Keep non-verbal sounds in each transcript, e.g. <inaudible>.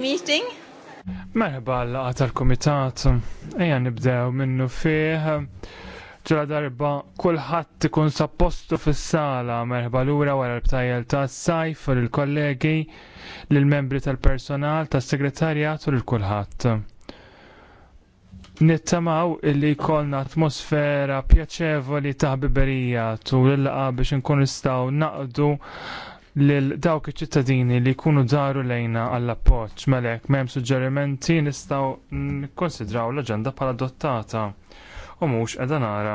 meeting. Merħba l-laqa tal-komitat, eja nibdew minnu fih. Ġala darba kullħat ikun sappostu fis-sala, merħba lura wara l-btajjel tas-sajf u l-kollegi, l-membri tal-personal, tas-segretarjat u l-kulħadd. Nittamaw illi kolna atmosfera pjaċevoli ta' biberija tul l-laqa biex nkun nistaw naqdu lil dawk iċ-ċittadini li jkunu daru lejna għall appoġġ melek m'hemm suġġerimenti nistgħu nikkonsidraw l-aġenda bħala adottata u mhux qiegħda nara.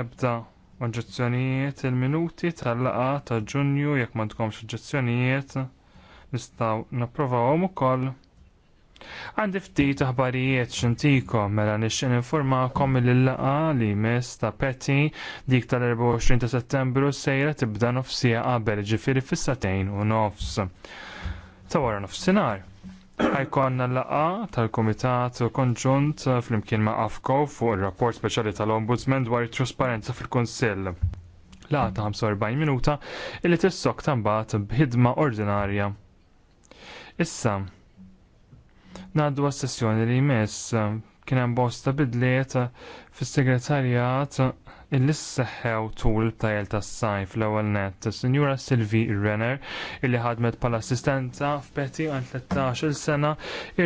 Ebda oġġezzjonijiet il-minuti tal laqgħa ta' Ġunju jekk m'għandkomx oġġezzjonijiet nistgħu napprovawhom ukoll. Għandi ftit aħbarijiet xintikom mela nixxin informakom li l-laqa li mis ta' Peti dik tal-24 ta' settembru sejra tibda nofsija qabel ġifiri fissatejn u nofs. Ta' wara nofsinar. Għajkonna l-laqa tal-Komitat Konġunt fl-imkien ma' AFCO fuq il-rapport speċjali tal-Ombudsman dwar it-trasparenza fil-Konsill. La' ta' 45 minuta illi tissok tambat b'ħidma ordinarja. Issa, Naddu għas-sessjoni li jmiss kien hemm bosta bidliet fis-segretarjat illi sseħħew tul tajl tas-sajf l-ewwel nett sinjura Silvi Renner illi ħadmet bħala assistenza f'Peti għal 13-il sena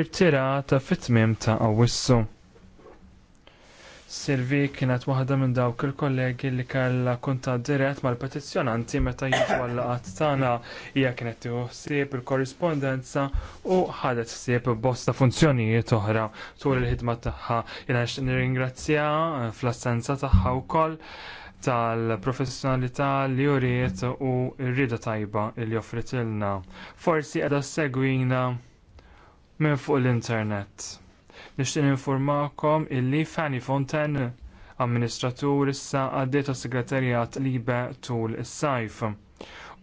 irtirat fit-tmiem ta' Awwissu. Silvi kienet waħda minn dawk il-kollegi li kellha kuntatt dirett mal-petizzjonanti meta jiġu għall-laqat tagħna hija kienet tieħu ħsieb il-korrispondenza u ħadet ħsieb bosta funzjonijiet oħra tul il-ħidma tagħha. Jiena nirringrazzja eh, fl-assenza tagħha wkoll tal-professjonalità li uriet u rrida tajba li offritilna. Forsi qiegħda segwina minn fuq l-internet Nixtieq informakom illi Fanny Fonten, amministratur issa għaddiet tas segretarjat Libe tul is-sajf.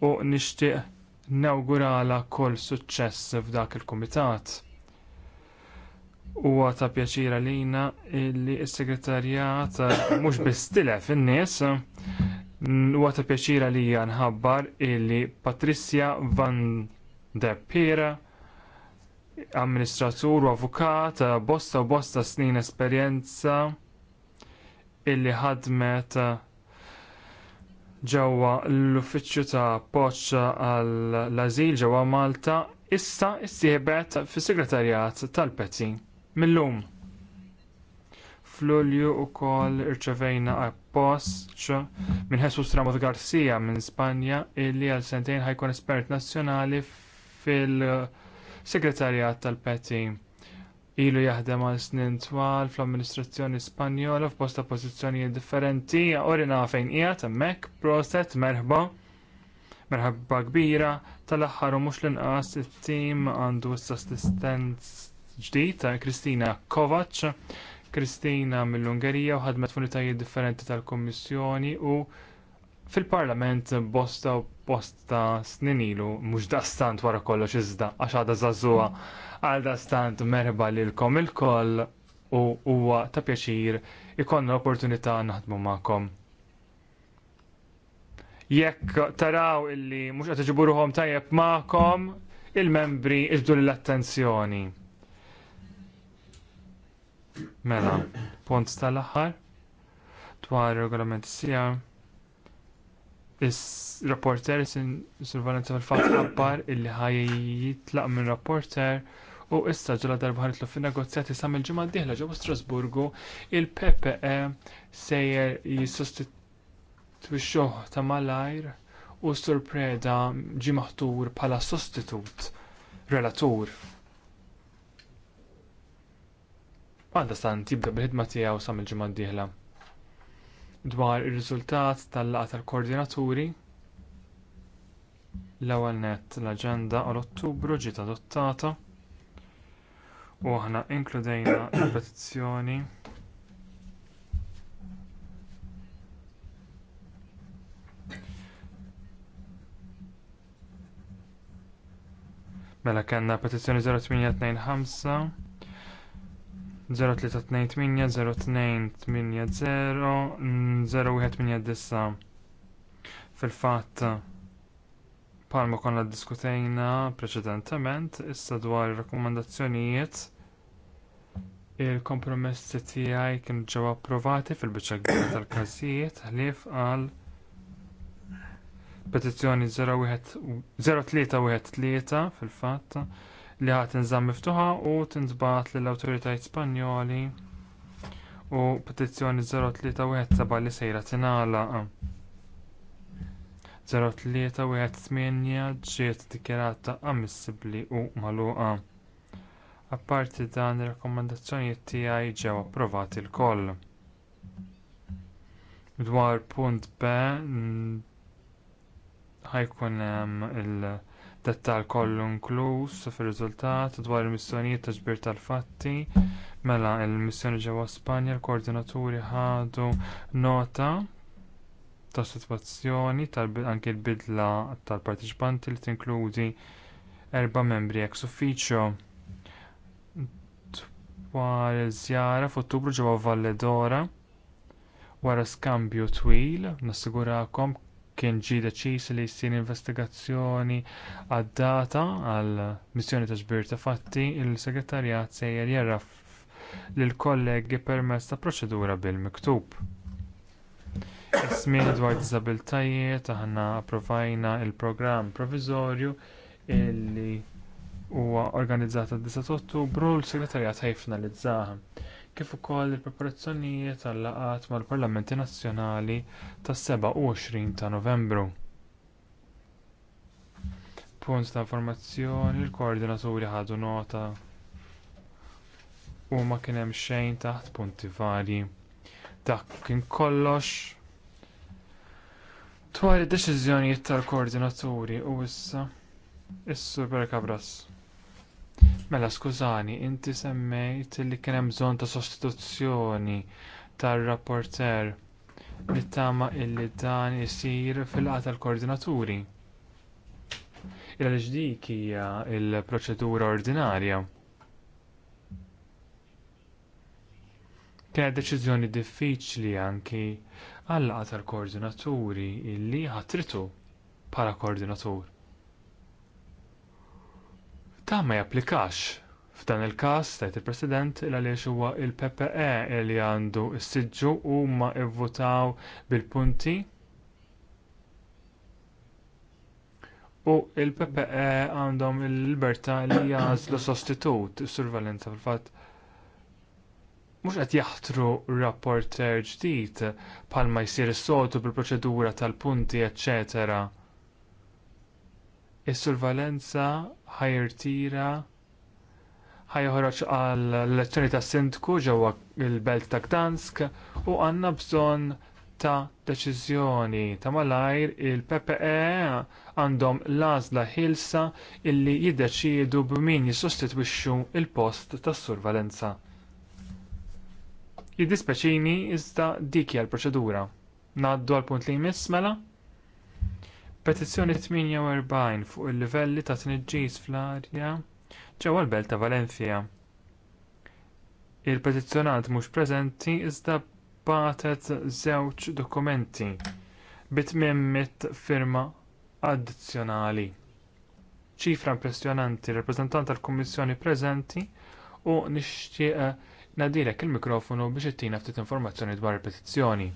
U nixtieq nawgurala kull suċċess f'dak il-kumitat. Huwa ta' pjaċira lina illi s-segretarjat mhux biss fin in-nies, huwa ta' pjaċira lija nħabbar illi Patricia Van der Pira amministratur u avukat eh, bosta u bosta snin esperjenza illi ħadmet eh, ġewwa l-uffiċċju ta' poċċa għall ażil ġewwa Malta issa issieħbet fis-segretarjat tal-Pezzi millum. F'Lulju wkoll irċevejna appoċċ minn Jesus Ramos Garcia minn Spanja illi għal sentejn ħajkun espert nazzjonali fil- uh, segretarjat tal-Peti. Ilu jaħdem għal snin twal fl-amministrazzjoni Spanjola f'bosta pożizzjonijiet differenti, orina fejn qiegħed hemmhekk proset merħba merħabba kbira tal-aħħar u mhux l-inqas it-tim għandu issa ġdid ta' Kristina Kovac, Kristina mill-Ungerija u ħadmet funitajiet differenti tal-Kummissjoni u Fil-parlament bosta u bosta sninilu, mux dastant wara kollox iżda, għax għada zazzuwa, għal stant merba lilkom il-koll u huwa ta' pjaċir ikonna l-opportunità naħdmu ma'kom. Jekk taraw illi mux għat ġiburuħom tajjeb ma'kom, il-membri iġdu l-attenzjoni. Mela, punt tal-axar dwar regolament sija. Is-rapporter Sir Valenza fil-fatt ħabbar illi ħaj jitlaq minn rapporter u issa ġala darba ħanitlu fin-negozjati sa mill-ġimgħa d-dieħla ġewwa Strasburgu il-PPE sejjer jissostitwixxuh ta' malajr u surpreda ġie maħtur bħala sostitut relatur. Għadda stant jibda bil-ħidma tiegħu sa mill dieħla dwar ir-riżultat tal-laqgħa tal-koordinaturi l-ewwel nett l-aġenda għal Ottubru ġiet adottata u aħna inkludejna <coughs> l-petizzjoni Mela kellna petizzjoni 0825 0328-0280-0189 Fil-fatt palma konna ddiskutejna preċedentement issa dwar ir-rakkomandazzjonijiet il-kompromessi tiegħi kien ġew approvati fil-biċċa kbira tal-każijiet ħlief għal petizzjoni 0313 fil-fatt li ħadd tinżamm miftuħa u tintbagħat lill-awtoritajiet Spanjoli u petizzjoni 0317 li sejra tingħalaq. 0318 ġiet dikjarata ammissibbli u magħluqa. Apparti dan ir-rakkomandazzjonijiet tiegħi ġew approvati lkoll. Dwar punt B ħajkun hemm il- dettal kollu inkluż fir-riżultat dwar il-missjonijiet ta' ġbir tal-fatti mela l-missjoni ġewwa Spanja l-koordinaturi ħadu nota tas sitwazzjoni anke l-bidla tal-partiċipanti li tinkludi erba' membri ex Uffiċċju dwar iż-żjara f'Ottubru ġewwa Valle d'Ora wara skambju twil nassigurakom kien ġie deċiż li jsir investigazzjoni għad-data għal missjoni ta' ġbir ta' fatti, il-segretarjat sejjer jaraf lill kollegi permezz ta' proċedura bil-miktub. Ismi dwar diżabiltajiet aħna approvajna l programm proviżorju illi huwa organizzata d-9 Ottubru l-segretarjat ħajfinalizzaha kif ukoll il-preparazzjonijiet tal-laqat mal-Parlamenti Nazzjonali tas-27 ta' Novembru. Punt ta' informazzjoni l-koordinaturi ħadu nota u ma kien hemm xejn taħt punti varji. Dak kien kollox dwar id-deċiżjonijiet tal-koordinaturi u issa is-Super Cabras. Mela skużani, inti semmejt li kien hemm bżonn ta' sostituzzjoni tar-rapporter li tama illi dan isir fil-qata tal-koordinaturi. Il-għalix dik hija l proċedura ordinarja. Kienet deċiżjoni diffiċli anki għall-qata tal-koordinaturi illi ħatritu bħala koordinatur. Ta ma japplikax. F'dan il-każ tajt il-President il għaliex huwa l ppe li għandu s-sidġu huma ma bil-punti u l ppe għandhom il-libertà li jazlu sostitut is-Survalenza fil-fatt mhux qed jaħtru rapporter ġdid bħalma jsir is-soltu bil-proċedura tal-punti eccetera is-survalenza ħajrtira ħajħroġ għal elezzjoni tas sindku ġewwa il-belt ta' Gdansk u għandna bżonn ta' deċiżjoni ta' malajr il-PPE għandhom l-għażla ħilsa illi jiddeċiedu b'min jissostitwixxu l post tas survalenza. Jiddispeċini iżda dik hija l-proċedura. Ngħaddu għall punt li jmiss mela? Petizzjoni 48 fuq il-livelli ta' tniġġis fl-arja ġewwa l-Belt ta' Valencia. Il-petizzjonant mhux preżenti iżda batet żewġ dokumenti bit firma addizzjonali. Ċifra impressjonanti rappreżentant tal-Kummissjoni preżenti u nixtieq nadilek il-mikrofonu biex ittina ftit informazzjoni dwar il-petizzjoni.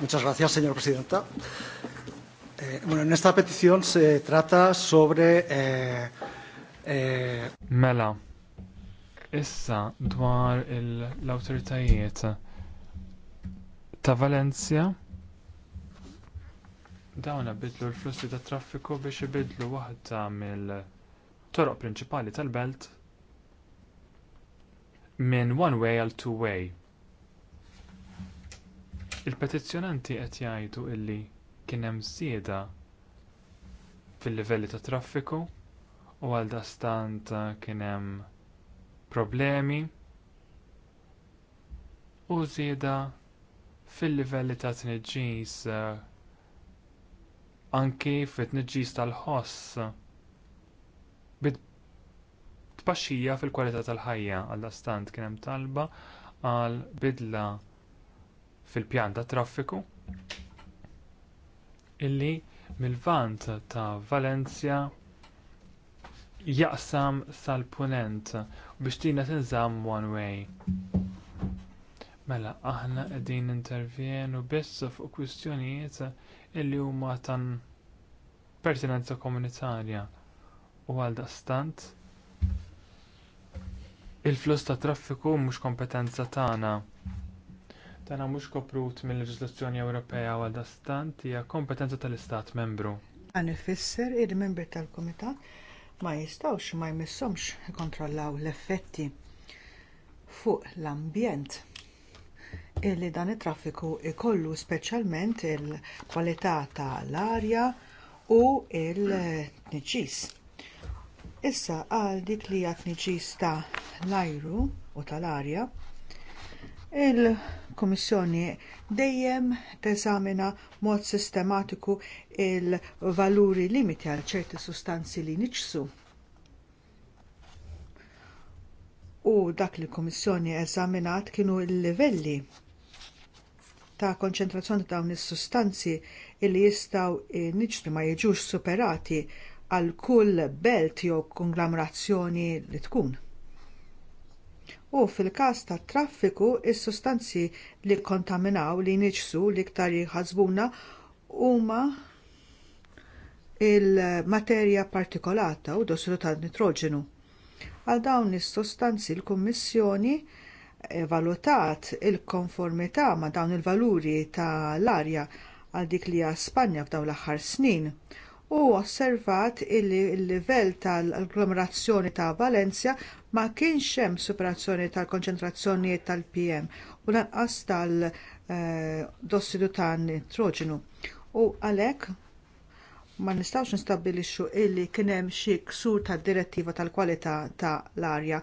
Muchas gracias, señor Presidenta. Eh, bueno, en esta petición se trata sobre... Eh, eh... Mela, issa dwar l-autoritajiet ta' Valencia dawn bidlu l-flussi tat traffiku biex ibidlu waħda mill-toroq prinċipali tal-belt minn one way għal two way. Il-petizzjonanti qed jgħidu illi kien hemm żieda fil-livelli ta' traffiku u għaldastant kien hemm problemi u żieda fil-livelli ta' tniġġis eh, anki fit-tniġġis tal-ħoss tbaxxija fil-kwalità tal-ħajja għaldastant kien hemm talba għal bidla fil-pjan tat traffiku illi mill-vant ta' Valencia jaqsam sal-punent u biex tina tinżamm one way. Mela, aħna qegħdin intervjenu biss fuq kwistjonijiet illi huma tan pertinenza komunitarja u għaldaqstant, il-flus tat traffiku mhux kompetenza tagħna tagħna mhux koprut mill-leġiżlazzjoni Ewropea għal dastant hija kompetenza tal-Istat membru. Dan ifisser il-membri tal-Kumitat ma jistgħux ma jmissomx ikkontrollaw l-effetti fuq l-ambjent illi dan it-traffiku ikollu speċjalment il-kwalità tal-arja u l tniġis Issa għal dik li hija tniġis ta' l-ajru u tal-arja, il Kommissjoni dejjem teżamina mod sistematiku il-valuri limiti għal ċerti sustanzi li niċsu. U dak li l-Kummissjoni eżaminat kienu l-livelli ta' konċentrazzjoni ta' is-sustanzi li jistgħu eh, niġri ma jiġux superati għal kull belt jew konglomerazzjoni li tkun u fil-każ tat traffiku is-sustanzi li kkontaminaw li niġsu l-iktar jħasbuna huma il-materja partikolata u dossiru tan nitroġenu. Għal dawn is-sostanzi l-Kummissjoni evalutat il-konformità ma' dawn il-valuri tal-arja għal dik li hija Spanja f'dawn l-aħħar snin u osservat li l-livell tal-agglomerazzjoni ta' Valencia ma kienx hemm superazzjoni tal-konċentrazzjonijiet tal-PM u lanqas tal-dossidu eh, ta' nitroġenu. U għalhekk ma nistgħux nistabbilixxu illi kien hemm xi ksur tad-direttiva tal-kwalità tal-arja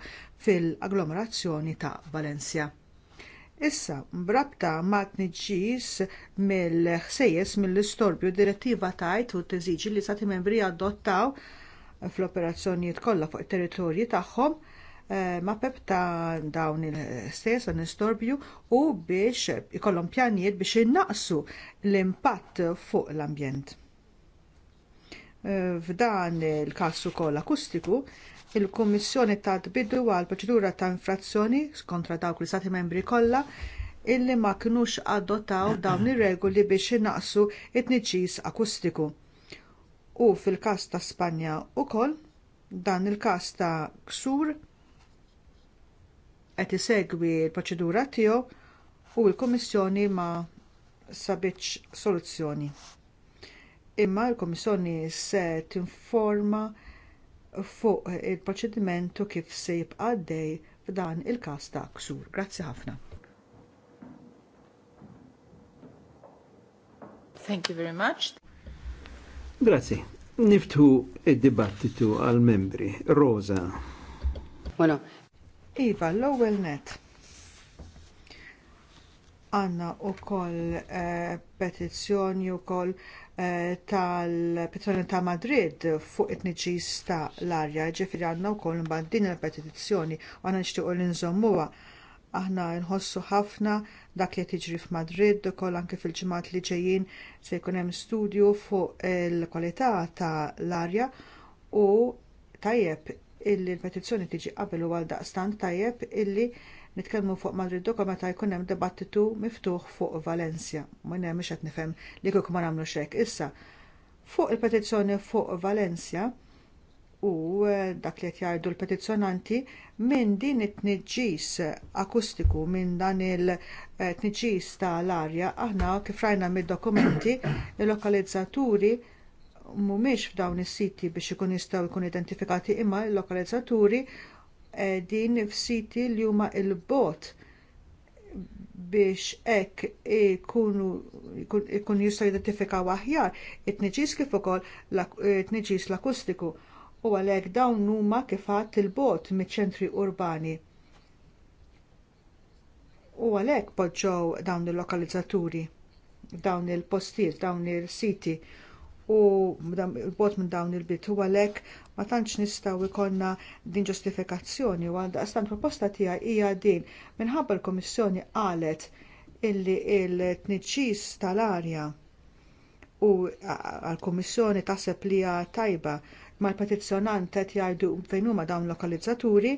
fil-agglomerazzjoni ta' Valencia. Issa, mrabta ma tniġġis mill-ħsejjes mill-istorbju direttiva tajt u teżiġi li stati membri adottaw fl-operazzjonijiet kollha fuq it-territorji tagħhom Eh, pep ta' dawn il-stess u nistorbju u biex ikollhom pjanijiet biex innaqsu l-impatt fuq l-ambjent. Eh, f'dan il-każ ukoll akustiku, il-Kummissjoni ta' tbiddu għal proċedura ta' infrazzjoni kontra dawk l-Stati membri kollha illi ma kinux adottaw dawn ir-regoli biex innaqsu t tniċis akustiku. U fil-każ ta' Spanja wkoll dan il-każ ta' ksur qed isegwi l-proċedura tiegħu u l-Kummissjoni ma sabitx soluzzjoni. Imma l-Kummissjoni se tinforma fuq il-proċedimentu kif se jibqa' dej f'dan il-każ ta' ksur. Grazzi ħafna. Thank you very much. Grazzi. Niftu id-dibattitu għal membri. Rosa. Bueno, well, Iva, l-ewwel net. Għanna u koll eh, petizzjoni u koll eh, tal-petizzjoni ta' Madrid fuq it nġis ta' l-arja, ġifiri għanna u koll mbagħad din il-petizzjoni u għanna u li nżommuha aħna nħossu ħafna dak li tiġri f'Madrid ukoll anke fil-ġimgħat li ġejjin se jkun hemm studju fuq il-kwalità ta' l-arja u tajjeb illi l-petizzjoni tiġi qabel u għal daqstant tajjeb illi nitkellmu fuq Madrid ukoll meta jkun hemm dibattitu miftuħ fuq Valencia. Min hemm mhux qed nifhem li kieku ma nagħmlu hekk. Issa, fuq il-petizzjoni fuq Valencia u eh, dak li qed jgħidu l-petizzjonanti minn din it-tniġġis akustiku minn dan il-tniġġis eh, tal-arja aħna kif rajna mid-dokumenti <clears throat> il-lokalizzaturi il lokalizzaturi mhumiex f'dawn is-siti biex ikun jistgħu jkunu identifikati imma l-lokalizzaturi eh, din f'siti li huma il-bot biex hekk ikunu ikun jistgħu jidentifikaw aħjar it-tniġis kif ukoll it-tniġis l-akustiku u għalhekk dawn huma kif għadt il-bot miċ-ċentri urbani. U għalhekk poġġew dawn il-lokalizzaturi f'dawn il-postijiet, dawn il-siti. il postijiet dawn il siti u bot minn dawn il-bit u għalhekk ma tantx nistgħu ikonna din ġustifikazzjoni u għastan proposta tija hija din minħabba l-Kummissjoni qalet illi il tniċċis tal-arja u għall-Kummissjoni taħseb li hija tajba ma l-petizzjonant qed jgħidu fejn huma dawn lokalizzaturi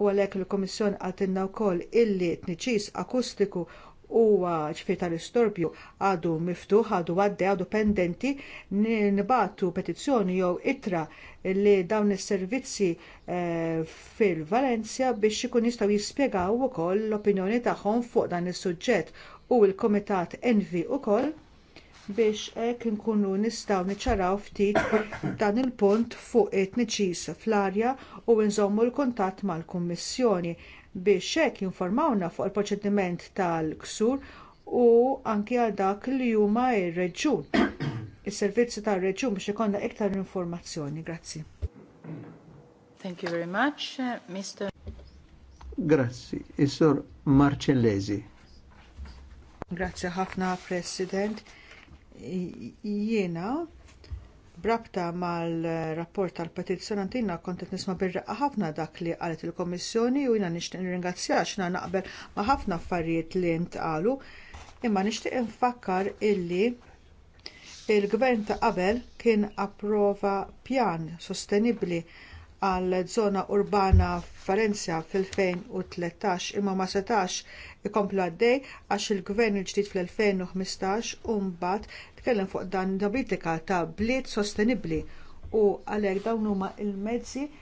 u għalhekk il-Kummissjoni u wkoll illi t tniċċis akustiku huwa ċfir tal-istorbju għadu miftuħ, għadu għadde, għadu pendenti, nibatu petizzjoni jew itra li dawn is-servizzi eh, fil-Valencia biex ikun jistgħu jispjegaw ukoll l-opinjoni tagħhom fuq dan is-suġġett u l-Kumitat Envi ukoll biex ek inkunu nistgħu niċċaraw ftit dan il-punt fuq it-tniċis fl-arja u nżommu l-kuntatt mal-Kummissjoni biex hekk jinformawna fuq il-proċediment tal-ksur u anke għal dak li huma r-reġjun. <coughs> Is-servizzi tar-reġjun biex ikollna iktar informazzjoni. Grazzi. Thank you very much, uh, Mr. Grazzi. Isor sur Marcellesi. Grazzi ħafna, President. Jiena Brabta mal-rapport tal-petizzjonanti kont qed nisma' birraqqa ħafna dak li qalet il-Kommissjoni u jiena nixtieq nirringrazzjaha x'na naqbel ma' ħafna affarijiet li ntqalu, imma nixtieq infakkar illi l il gvern ta' qabel kien approva pjan sostenibbli għal żona urbana Farenzja fil-2013 imma ma setax ikomplu għaddej għax il-gvern il-ġdid fl-2015 u mbagħad tkellem fuq dan politika ta' bliet sostenibbli u għalhekk dawn huma l mezzi ah,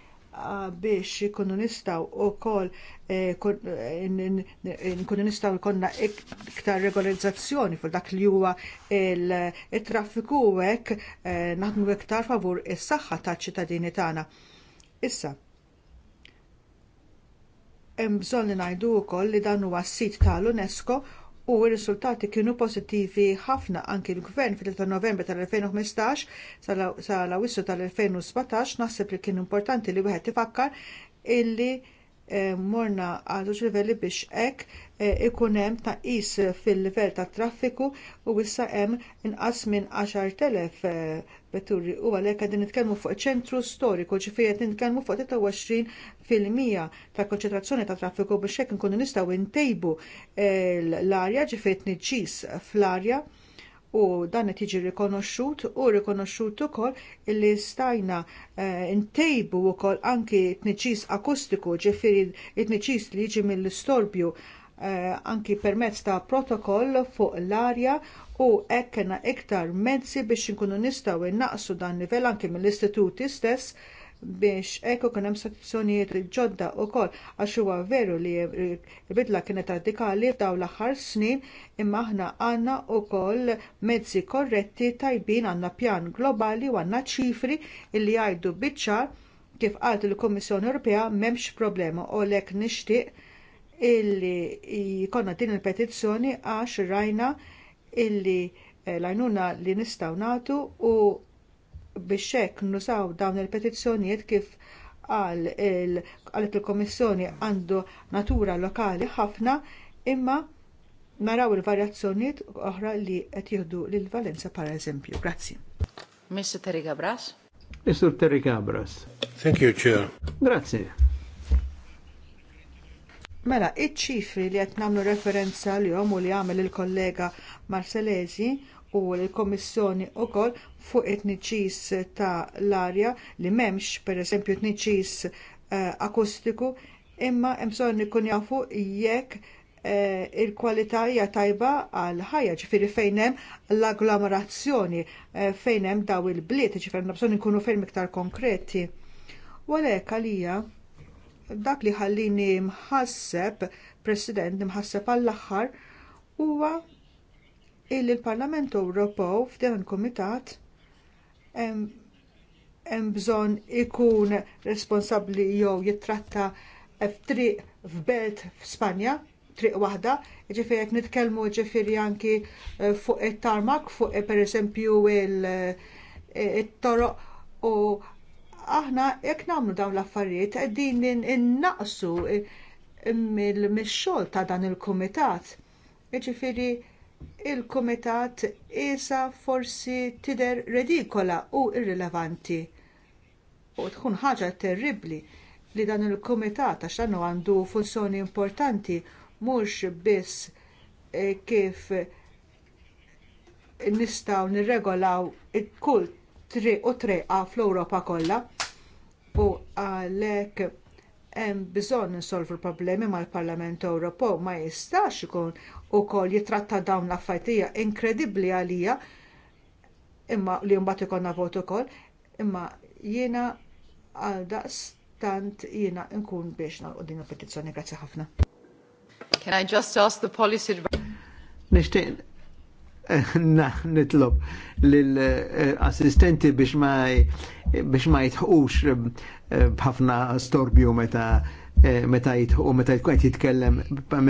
biex ikunu nistgħu jkollna eh, eh, iktar regolarizzazzjoni fuq dak li huwa il-traffiku hekk eh, naħdmu iktar favur is-saħħa taċ-ċittadini tagħna. Issa, hemm bżonn li ngħidu wkoll li dan huwa sit tal-UNESCO u r-riżultati kienu pożittivi ħafna anki l-Gvern fil-3 Novembru tal-2015 sal-Awissu tal-2017 naħseb li kien importanti li wieħed ifakkar illi Eh, morna għal żewġ livelli biex hekk eh, ikun hemm tnaqqis fil-livell tat traffiku u issa hemm inqas minn 10,000 eh, vetturi u għalhekk qegħdin nitkellmu fuq ċentru storiku ġifieri qed nitkellmu fuq 23 fil-mija ta' konċentrazzjoni ta' traffiku biex hekk inkunu nistgħu ntejbu l-arja ġifieri tniġġis fl-arja u dan qed jiġi rikonoxxut u rikonoxxut ukoll illi stajna uh, ntejbu wkoll anki tniċis akustiku ġifieri t-tniċis li jiġi mill-istorbju uh, anki permezz ta' protokoll fuq l-arja u ekkena iktar mezzi biex inkunu nistgħu innaqsu dan nivell anki mill-istituti stess biex ekku kien hemm soluzzjonijiet ġodda wkoll għax huwa veru li l-bidla kienet radikali f'dawn l-aħħar snin imma aħna għandna wkoll mezzi korretti tajbin għandna pjan globali u għandna ċifri li jgħidu biċ kif qalt il-Kummissjoni Ewropea m'hemmx problema u lek nixtieq illi jkollna din il-petizzjoni għax rajna illi eh, l-għajnuna li nistgħu nagħtu u biex hekk nusaw dawn il-petizzjonijiet kif għalet il-Kommissjoni għandu natura lokali ħafna imma naraw il-varjazzjonijiet oħra li qed jieħdu lil Valenza eżempju. Grazzi. Mr. Terry Gabras. Mr. Terry Gabras. Thank you, Chair. Grazzi. Mela, iċ-ċifri li qed nagħmlu referenza li u li għamel il-kollega Marcelesi u l-Komissjoni wkoll fuq it-tniċis ta' l-arja li m'hemmx pereżempju tniċis eh, akustiku imma hemm bżonn ikun jafu jekk eh, il-kwalità hija tajba għal ħajja ġifieri fejn hemm l-agglomerazzjoni eh, fejn hemm daw il-bliet ġifieri bżonn ikunu fejn iktar konkreti. U għalhekk għalija dak li ħallini mħasseb, President, mħasseb għall-aħħar huwa illi l-Parlament Ewropew f'dan il-Kumitat hemm bżonn ikun responsabbli jew jittratta f'triq f'belt f'Spanja, triq waħda, ġifieri qed nitkellmu ġifieri anki eh, fuq it-tarmak, fuq eh, pereżempju eh, it-toroq u aħna jekk nagħmlu dawn l-affarijiet qegħdin innaqsu mill-xogħol ta' dan il-kumitat. jiġifieri il-Kumitat isa forsi tidher redikola u irrilevanti. U tkun ħaġa terribbli li dan il-Kumitat għax dan għandu funzjoni importanti mhux biss eh, kif nistgħu nirregolaw kull triq u treqa fl-Ewropa kollha u għalhekk hemm bżonn insolvu l-problemi mal-Parlament Ewropew ma jistax ikun ukoll jitratta dawn l-affarijiet inkredibbli għalija imma li mbagħad ikollna vot ukoll imma jiena għaldaqstant jiena nkun biex nagħqu din il-petizzjoni. Grazzi ħafna. Can I just ask the policy Nishtiq eh, nitlob lill eh, assistenti biex ma biex ma jitħuqux eh, bħafna storbju meta eh, meta jitħu, meta jitkwajt jitkellem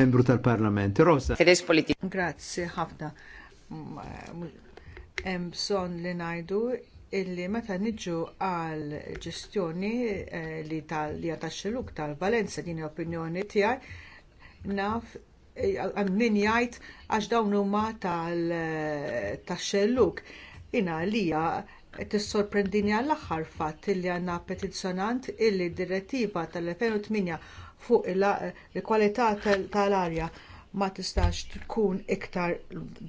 membru tal-parlament. Rosa. Grazie, ħafna. Hemm bżonn li ngħidu illi meta niġu għal ġestjoni eh, li tal-xeluk tal-Valenza din opinjoni tiegħi naf eh, min jgħid għax dawn huma tal-xelluk. Ina li issorprendini għall-aħħar fatt li għandna petizzjonant illi d direttiva tal-2008 fuq il-kwalità tal-arja ma tistax tkun iktar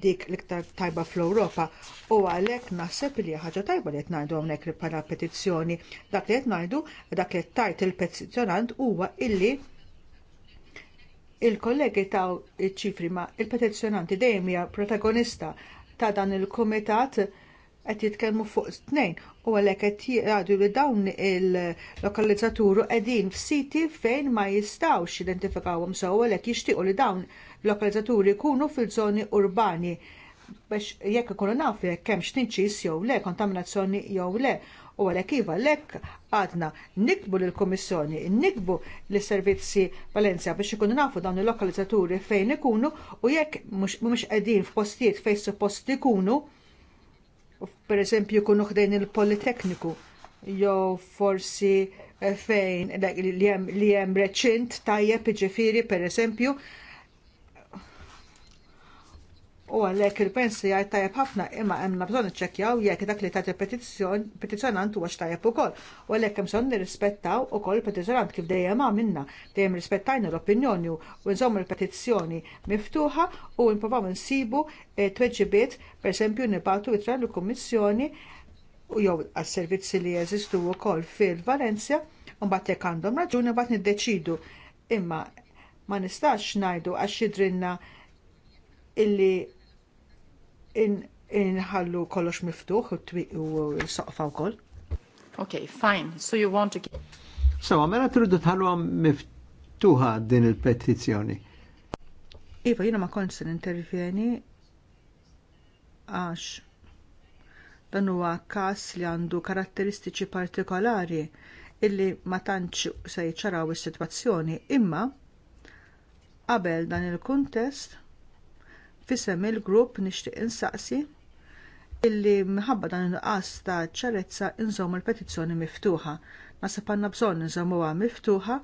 dik l-iktar tajba fl-Ewropa u għalhekk naħseb li ħaġa tajba li qed ngħidu hawnhekk bħala petizzjoni. Dak li qed ngħidu dak li tajt il-petizzjonant huwa illi il-kollegi taw iċ-ċifri ma il-petizzjonanti dejjem hija protagonista ta' dan il-kumitat qed jitkellmu fuq tnejn u għalhekk qed jgħadu li dawn il-lokalizzaturu qegħdin f'siti fejn ma jistgħux identifikawhom sew għalhekk jixtiequ li dawn lokalizzaturi jkunu fil-żoni urbani biex jekk ikunu nafu jekk hemm x'tinċis jew le, kontaminazzjoni jew le. U għalhekk iva lek għadna nikbu lill kommissjoni nikbu lis servizzi Valencia biex ikunu nafu dawn il-lokalizzaturi fejn ikunu u jekk mhux qegħdin f'postijiet fejn suppost ikunu per eżempju kunu ħdejn il-Politekniku, jew forsi eh, fejn li hemm reċint tajjeb ġifiri per eżempju u għalhekk il-pensi għaj tajjeb ħafna imma hemm bżonn iċċekkjaw jekk dak li tagħti petizzjonant u għax tajab U għalhekk hemm bżonn nirrispettaw ukoll petizjonant kif dejjem għamilna, dejjem rispettajna l-opinjoni u nżomm il-petizzjoni miftuħa u nipprovaw insibu eh, tweġibiet pereżempju nibatu itra l-Kummissjoni u jew għas-servizzi li jeżistu wkoll fil-Valencia u bat jekk għandhom raġuni nid niddeċidu. Imma ma nistax ngħidu għax jidrinna illi inħallu in kollox miftuħ u twiq u soqfa wkoll. Okay, fine. So you want to So, mela tridu tħallu miftuħa din il-petizzjoni. Iva, jiena ma kontx intervjeni għax dan huwa każ li għandu karatteristiċi partikolari illi ma tantx se jċaraw is-sitwazzjoni imma qabel dan il-kuntest Fisem il-grupp nixtieq insaqsi illi minħabba dan il-qas ta' ċarezza nżommu l-petizzjoni miftuħa. Nasib għandna bżonn inżommuha miftuħa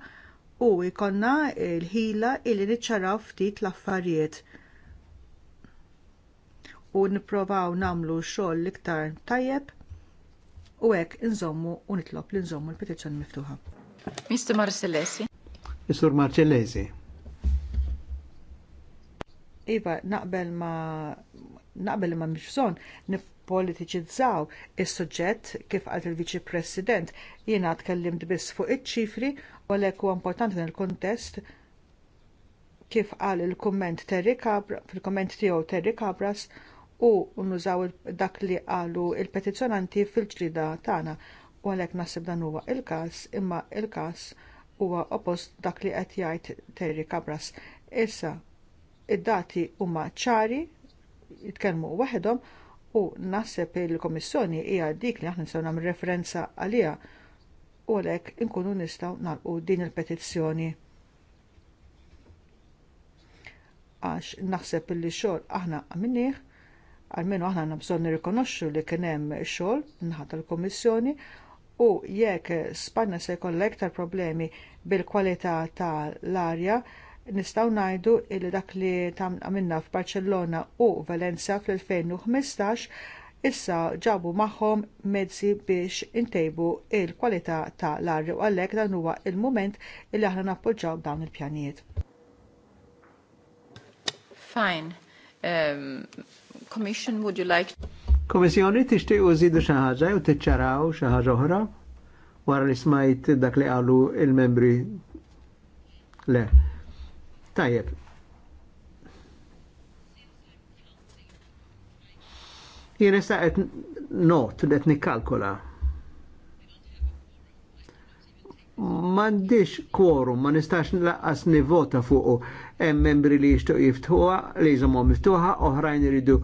u jkonna l-ħila illi niċċaraw ftit l-affarijiet u nipprovaw nagħmlu xogħol l-iktar tajjeb u hekk inżommu u nitlob li nżommu l-petizzjoni miftuħa. Mr. Marcellesi. Mr. Marcellesi. Iva, naqbel ma naqbel ma mhix bżonn nippolitiċizzaw is-suġġett kif għalt il-Viċi President. Jiena tkellimt biss fuq iċ-ċifri u għalhekk huwa importanti nel kuntest kif qal il-kumment Terry Cabra fil-kumment tiegħu Terry Cabras u nużaw dak li qalu l petizzjonanti fil-ġrida tagħna u għalhekk nasib dan huwa il-każ imma il-każ huwa oppost dak li qed jgħid Terry Cabras. Issa id-dati huma ċari, jitkellmu waħedhom u naħseb il-Komissjoni hija dik li aħna nistgħu nagħmlu referenza għaliha u għalhekk inkunu nistgħu nagħlqu din il-petizzjoni. Għax naħseb li xogħol aħna għamilnieh, għalmenu aħna għandna bżonn nirrikonoxxu li kien hemm xogħol naħat tal-Komissjoni u jekk Spanja se jkollha iktar problemi bil-kwalità tal-arja nistgħu ngħidu li dak li minna f'Barċellona u Valencia fl-2015 issa ġabu magħhom mezzi biex intejbu l kwalità ta' l-arri u għalhekk dan huwa l mument li aħna nappoġġaw dawn il-pjanijiet. Fine. Um, commission, would you like Kommissjoni tixtieq użidu xi ħaġa u tiċċaraw xi ħaġa oħra wara li smajt dak li qalu il-membri le. Tajjeb. Jien issa qed not li qed nikkalkula. M'għandix quorum, ma nistax nlaqqas nivota fuq hemm membri li jixtuq jiftħuha, li jżomhom miftuħa, oħrajn iridu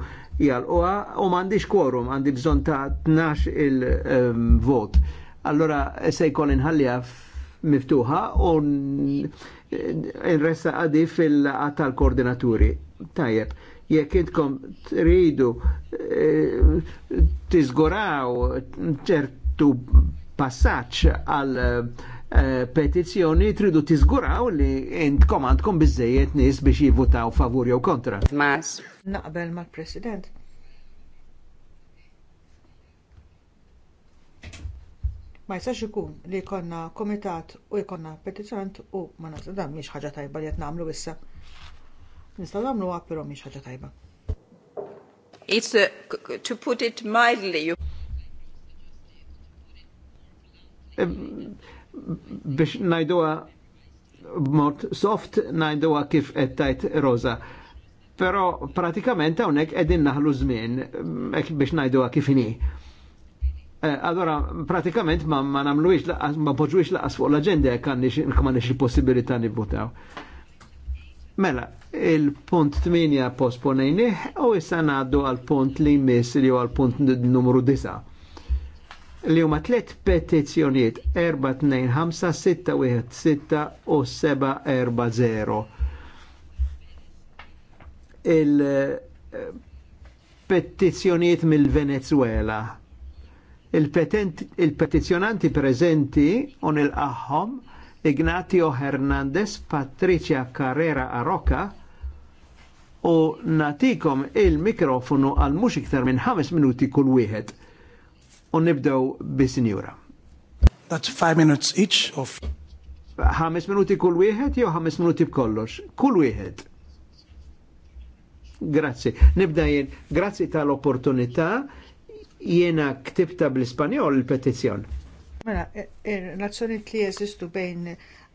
jalquha u m'għandix quorum, għandi bżonn ta' tnax il-vot. Um, allora se jkoll inħallija miftuħa u il-ressa għadi fil-għat koordinaturi Tajjeb, jekk intkom tridu e, tiżguraw ċertu passaċ għal e, petizjoni tridu tiżguraw li intkom għandkom bizzejiet nis biex jivutaw favur jew kontra. Mas. Naqbel mal-President ma jistax ikun li jkollna kumitat u jkollna petizzjonant u ma nasa dan mhix ħaġa tajba li qed nagħmlu issa. Nistgħu nagħmluha però mhix ħaġa tajba. It's a, uh, to put it mildly. You... biex najduha b'mod soft najduha kif qed tajt Rosa. Però pratikament hawnhekk qegħdin naħlu żmien biex najduha kif inhi. Eh, allora, pratikament ma, ma namluix, ma poġuix laqas fuq l-agenda jek għanni x'manni il-possibilità nibbutaw. Mela, il-punt 8 posponejnih u issa ngħaddu għal punt li jmiss li huwa punt numru 9. Li huma tliet petizzjonijiet 425-616 u 740. Il-petizzjonijiet eh, mill-Venezuela Il-petizjonanti il prezenti on il-qaħħom Ignatio Hernandez, Patricia Carrera Arroca u natikom il-mikrofonu għal mux iktar minn ħames minuti kull wieħed. U nibdew bis-sinjura. That's five minutes each of ħames minuti kull wieħed jew ħames minuti b'kollox. Kull wieħed. Grazzi. Nibda jien, grazzi tal-opportunità jiena ktibta bl-Ispanjol il-petizzjon. Mela, il-nazzjoni e, e, li jeżistu bejn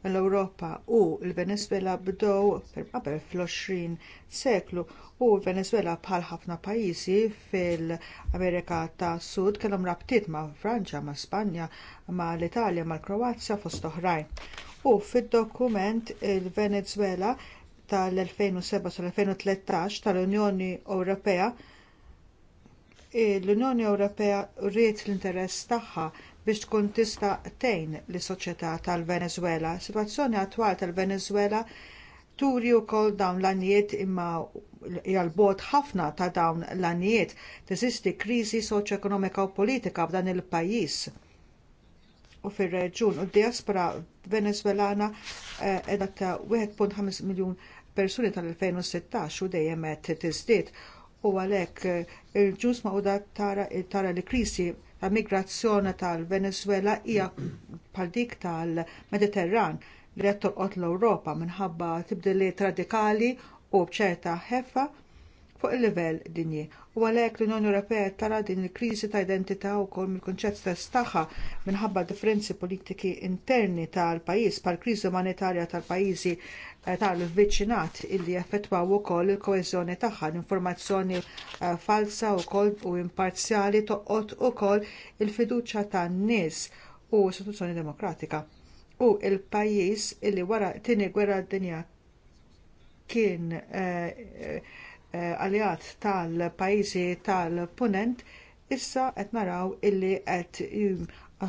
l-Europa u l-Venezuela bdew qabel fl-20 seklu u Venezuela bħal ħafna pajjiżi fil-Amerika ta' Sud kellhom rabtiet ma' Franċa, ma' Spanja, ma' l-Italja, ma' l-Kroazja fost oħrajn. U fid-dokument il-Venezuela tal-2007 2013 tal-Unjoni Ewropea l-Unjoni Ewropea rrit l-interess tagħha biex tkun tista' tgħin lis soċjetà tal-Venezuela. Sitwazzjoni attwali tal-Venezuela turi wkoll dawn l-anijiet imma jgħal-bot ħafna ta' dawn l-anijiet teżisti kriżi ekonomika u politika f'dan il-pajjiż u fir-reġjun u d-diaspora Venezwelana qiegħda eh, ta' 1.5 miljun persuni tal-2016 u dejjem qed tiżdied u għalhekk eh, il-ġus ma' tara, tara li krisi ta' migrazzjoni tal-Venezuela hija pal dik tal-Mediterran li qed tolqot l-Ewropa minħabba tibdiliet radikali u bċerta ħeffa fuq il-livell dinji. U għalhekk l-Unjoni Ewropea tara din il-kriżi ta' identità wkoll mill-kunċett ta' tagħha minħabba differenzi politiki interni tal-pajjiż pal kriżi umanitarja tal-pajjiżi Eh, tal-viċinat illi jaffettwaw ukoll il-koeżjoni tagħha l-informazzjoni eh, falsa wkoll u imparzjali toqgħod ukoll il-fiduċja tan-nies u istituzzjoni demokratika. U l pajjiż illi wara t tieni gwerra dinja kien eh, aljat tal-pajjiżi tal-punent issa qed naraw illi qed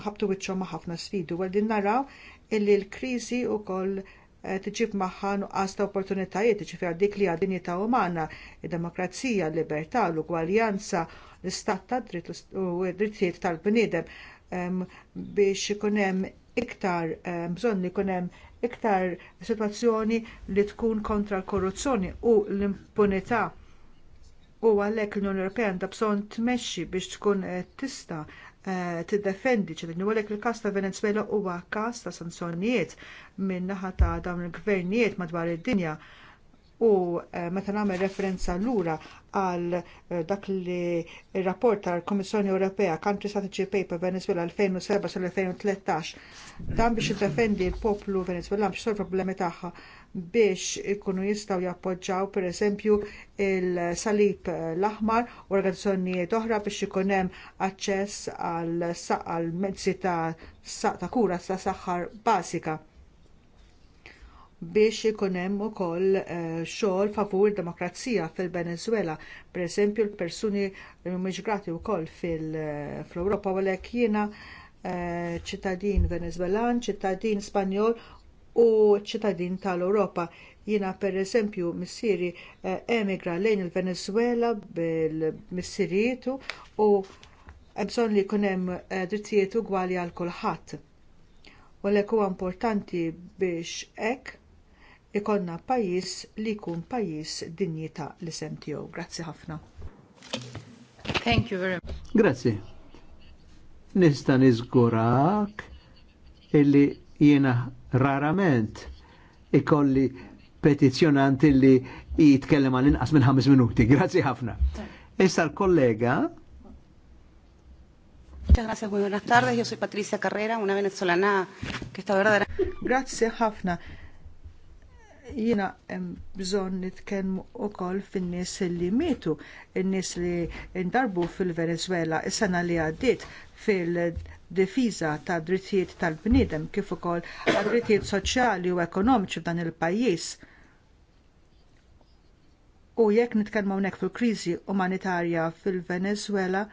ħabtu wiċċhom ma' ħafna sfidu għal din naraw illi l-kriżi wkoll Eh, tiġib magħha nuqqas ta' opportunitajiet, tiġifier dik li għad-dinjità umana, id-demokrazija, l-libertà, l-ugwaljanza, l-istat ta' dritt u drittijiet tal-bniedem biex ikun hemm iktar bżonn li jkun hemm iktar sitwazzjoni li tkun kontra l-korruzzjoni u l-impunità u għalhekk l-Unjoni Ewropea għandha bżonn tmexxi biex tkun eh, tista' Eh, tiddefendi ċedin u għalek il-kas ta' Venezuela huwa kas ta' sanzjonijiet min-naħa ta' dawn il-gvernijiet madwar id-dinja u eh, meta nagħmel referenza lura għal eh, dak li rapport tal-Komissjoni Ewropea Country Strategy Paper Venezuela 2007 sal-2013 dan biex jiddefendi l-poplu Venezuelan biex sol problemi tagħha biex ikunu jistgħu per pereżempju il-salib l-aħmar u organizzazzjonijiet oħra biex ikun hemm aċċess għal mezzi ta' kura ta' saħħar basika biex ikun hemm ukoll eh, xogħol favur id demokrazija fil-Venezuela. pereżempju l-persuni immigrati wkoll fil-Europa u l jiena eh, ċittadin Venezwelan, ċittadin Spanjol u ċittadin tal-Europa. Jiena pereżempju missieri eh, emigra lejn il venezwela bil-missirietu u bżonn li jkun hemm drittijiet ugwali għal kulħadd. U l huwa importanti biex hekk ikonna pajjiż li jkun pajjiż dinjità li sem tiegħu. Grazzi ħafna. Thank you very much. Grazzi. Nista niżgurak illi jiena rarament ikolli petizjonant illi jitkellem għal inqas minn ħames minuti. Grazzi ħafna. Issa l-kollega Grazie, gracias, muy buenas tardes. Patricia Carrera, una venezolana che sta verdadera. Grazie Hafna jina bżon bżonn u koll fin-nies li mietu, in-nies li ndarbu fil venezwela is-sena li għaddiet fil-difiża ta' drittijiet tal-bniedem kif ukoll għad drittijiet soċjali u ekonomiċi f'dan il-pajjiż. U jekk nitkellmu hawnhekk fil-kriżi umanitarja fil venezwela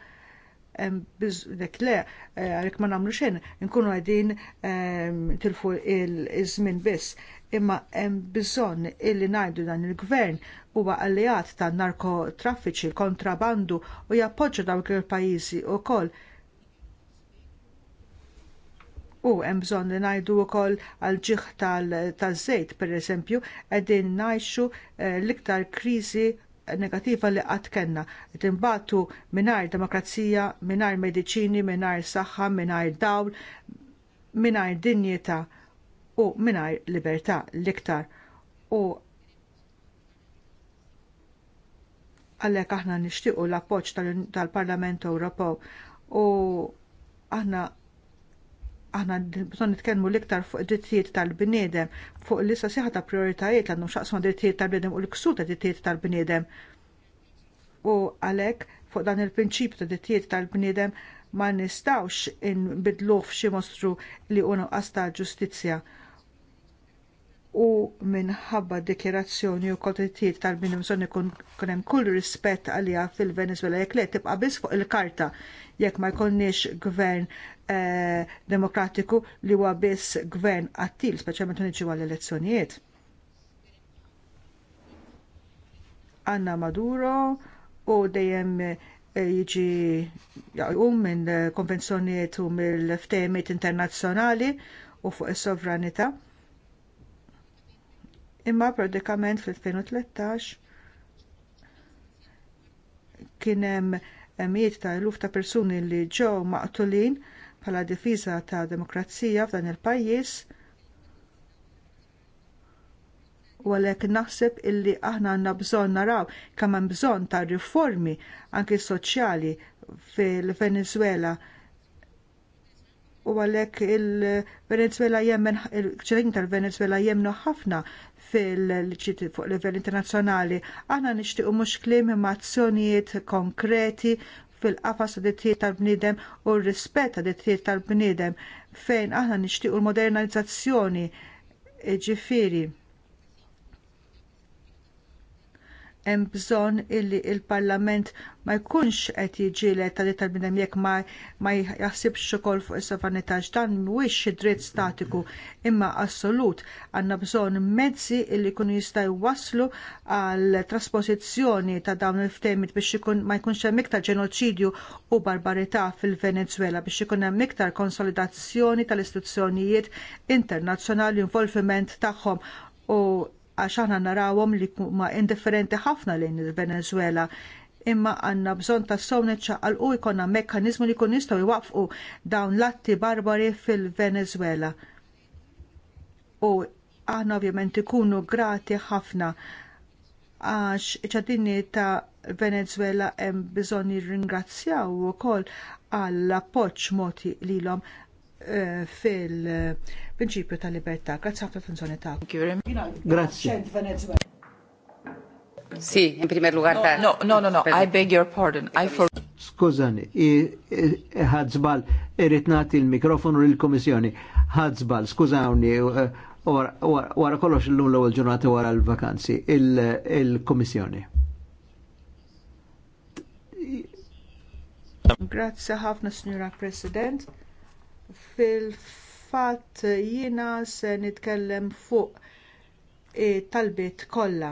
dak le, eh, għalhekk ma namlu xejn, nkunu għedin eh, tilfu il-żmien biss imma hemm bżonn illi ngħidu dan il-gvern huwa alleat tan narkotraffiċi, kontrabandu u jappoġġa dawk il-pajjiżi wkoll. U hemm bżonn li ngħidu wkoll għal ġieħ taż-żejt pereżempju qegħdin ngħixu eh, l-iktar kriżi negattiva li qatt kellna. Qed imbagħtu mingħajr demokrazija, mingħajr mediċini, mingħajr saħħa, mingħajr dawl, mingħajr dinjeta u mingħajr libertà l-iktar u għalhekk aħna nixtiequ l-appoġġ tal-Parlament Ewropew u aħna aħna bżon nitkellmu l-iktar fuq id-drittijiet tal-bniedem, fuq l-issa siħa ta' prioritajiet għandhom xaqsma drittijiet tal-bniedem u l-ksur ta' drittijiet tal-bniedem. U għalhekk fuq dan il-prinċipju ta' drittijiet tal-bniedem ma nistgħux inbidluh f'xi mostru li unu qasta ġustizzja u minħabba dikjerazzjoni u kontentijiet tal-minim bżonn ikun hemm kull rispett għaliha fil-Venezuela jekk le tibqa' biss fuq il-karta jekk ma jkollniex gvern eh, demokratiku li huwa biss gvern attil, speċjalment niġu għall-elezzjonijiet. Anna Maduro u dejjem eh, jiġi jaqum minn konvenzjonijiet u mill-ftehimiet internazzjonali u fuq is-sovranità imma pratikament fil-2013 kien hemm mijiet ta' eluf ta' persuni li ġew maqtulin bħala difiża ta' demokrazija f'dan il-pajjiż u għalhekk naħseb illi aħna għandna bżonn naraw kemm hemm bżonn ta' riformi anki soċjali fil venezwela u għalhekk il-Venezuela jemmen, il-ċittadini tal-Venezuela jemmnu ħafna fil-ċit fuq livell internazzjonali. Aħna nixtiequ mhux kliem imma azzjonijiet konkreti fil-qafas ta' dittijiet tal-bniedem u r-rispett ta' dittijiet tal-bniedem fejn aħna nixtiequ l-modernizzazzjoni ġifiri hemm bżonn illi l il parlament ma jkunx qed jiġilet tal tal minnem jekk ma, ma jaħsibx ukoll fuq is-sovranità dan mhuwiex dritt statiku imma assolut għandna bżonn mezzi illi jkunu jistgħu jwasslu għal trasposizzjoni ta' dawn il-ftehmiet biex ikun ma jkunx hemm iktar ġenoċidju u barbarità fil-Venezwela biex ikun hemm iktar konsolidazzjoni tal-istituzzjonijiet internazzjonali involviment tagħhom u għax aħna narawhom li huma indifferenti ħafna lejn il-Venezuela imma għandna bżonn ta' sownet ċaqal u jkollna mekkaniżmu li jkun jistgħu jwaqfqu dawn l-atti barbari fil-Venezuela. U aħna ovvjament ikunu grati ħafna għax ċadini ta' Venezuela hemm bżonn jirringrazzjaw ukoll għall appoġġ moti lilhom eh, fil- prinċipju ta' libertà. Grazzi ħafna attenzjoni ta' Grazzi. Sì, in primer lugar ta' No, no, no, no, I beg your pardon. I for Skużani, ħadżbal, irrit nagħti l-mikrofonu lill-Komissjoni. Ħadżbal, skużawni, eh, wara kollox l-lum l-ewwel ġurnata wara l-vakanzi, il-Komissjoni. Grazie ħafna, Signora President. Fil fatt jiena se nitkellem fuq talbiet kollha.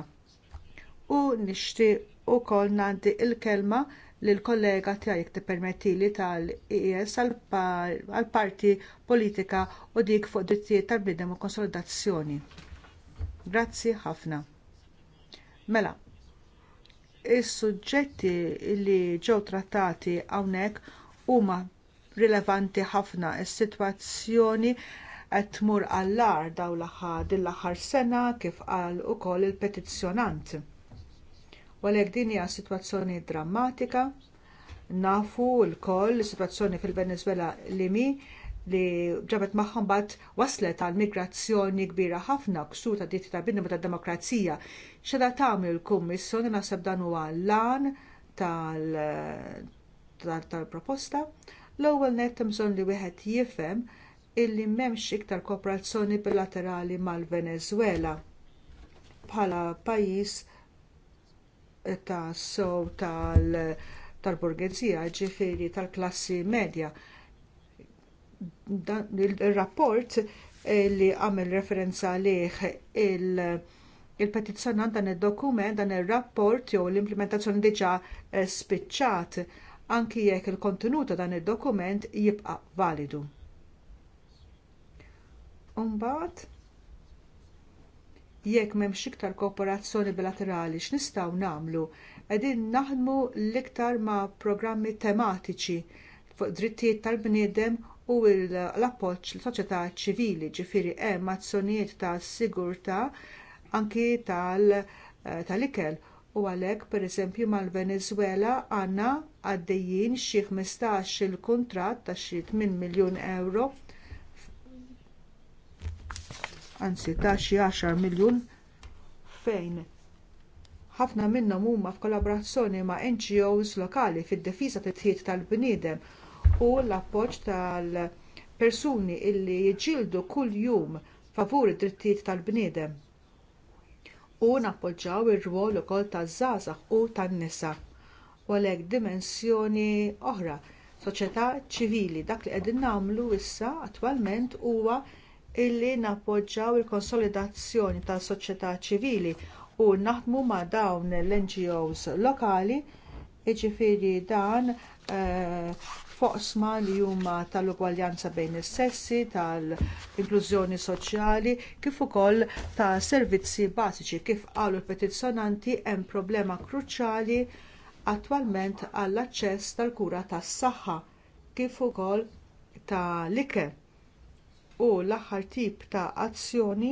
U nixtieq ukoll nagħti l kelma lill kollega tiegħi jekk tippermettili tal-IES e għall parti politika u dik fuq drittijiet tal-bidem u konsolidazzjoni. Grazzi ħafna. Mela, is-suġġetti li ġew trattati hawnhekk huma rilevanti ħafna. Is-sitwazzjoni qed tmur għall-ar dawn l-aħħar sena kif qal ukoll il-petizzjonant. U għalhekk din hija sitwazzjoni drammatika, nafu lkoll is-sitwazzjoni fil-Venezuela li mi li ġabet magħhom bat waslet għal migrazzjoni kbira ħafna ksur ta' ditti ta' bidna tad demokrazija. Xeda tagħmel l kummissjoni naħseb dan huwa l-an tal-proposta. tal tal proposta L-ewwel nett bżonn li wieħed jifhem illi m'hemmx iktar kooperazzjoni bilaterali mal-Venezuela bħala pajjiż ta' sow tal-burgenzija, tal ġifieri tal-klassi medja. ir rapport eh, li għamel referenza għalih il-petizzjonant dan id dokument dan ir rapport jew l-implementazzjoni diġà eh, spiċċat anki jekk il-kontenut ta' dan id-dokument jibqa' validu. Umbagħad jekk m'hemmx iktar kooperazzjoni bilaterali x'nistgħu nagħmlu qegħdin naħdmu l-iktar ma' programmi tematiċi fuq drittijiet tal-bniedem u l-appoġġ l soċjetà ċivili ġifieri hemm azzjonijiet ta' sigurtà anki eh, tal-ikel u għalhekk pereżempju mal-Venezwela għandna għaddejjin xi 15 il kuntratt ta' xi 8 miljun euro anzi ta' xi 10 miljun fejn ħafna minnhom huma f'kollaborazzjoni ma' NGOs lokali fid-difiża tat-tħid tal-bniedem u l-appoġġ tal-persuni illi jiġġieldu kuljum favur id-drittijiet tal-bniedem u nappoġġjaw ir-rwol ukoll taż-żgħażagħ u tan-nisa u għalhekk dimensjoni oħra. Soċjetà ċivili dak li qegħdin nagħmlu issa attwalment huwa illi nappoġġjaw il-konsolidazzjoni tas soċjetà ċivili u naħdmu ma' dawn l-NGOs lokali jiġifieri dan uh, foqsma li huma tal-ugwaljanza bejn is-sessi, tal-inklużjoni soċjali, kif ukoll ta' servizzi bażiċi kif qalu l-petizzjonanti hemm problema kruċjali attwalment għall-aċċess tal-kura tas-saħħa kif ukoll tal-ikel u l-aħħar tip ta' azzjoni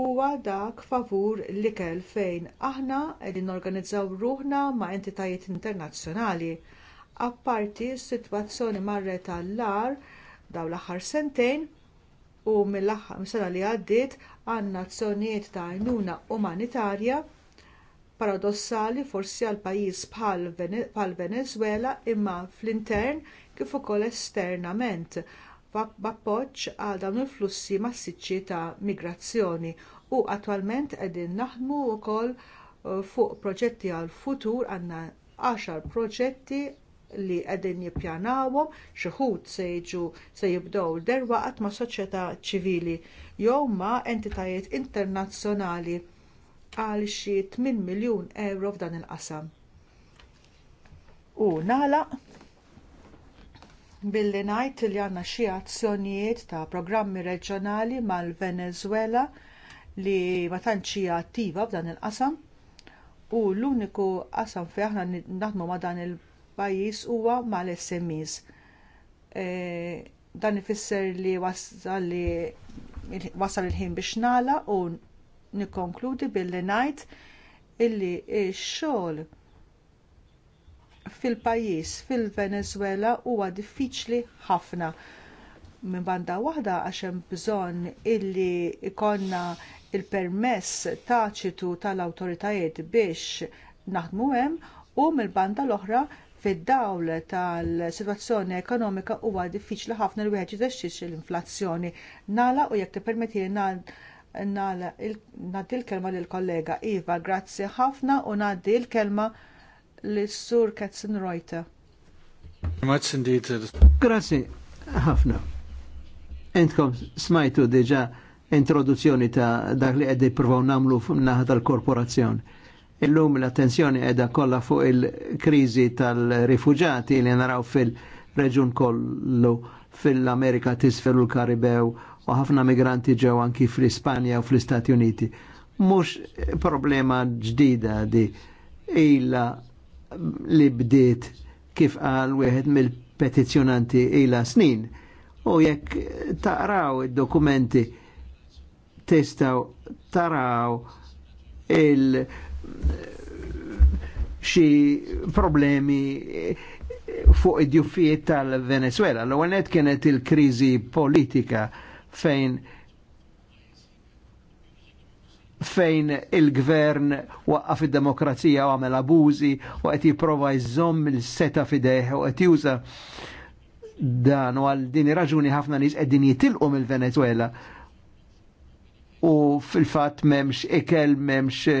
huwa dak favur l-ikel fejn aħna qegħdin norganizzaw ruħna ma' entitajiet internazzjonali. Apparti s-sitwazzjoni marret għall-ar dawn l-aħħar sentejn u mill-aħħar sena li għaddiet għandna azzjonijiet ta' għajnuna umanitarja paradossali forsi għal pajjiż bħal Venezwela imma fl-intern kif ukoll esternament b'appoġġ għal dawn il-flussi massiċċi ta' migrazzjoni u attwalment qegħdin naħdmu wkoll uh, fuq proġetti għall futur għandna għaxar proġetti li qegħdin jippjanawhom xi wħud se jiġu se jibdew derwaqt ma' soċjetà ċivili jew ma' entitajiet internazzjonali għal xi 8 miljun euro f'dan il-qasam. U nagħlaq billi ngħid li għandna xi azzjonijiet ta' programmi reġjonali mal-Venezuela li ma tantx hija attiva f'dan il-qasam u l-uniku qasam fejn aħna naħdmu ma' dan il-pajjiż huwa mal-SMEs. E, dan ifisser li wasal li wasal il-ħin biex nagħlaq u nikkonkludi billi ngħid illi x-xogħol fil-pajjiż fil-Venezuela huwa diffiċli ħafna. Min banda waħda għax hemm bżonn illi ikonna l il permess taċitu tal-awtoritajiet biex naħdmu hemm u mill-banda l-oħra fid-dawl tal-sitwazzjoni ekonomika huwa diffiċli ħafna li wieħed jitexxix l-inflazzjoni. Nala u jekk tippermetti nagħti l-kelma lill kollega Iva, grazzi ħafna u ngħaddi l-kelma lis sur Katzen Reuter. Grazzi ħafna. Entkom smajtu diġa introduzzjoni ta' dak li qed jippruvaw nagħmlu f'naħa tal-korporazzjoni. Illum l-attenzjoni edha kollha fuq il-kriżi tal-rifuġati li naraw fil-reġun kollu fil-Amerika tisfel u l-Karibew u ħafna migranti ġew anki fl-Ispanja u fl-Istati Uniti. Mhux problema ġdida di illa li bdiet kif qal wieħed mill-petizzjonanti ila snin. U jekk taqraw id-dokumenti testaw taraw il xi problemi fuq id-djuffijiet tal-Venezuela. L-ewwel kienet il krizi politika fejn fejn il-gvern waqqaf id-demokrazija u għamel abużi u qed jipprova jżomm il-seta fideħ u qed juża dan u għal din raġuni ħafna nies qegħdin jitilqu mill-Venezuela u fil-fatt memx ikel, memx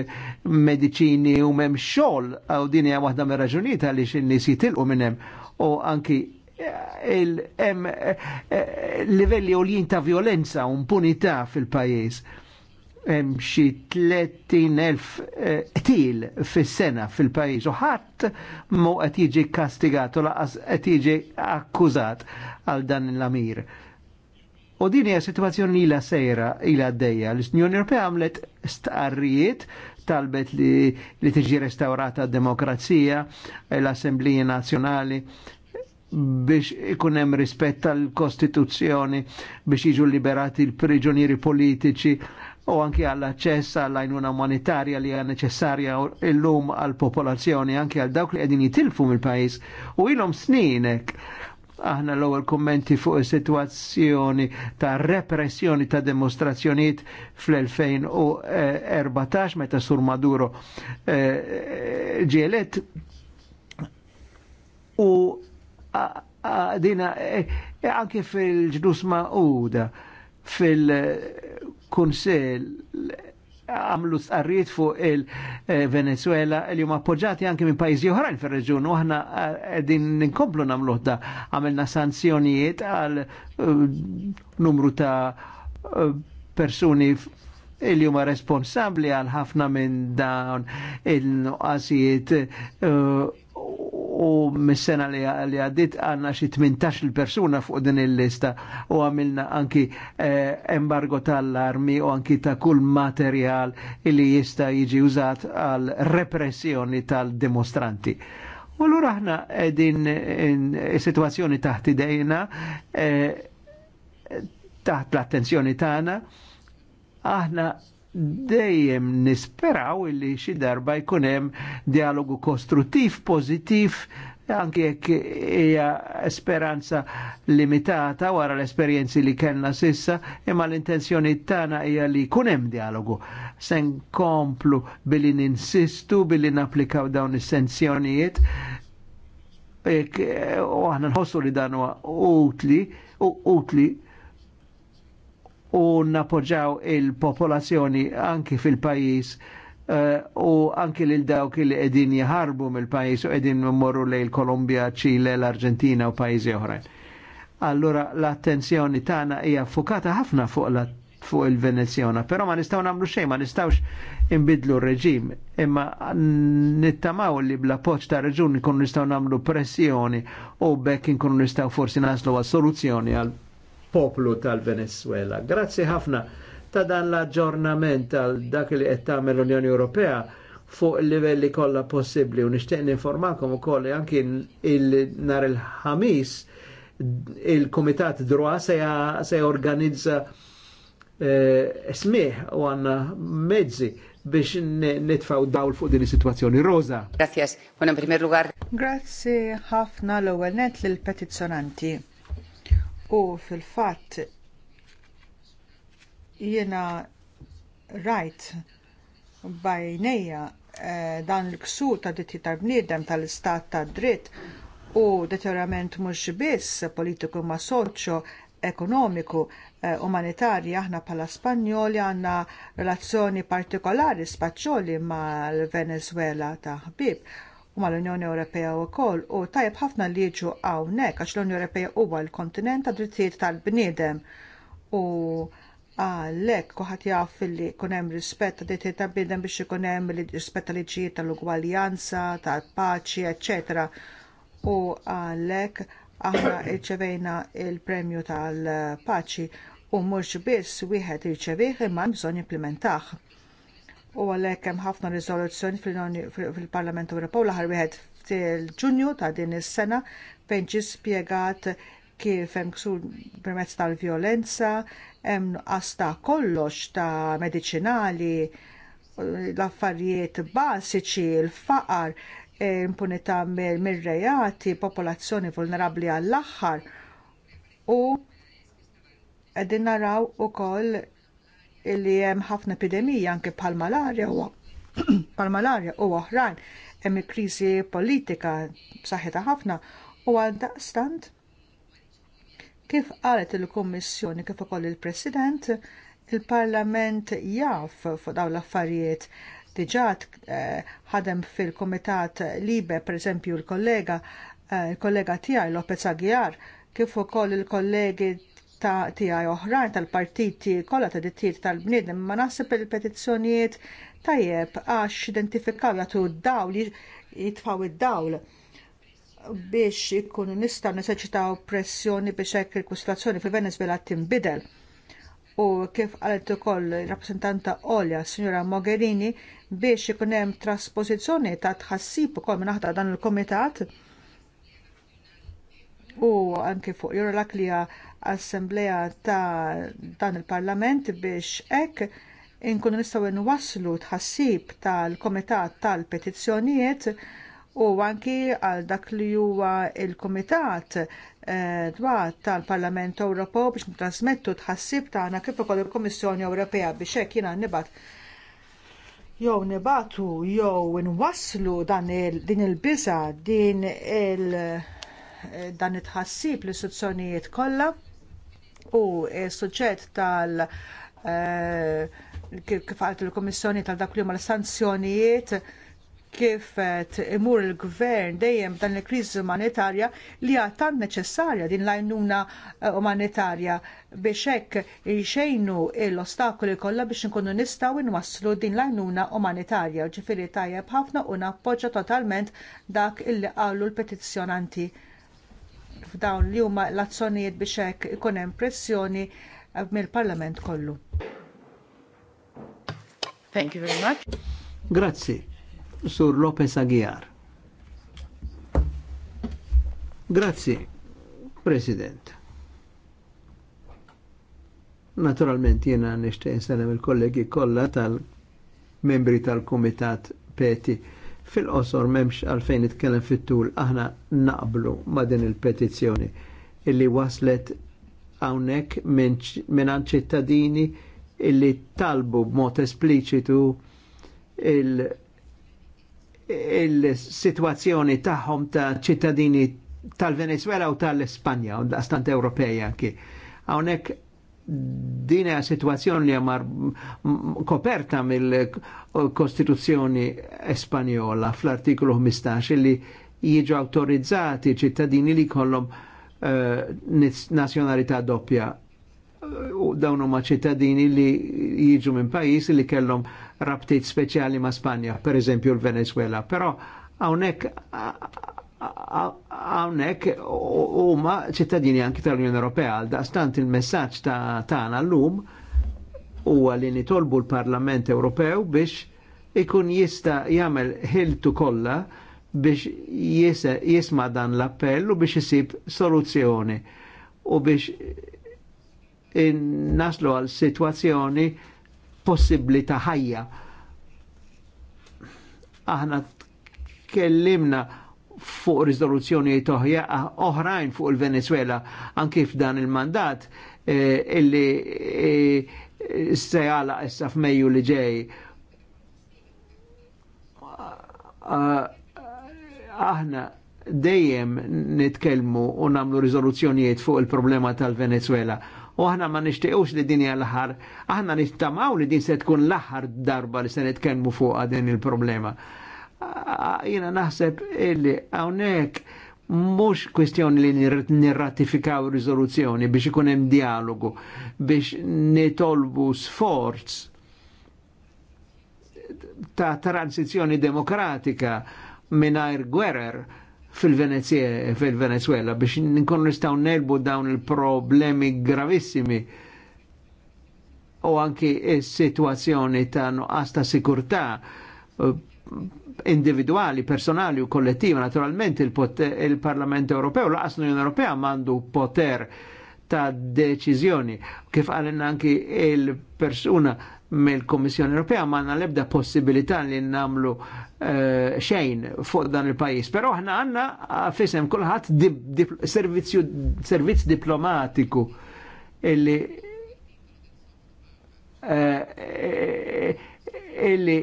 medicini u memx xogħol għaw din hija waħda raġuni tal għaliex in-nies jitilqu minn hemm u anki il-em eh, eh, livelli oljin ta' violenza u impunità fil-pajis. Hemm xi 30,000 eh, til fis-sena fil-pajjiż u ħadd mo qed jiġi kastigat u laqas qed jiġi akkużat għal dan l-amir. U din hija sitwazzjoni ilha sejra ilha għaddejja. L-Unjoni Ewropea għamlet stqarrijiet talbet li, li tiġi restaurata d-demokrazija, l assembliji Nazjonali biex ikunem rispett tal-Kostituzzjoni biex jiġu liberati l-priġonieri politiċi u anki għall-aċċess għall ajnuna umanitarja li għan neċessarja lum għall-popolazzjoni anki għal dawk li għedin jitilfu mill-pajis u ilhom sninek aħna l-ewwel kommenti fuq is-sitwazzjoni ta' repressjoni ta' demostrazzjonijiet fl-2014 meta Sur Maduro eh, ġielet u dina eh, eh, anke fil-ġdus ma'uda fil-kunsel għamlu starriet fuq il-Venezuela eh, li huma appoġġati anke minn pajjiżi oħrajn fir-reġjun u aħna qegħdin ninkomplu nagħmluh da għamilna sanzjonijiet għal numru ta' persuni il huma responsabbli għal ħafna minn dawn il-nuqqasijiet uh, u mis-sena li għaddit għanna xi 18 persuna fuq din il-lista u għamilna anki eh, embargo tal-armi u anki ta' kull materjal li jista' jiġi użat għal repressjoni tal-dimostranti. U l aħna din situazzjoni taħt idejna, eh, taħt l-attenzjoni tagħna, aħna dejjem nisperaw illi xi darba jkun hemm dialogu kostruttiv, pożittiv, anki jekk hija esperanza limitata wara l-esperjenzi li kellna sissa, imma l-intenzjoni tagħna hija li jkun hemm dialogu. Se nkomplu billi ninsistu billi napplikaw dawn is-sanzjonijiet eh, u aħna nħossu li dan huwa utli, utli u napoġaw il-popolazzjoni anki fil-pajis eh, u anki lil dawk li qegħdin jaħarbu mill-pajis u qegħdin mmorru lejn Kolombja, Ċile, l-Arġentina u pajjiżi oħrajn. Allura l-attenzjoni tagħna hija fukata ħafna fuq la fuq il-Venezjona, però ma nistgħu nagħmlu xejn, ma nistgħux inbidlu r-reġim, imma nittamaw li bla poċ ta' reġun nkunu nistgħu nagħmlu pressjoni u bekk inkunu nistgħu forsi naslu għas soluzzjoni għal poplu tal-Venezuela. Grazzi ħafna ta' dan l-aġġornament tal dak li qed tagħmel l-Unjoni Ewropea fuq il-livelli kollha possibbli u nixtieq ninformakom ukoll anki il-nar il-ħamis il-Kumitat Drua se jorganizza eh, smih u għanna mezzi biex nitfaw dawl fuq din is-sitwazzjoni. Rosa. Grazie. Buona primer lugar. Grazie ħafna l-ewwel net lill petizzjonanti u fil-fatt jiena rajt bajnejja eh, dan il-ksur ta' ditti ta' bniedem tal-istat tad dritt u deterrament mhux biss politiku ma' soċo, ekonomiku eh, umanitarji aħna bħala Spanjoli għandna relazzjoni partikolari spaċjoli mal-Venezuela ta' ħbieb u mal-Unjoni Ewropea wkoll u tajjeb ħafna li jiġu hawnhekk għax l-Unjoni Ewropea huwa l-kontinent ta' drittijiet tal-bniedem u għalhekk kuħadd jaf li jkun hemm rispett ta' drittijiet tal-bniedem biex ikun hemm rispett tal-liġijiet tal-ugwaljanza, tal-paċi, ecc. U għalhekk aħna rċevejna l premju tal-paċi u mhux biss wieħed irċevih imma bżonn jimplementah u għalhekk hemm ħafna riżoluzzjoni fil-Parlament Ewropew l-aħħar wieħed fil-Ġunju ta' din is-sena fejn ġie spjegat kif hemm ksur permezz tal-vjolenza, hemm nuqqas ta' kollox ta' mediċinali, l-affarijiet bażiċi, l-faqar, e, impunità mir-rejati, popolazzjoni vulnerabbli għall-aħħar u qegħdin naraw ukoll illi hemm ħafna epidemija anke bħal malarja huwa <clears throat> bħal malarja u oħrajn hemm il-kriżi politika b'saħħitha ħafna u għal daqstant kif qalet il-Kummissjoni kif ukoll il-President il-Parlament jaf fuq dawn l-affarijiet diġà eh, ħadem fil kumitat Libe, pereżempju l kollega eh, l kollega tiegħi Lopez Aguiar, kif ukoll il-kollegi ta' tiegħi oħrajn tal-partiti kollha ta' dittijiet tal-bniedem ma naħseb il-petizzjonijiet tajjeb għax identifikaw jagħtu d-dawl jitfaw id-dawl biex ikunu nistgħu neseċitaw pressjoni biex hekk il-kustazzjoni fi venezuela tinbidel. U kif qalet ukoll rappreżentanta Olja, Signora Mogherini, biex ikun hemm trasposizzjoni ta' tħassib ukoll minn dan il-Komitat u anke fuq Eurolak li assembleja ta' dan il-Parlament biex hekk inkunu nistgħu nwasslu tħassib tal-Komitat tal-Petizzjonijiet u anki għal dak li huwa l kumitat eh, dwar tal-Parlament Ewropew biex nitrasmettu tħassib tagħna kif ukoll il-Kummissjoni Ewropea biex hekk jiena nibgħat jew nibatu jew inwasslu dan il, din il-biża din il- eh, dan it tħassib l-istituzzjonijiet kollha u suġġett tal- eh, kif għalt il-Komissjoni tal dak li huma sanzjonijiet kif imur il-gvern dejjem dan il-kriżi umanitarja li għad tant neċessarja din l-għajnuna eh, umanitarja biex hekk jxejnu l-ostakoli kollha biex inkunu nistgħu nwasslu din l-għajnuna umanitarja. Ġifieri tajjeb ħafna u nappoġġa totalment dak illi qalu l-petizzjonanti f'dawn li huma l-azzjonijiet biex hekk ikun hemm pressjoni mill-Parlament kollu. Thank you very much. Grazzi. Sur Lopez Aguiar. Grazzi, President. Naturalment jiena nixtieq insellem il-kollegi kollha tal-membri tal-Kumitat Peti Fil-qosor memx għalfejn itkellem fit-tul aħna naqblu ma' din il-petizzjoni illi waslet hawnhekk minn ċittadini illi talbu b'mod espliċitu il- il tagħhom ta' ċittadini tal-Venezuela u tal-Ispanja, u daqstant Ewropeja anki. Għawnek din hija sitwazzjoni li koperta mill-Kostituzzjoni Espanjola fl-artiklu 15 li jiġu autorizzati ċittadini li kollhom uh, eh, nazjonalità doppja u dawn huma ċittadini li jiġu minn pajjiż li kellhom rabtiet speċjali ma' Spanja, per eżempju l-Venezuela. Però hawnhekk għawnek huma ċittadini anki tal-Unjoni Ewropea għal daqstant il-messaġġ ta' tagħna lum huwa li nitolbu l-Parlament Ewropew biex ikun jista' jagħmel ħiltu kollha biex jisma dan l appell u biex isib soluzzjoni u biex naslu għal situazzjoni possibli ta' ħajja. Aħna kellimna fuq rizoluzzjoni toħja oħrajn fuq il-Venezuela anki f'dan il-mandat eh, illi eh, sejala issa f'Mejju li ġej. Aħna dejjem nitkellmu u namlu rizoluzzjonijiet fuq il-problema tal-Venezuela u aħna ma nixtiequx li din hija l-aħħar, aħna nittamaw li din se tkun l-aħħar darba li se nitkellmu fuq din il-problema. il problema Ah, jina naħseb illi għawnek mux kwestjoni li nirratifikaw rizoluzzjoni biex ikun hemm dialogu, biex nitolbu sforz ta' transizjoni demokratika minnajr gwerer fil-Venezuela biex nkun nistaw nelbu dawn il-problemi gravissimi u anki s-situazzjoni ta' nuqqas ta' sikurta' individuali, personali u kollettiva, naturalment il-Parlament Ewropew, laqas l-Unjoni Ewropea mandu poter ta' deċiżjoni. Kif għalenna anki il-persuna mill-Kommissjoni Ewropea manna lebda possibilità li namlu uh, xejn fuq dan il-pajis. Pero ħna għanna fisem kullħat servizz diplomatiku illi uh, illi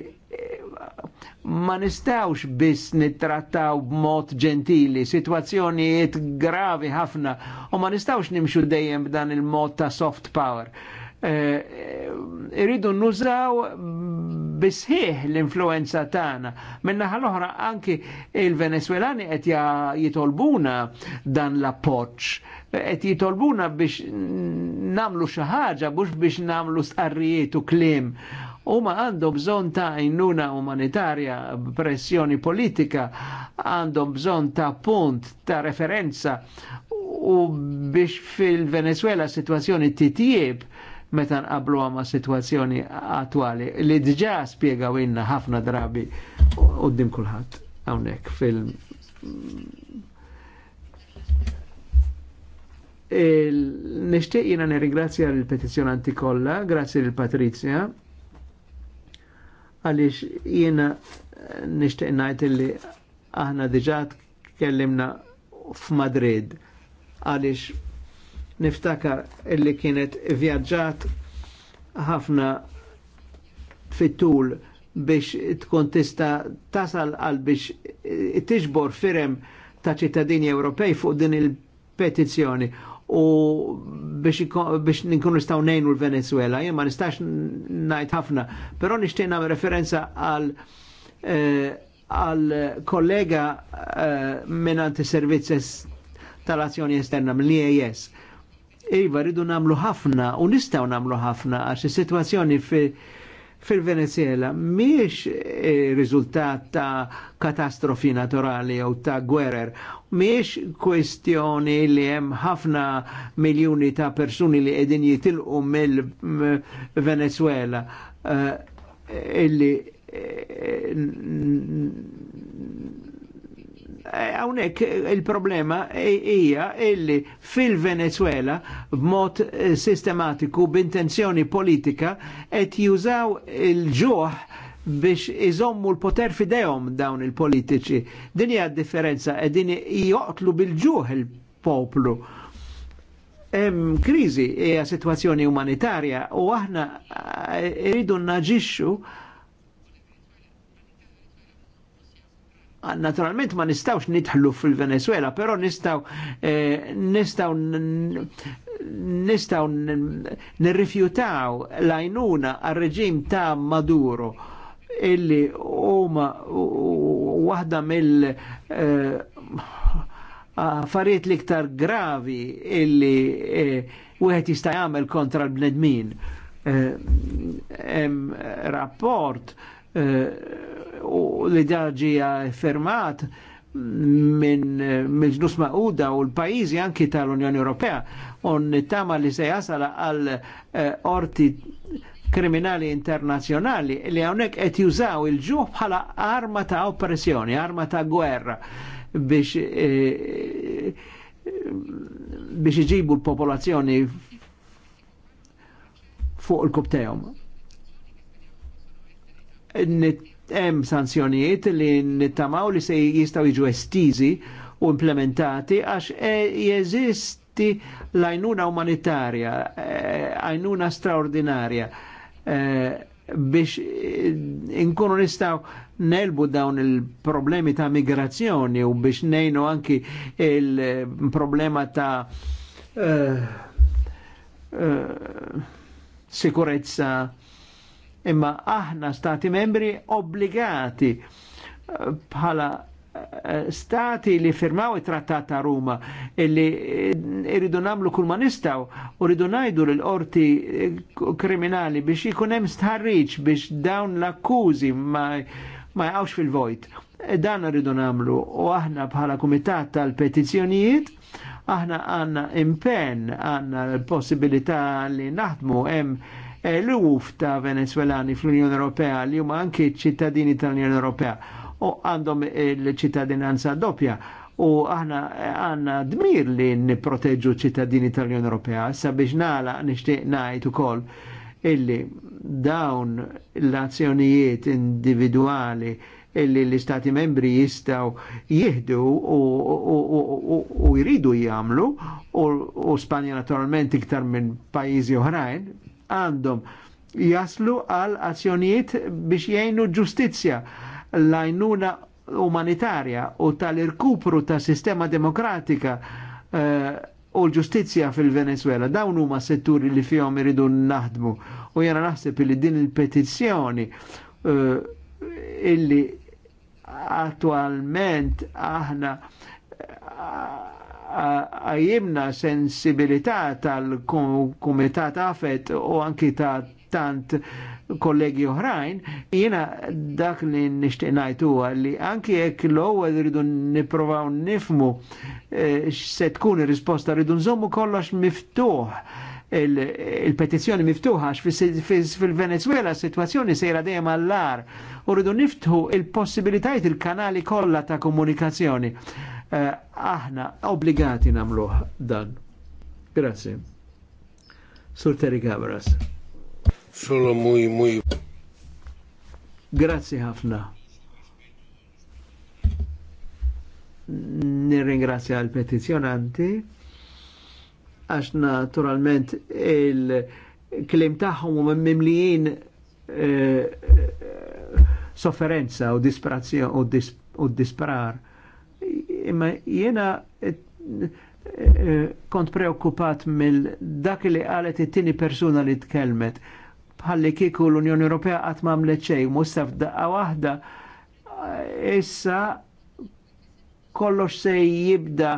ma nistawx biss nittrattaw b'mod ġentili, situazzjonijiet gravi ħafna, u ma nistawx nimxu dejjem b'dan il-mod ta' soft power. Eh, irridu e, nużaw bisħieħ l-influenza tagħna. Minna l-oħra anki il-Venezuelani qed jitolbuna dan l-appoġġ, qed jitolbuna biex namlu xi ħaġa biex namlu starrijiet u kliem huma għandhom bżonn ta' innuna umanitarja, pressjoni politika, għandhom bżonn ta' punt ta' referenza u biex fil-Venezuela situazzjoni titjieb meta nqablu għama situazzjoni attuali li dġa spiegaw inna ħafna drabi u d kulħadd hawnhekk fil- Nishtiq jina nirringrazzja l-petizjonanti kollha, grazzi l-Patrizja, għaliex jiena nixtieq ngħid illi aħna diġà tkellimna f'Madrid għaliex niftakar illi kienet vjaġġat ħafna fit-tul biex tkun tista tasal għal biex tiġbor firem ta' ċittadini Ewropej fuq din il-petizzjoni u biex ninkun nistaw nejnu l-Venezuela, jien ma nistax najt ħafna, pero nishtiq nagħmel referenza għal eh, għal kollega eh, minant servizzes tal-azzjoni esterna mill-IAS. Iva, rridu namlu ħafna u nistaw namlu ħafna għax situazzjoni fi fil-Venezuela miex eh, riżultat ta' katastrofi naturali jew ta' gwerer, miex kwestjoni li hemm ħafna miljuni ta' persuni li qegħdin jitilqu mill-Venezuela eh, illi eh, għawnek il-problema hija illi fil-Venezuela b'mod eh, sistematiku b'intenzjoni politika qed jużaw il-ġuħ biex iżommu l-poter fidejom dawn il-politiċi. Din hija differenza qegħdin joqtlu bil-ġuħ il-poplu. Hemm e hija situazzjoni umanitarja u aħna eh, iridu naġixxu naturalment ma nistawx nidħlu fil-Venezuela, però nistaw eh, nistaw nistaw nirrifjutaw lajnuna għal reġim ta' Maduro illi huma waħda mill eh, affarijiet l-iktar gravi illi eh, wieħed jista' jagħmel kontra l-bnedmin. rapport u li daġija fermat minn mill-ġnus maquda u l-pajizi anki tal-Unjoni Ewropea un tama li se jasala għal eh, orti kriminali internazjonali li għonek et jużaw il-ġuħ bħala arma ta' oppressjoni, arma ta' gwerra biex eh, biex iġibu l-popolazzjoni fuq il kubtejom hemm sanzjonijiet li nittamaw li se jistgħu jiġu estiżi u implementati għax eh, jeżisti l-għajnuna umanitarja, eh, għajnuna straordinarja eh, biex inkunu nistaw nelbu dawn il-problemi ta' migrazzjoni u biex nejnu anki il-problema ta' uh, uh, sikurezza imma aħna stati membri obbligati eh, bħala eh, stati li firmaw it-trattat ta' Ruma illi eh, irridu namlu kull ma nistaw u rridu najdu l-orti kriminali biex ikun hemm stħarriċ biex dawn l-akkużi ma, jgħawx fil-vojt. Dan rridu namlu u aħna bħala kumitat tal-petizzjonijiet aħna għanna impen, għanna l-possibilità li naħdmu hemm l-uf ta' venezuelani fl-Unjoni Ewropea li huma anki ċittadini tal-Unjoni Ewropea u għandhom il-ċittadinanza doppja u aħna għanna dmir li niproteġu ċittadini tal-Unjoni Ewropea sabiex nagħlaq nixtieq ngħid ukoll illi dawn l-azzjonijiet individuali illi l-istati membri jistaw jihdu u jridu jamlu u Spanja naturalment iktar minn pajizi oħrajn għandhom jaslu għal azzjonijiet biex jgħinu ġustizja l-għajnuna umanitarja u tal-irkupru ta' sistema demokratika eh, u uh, l ġustizja fil-Venezuela. Dawn huma setturi li fihom iridu naħdmu. U jena naħseb li din il-petizzjoni uh, illi attualment aħna uh, għajimna sensibilità tal-Kumitat Afet u anki ta' tant kollegi oħrajn, jina dak li nishtiq najtu li anki jekk l-ewwel rridu niprovaw nifmu eh, se tkun ir-risposta rridu nżommu kollox miftuħ il-petizjoni miftuħa fil-Venezuela situazzjoni sejra dejjem allar u rridu niftuħu il-possibilitajiet il-kanali kollha ta' komunikazzjoni Eh, aħna obbligati namluħ dan. Grazie. Sur Terry Gabras. Solo muy, muy. Grazie ħafna. Nirringrazzja għal petizjonanti għax naturalment il-klim tagħhom huma mimlijin eh, eh, sofferenza u disperazzjoni u disparar imma jena eh, eh, kont preokkupat mill dak li qalet it-tieni persuna li tkellmet bħalli kieku l-Unjoni Ewropea qatt m'għamlet xejn mustaf daqqa waħda eh, issa kollox se jibda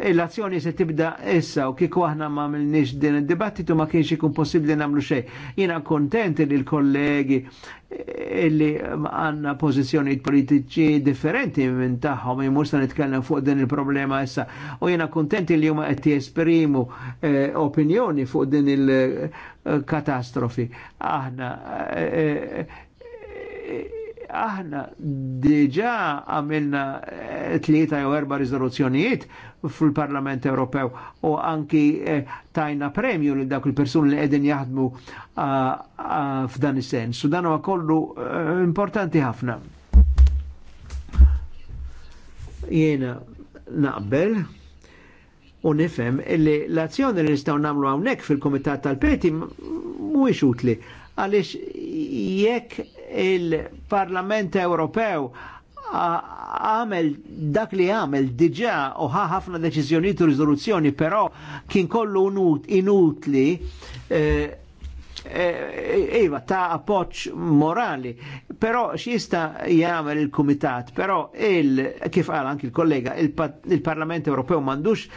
l-azzjoni se tibda issa u kieku aħna ma għamilniex din id-dibattitu ma kienx ikun possibbli nagħmlu xejn. Jiena kontent li l-kollegi illi eh, għanna pożizzjoni politiċi differenti minn tagħhom jmur sa' nitkellem fuq din il-problema issa. U jiena kontent li huma qed jesprimu eh, opinjoni fuq din il-katastrofi. Eh, aħna eh, eh, aħna diġa għamilna eh, tlieta jew erba' riżoluzzjonijiet fil-Parlament Ewropew u anki eh, tajna premju li dak il-persuni li qegħdin jaħdmu ah, ah, f'dan is-sens. Su dan huwa kollu eh, importanti ħafna. Jiena naqbel u nifhem li l-azzjoni li nistgħu nagħmlu hawnhekk fil-Kumitat tal-Peti mhuwiex utli għaliex jekk il-Parlament Ewropew għamel dak li għamel diġa u ħafna deċizjoniet u rizoluzzjoni, però kien kollu inutli eh, eh, Iva, ta' appoċ morali, però xista jagħmel il-Kumitat, però il kif għal anki il-kollega, il-Parlament Ewropew mandux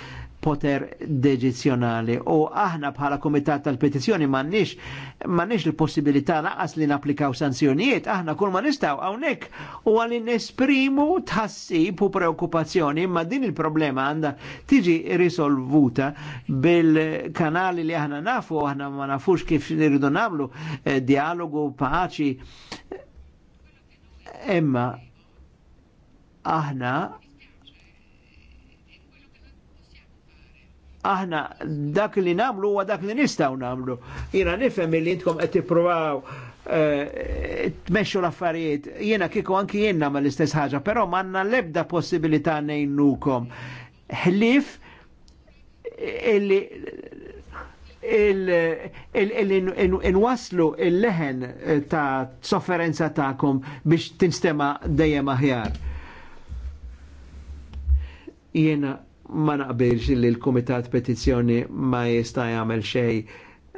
poter deġizjonali. u aħna bħala komitat tal-petizjoni mannix mannix l-possibilità naqas li naplikaw sanzjonijiet, aħna kull ma nistaw hawnhekk u għalli nesprimu tħassib u preokkupazzjoni imma din il-problema għandha tiġi risolvuta bil-kanali li aħna nafu, aħna ma nafux kif nirridu nagħmlu eh, dialogu, paċi. Emma aħna aħna dak li namlu huwa dak li nistgħu namlu. Jiena nifhem li intkom qed tippruvaw eh, tmexxu l-affarijiet. Jiena kieku anki jien nagħmel l-istess ħaġa, però m'għandna l-ebda possibilità ngħinukom. ħlif illi il-waslu il-leħen ta' sofferenza ta'kom biex tinstema dejjem aħjar. Jena ma naqbilx li l-Kumitat Petizzjoni ma jista' jagħmel xejn,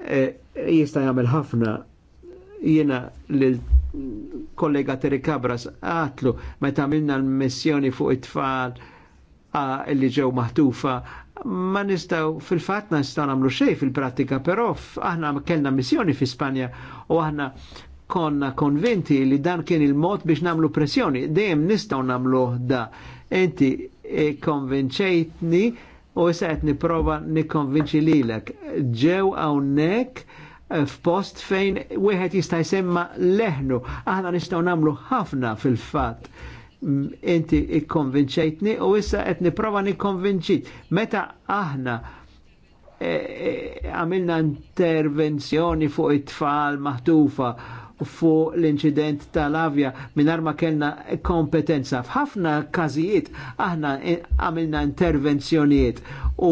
e, jista' jagħmel ħafna. Jiena l-kollega Terry Cabras għatlu meta għamilna l-missjoni fuq it-tfal li ġew maħtufa ma nistaw fil-fat nistaw namlu xej fil-pratika, però aħna kellna missjoni fi Spanja u aħna konna konvinti li dan kien il-mod biex namlu pressjoni. Dejjem nistaw namlu da Inti konvinċejtni u issa qed niprova nikkonvinċi lilek. Ġew hawnhekk eh, f'post fejn wieħed jista' jsemma leħnu. Aħna nistgħu nagħmlu ħafna fil fat inti ikkonvinċejtni u issa qed niprova nikkonvinċit. Meta aħna eh, eh, għamilna intervenzjoni fuq it-tfal maħtufa fuq l-inċident tal-avja mingħajr ma kellna kompetenza. F'ħafna każijiet aħna għamilna intervenzjonijiet u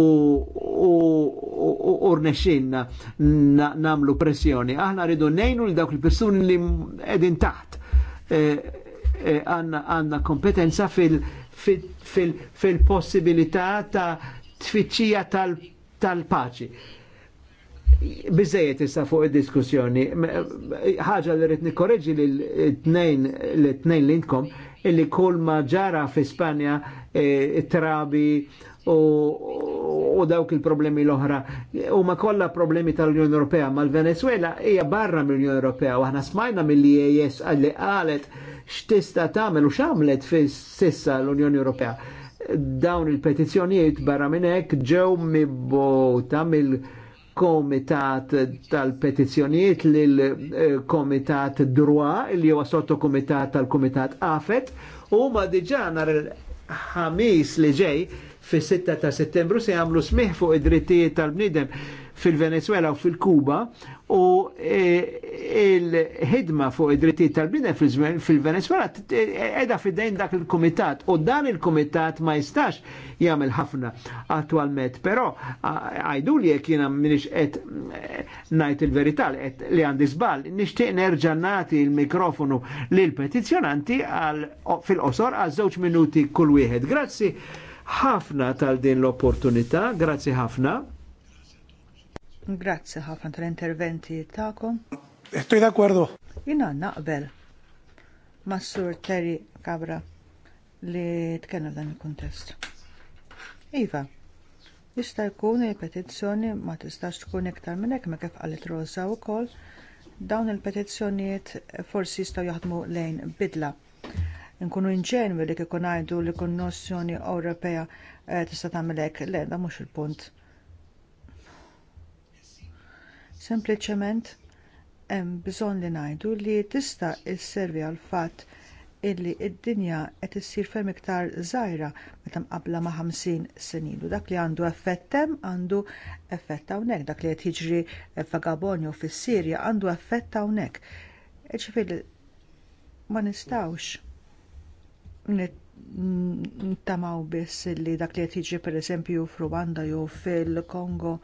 urnexinna namlu pressjoni. Aħna rridu nejnu l dawk il-persuni li edin taħt e, e, għandna kompetenza fil-possibilità ta' tfittxija tal-paċi. Tal bizzejiet issa fuq id-diskussjoni. ħaġa li rrit nikkoreġi l-tnejn l-tnejn l-intkom illi kull ma ġara fi Spanja e, trabi u dawk il-problemi l-oħra. U ma kolla problemi tal-Unjoni Ewropea, ma l-Venezuela hija barra mill-Unjoni Ewropea u aħna smajna mill EJS għalli qalet x'tista' tagħmel u x'għamlet fi sissa l-Unjoni Ewropea. Dawn il-petizzjonijiet barra minn hekk ġew mibbota mill- Eh, komitat tal petizjoniet lil komitat Drua, li huwa sotto komitat tal-komitat AFET, u ma diġa nar ħamis li ġej fi 6 ta' settembru se jagħmlu smih fuq id-drittijiet tal-bnidem fil-Venezuela u fil-Kuba u e, il-ħidma fuq id-drittijiet tal-bnidem fil-Venezuela e, edha fidejn dak il-komitat u dan il-komitat ma jistax jagħmel ħafna attwalment, però għajdu li jekk jiena m'iniex qed e, ngħid il-verità li għandi żball, nixtieq nerġa' nagħti l-mikrofonu lil petizzjonanti fil-qosor għal żewġ minuti kull wieħed. Grazzi ħafna tal din l-opportunità, grazzi ħafna. Grazzi ħafna tal-interventi tagħkom. Estoy d'accordo. Jina naqbel Massur Terry Kabra li tkellem dan il-kontest. Iva, jista' jkun il-petizzjoni ma tistax tkun iktar minn hekk ma kif qalet Rosa wkoll dawn il-petizzjonijiet forsi jistgħu jaħdmu lejn bidla nkunu inġenwi li kikun għajdu li nozzjoni Ewropea eh, tista' tagħmel hekk, le da mhux il-punt. Sempliċement hemm bżonn li ngħidu li tista' sservi għal fatt illi d dinja qed issir ferm iktar żgħira meta mqabbla ma' 50 senilu. ilu. Dak li għandu effett hemm għandu effett hawnhekk, dak li qed jiġri f'Gabon jew fis-Sirja għandu effett hawnhekk. Ġifieri ma nistgħux nittamaw biss li dak li qed jiġri pereżempju f'Rwanda jew fil-Kongo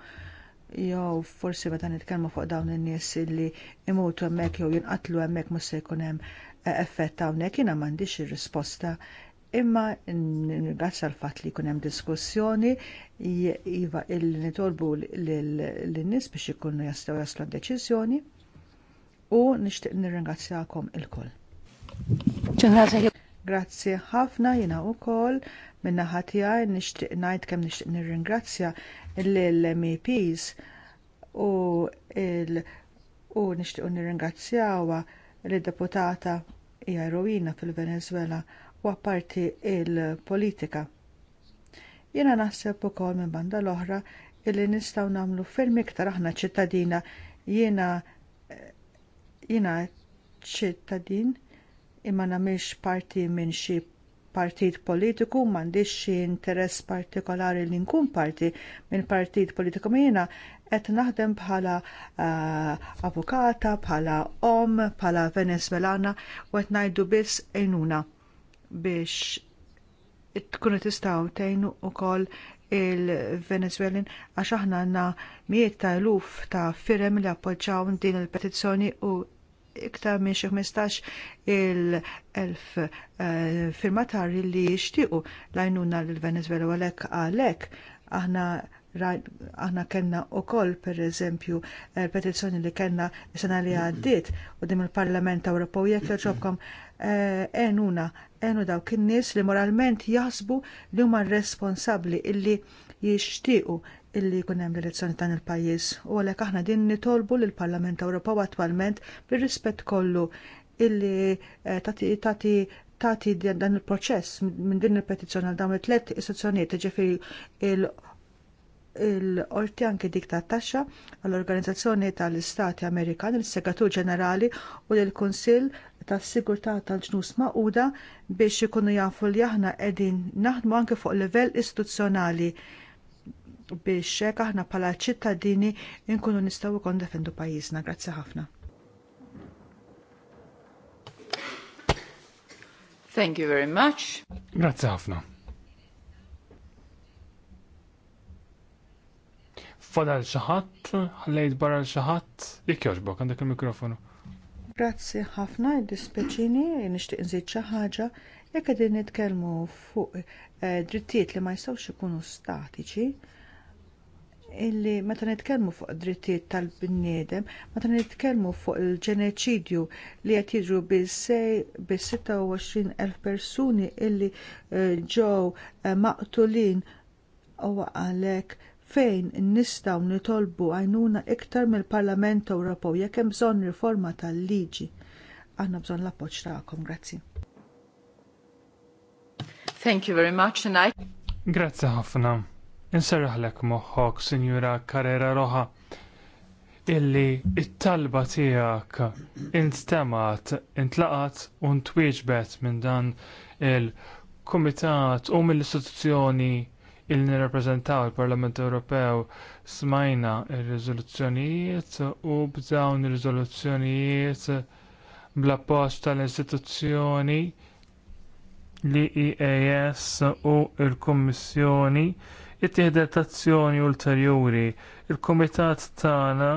jew forsi meta nitkellmu fuq dawn in-nies li imutu hemmhekk jew jinqatlu hemmhekk mhux se jkun hemm eh, effett hawnhekk jiena m'għandix ir-risposta imma ngrazzja l fatt li jkun hemm diskussjoni iva illi nitolbu lin-nies biex ikunu jistgħu jaslu deċiżjoni u nixtieq nirringrazzjakom ilkoll. Grazzi ħafna jiena wkoll kol minna tiegħi nixtieq ngħid kemm nixtieq nirringrazzja l-MEPs u il u nixtiequ nirringrazzjawha lid-deputata hija rowina fil-Venezuela u apparti il politika Jiena naħseb ukoll minn banda l-oħra illi nistgħu nagħmlu ferm iktar aħna ċittadina jiena jiena ċittadin imma nagħmilx parti minn xi partit politiku m'għandix xi interess partikolari li nkun parti minn partit politiku jiena qed naħdem bħala uh, avukata, bħala om, bħala Venezwelana u qed ngħidu biss għajnuna biex tkunu tistgħu tgħinu wkoll il-Venezuelin għax aħna għandna mijiet ta' eluf ta' firem li appoġġaw din il-petizzjoni u iktar minn xi 15 il-elf eh, firmatari li jixtiequ lajnuna l-Venezuela u għalhekk għalhekk aħna aħna kellna wkoll pereżempju eh, petizzjoni li kellna sena li għaddiet u il-Parlament Ewropew jekk joġobkom eh, enuna enu dawk in-nies li moralment jaħsbu li huma responsabbli illi jixtiequ illi jkun hemm l-elezzjoni tan il-pajjiż u għalhekk aħna din nitolbu lill parlament Ewropew attwalment bir-rispett kollu illi eh, tagħti tagħti tagħti dan il-proċess minn din il-petizzjoni għal dawn it tlet istituzzjonijiet ġifieri il il-qorti anke dik tat taxxa għall-Organizzazzjoni tal-Istati Amerikan, il-Segatur Ġenerali u lill kunsill tas-Sigurtà tal-Ġnus Magħquda biex ikunu jafu li aħna qegħdin naħdmu anke fuq livell istituzzjonali biex hekk aħna bħala ċittadini nkunu nistgħu ikun defendu pajjiżna. Grazzi ħafna. Thank you very much. Grazzi ħafna. Fadal xi ħallejt barra xi ħadd, jekk jogħġbok għandek il-mikrofonu. Grazzi ħafna, dispjaċini, nixtieq nżid xi ħaġa jekk qegħdin nitkellmu fuq eh, drittijiet li ma jistgħux ikunu statiċi, illi meta nitkellmu fuq drittijiet tal-bniedem, meta nitkellmu fuq il-ġeneċidju li qed jiġru bi sej bis-26,000 persuni illi eh, ġew eh, maqtulin u għalhekk fejn nistgħu nitolbu għajnuna iktar mill-Parlament Ewropew jekk hemm bżonn riforma tal-liġi. Għandna bżonn l-appoġġ tagħkom, grazzi. Thank you very much and I... Grazzi ħafna. Inserraħlek moħħok, Sinjura Carrera Roħa, illi it-talba tijak inttemat, intlaqat u ntwieġbet minn dan il-Kumitat u mill-istituzzjoni il nirrappreżentaw il-Parlament Ewropew smajna il riżoluzzjonijiet u b'dawn ir-riżoluzzjonijiet bla post tal-istituzzjoni l-EAS u l-Kummissjoni it-tieħdet azzjoni ulterjuri. Il-Kumitat tagħna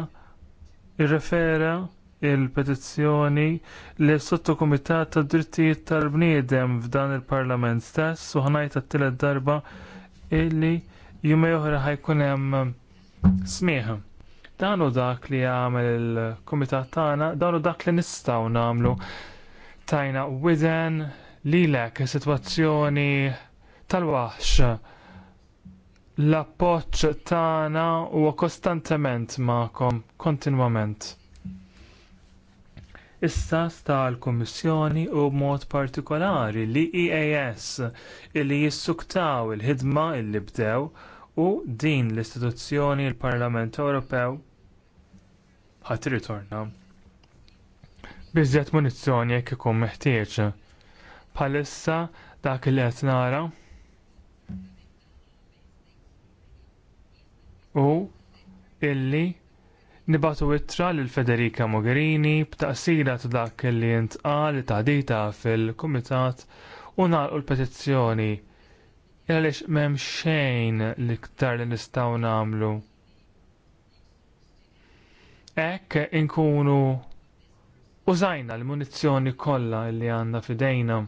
irrefera il-petizzjoni li sottokumitat tad drittijiet tal-bniedem f'dan il-Parlament stess u ħanajt għat-tielet darba illi jume oħra ħajkun hemm smieħa. Dan hu dak li jagħmel il-kumitat tagħna, dan hu dak li nistgħu nagħmlu tajna widen lilek is-sitwazzjoni tal-waħx l-appoċ tagħna huwa kostantement magħkom, kontinwament. Issa sta l-Kummissjoni u b'mod partikolari li EAS illi jissuktaw il-ħidma illi bdew u din l-istituzzjoni l parlament Ewropew ħadd ritorna. Biżjed munizzjoni jekk ikun meħtieġ. Bħalissa dak li qed nara u illi nibatu ittra lil Federica Mogherini b'taqsira ta' dak li intqal taħdita fil-Kumitat u nagħlqu l-petizzjoni għaliex m'hemm xejn l-iktar li nistgħu nagħmlu. Hekk inkunu użajna l-munizzjoni kollha li għandna f'idejna.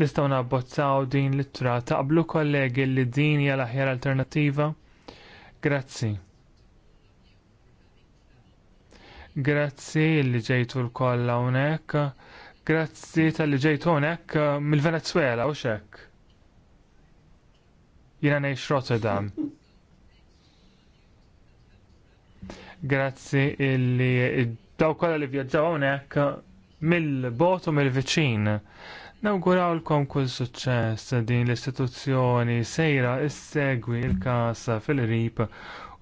Nistgħu nabbozzaw din l-ittra taqblu kollegi li din hija l-aħjar alternattiva? Grazzi. Grazzi li ġejtu l-koll hawnhekk. Grazzi tal-li ġejtu hawnhekk mill-Venezuela u xek. Jiena ngħix Rotterdam. Grazzi illi daw kollha li vjaġġaw hawnhekk mill-bot u mill-viċin. mill bogħod mill bot u mill viċin Nawgurawlkom kull suċċess din l-istituzzjoni sejra issegwi l-każ fil rip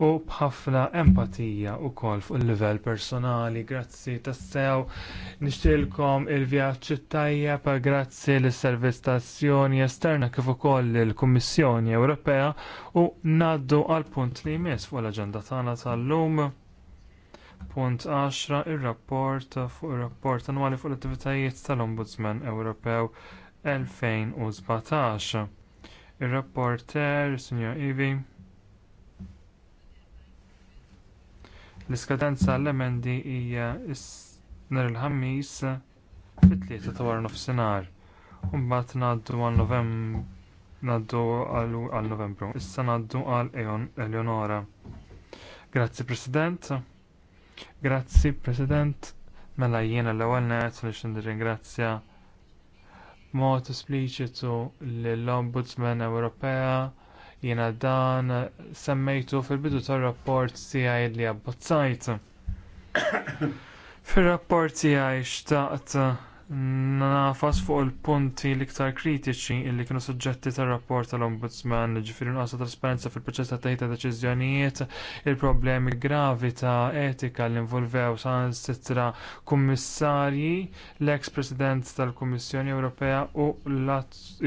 u bħafna empatija wkoll fuq il-livell personali. Grazzi tassew nixtilkom il tajja tajjeb grazzi lis servistazzjoni tazzjoni esterna kif ukoll il-Kummissjoni Ewropea u ngħaddu għall punt li jmiss fuq l-aġenda tagħna tal-lum. Punt 10 ir-rapport fuq ir-rapport annwali fuq l-attivitajiet tal-Ombudsman Ewropew 2017. Ir-rapporter Sinja Ivi L-iskadenza l-emendi hija nhar il-ħamis fit-tlieta ta' wara nofsinhar. Mbagħad ngħaddu għal ngħaddu għal Novembru. Issa ngħaddu għal Eleonora. Grazzi President. Grazzi, President. Mela jiena l-ewwel nett li x'nirringrazzja mod espliċitu lill-Ombudsman Ewropea jiena dan semmejtu fil-bidu tar-rapport tiegħi li abbozzajt. <coughs> Fir-rapport tiegħi xtaqt nafas fuq il-punti l-iktar kritiċi li kienu suġġetti tar rapport tal-Ombudsman, ġifiri nqasa trasparenza fil-proċess ta' tejta deċiżjonijiet, il-problemi gravi ta' etika li involvew san sitra kummissarji, l-eks president tal-Kummissjoni Ewropea u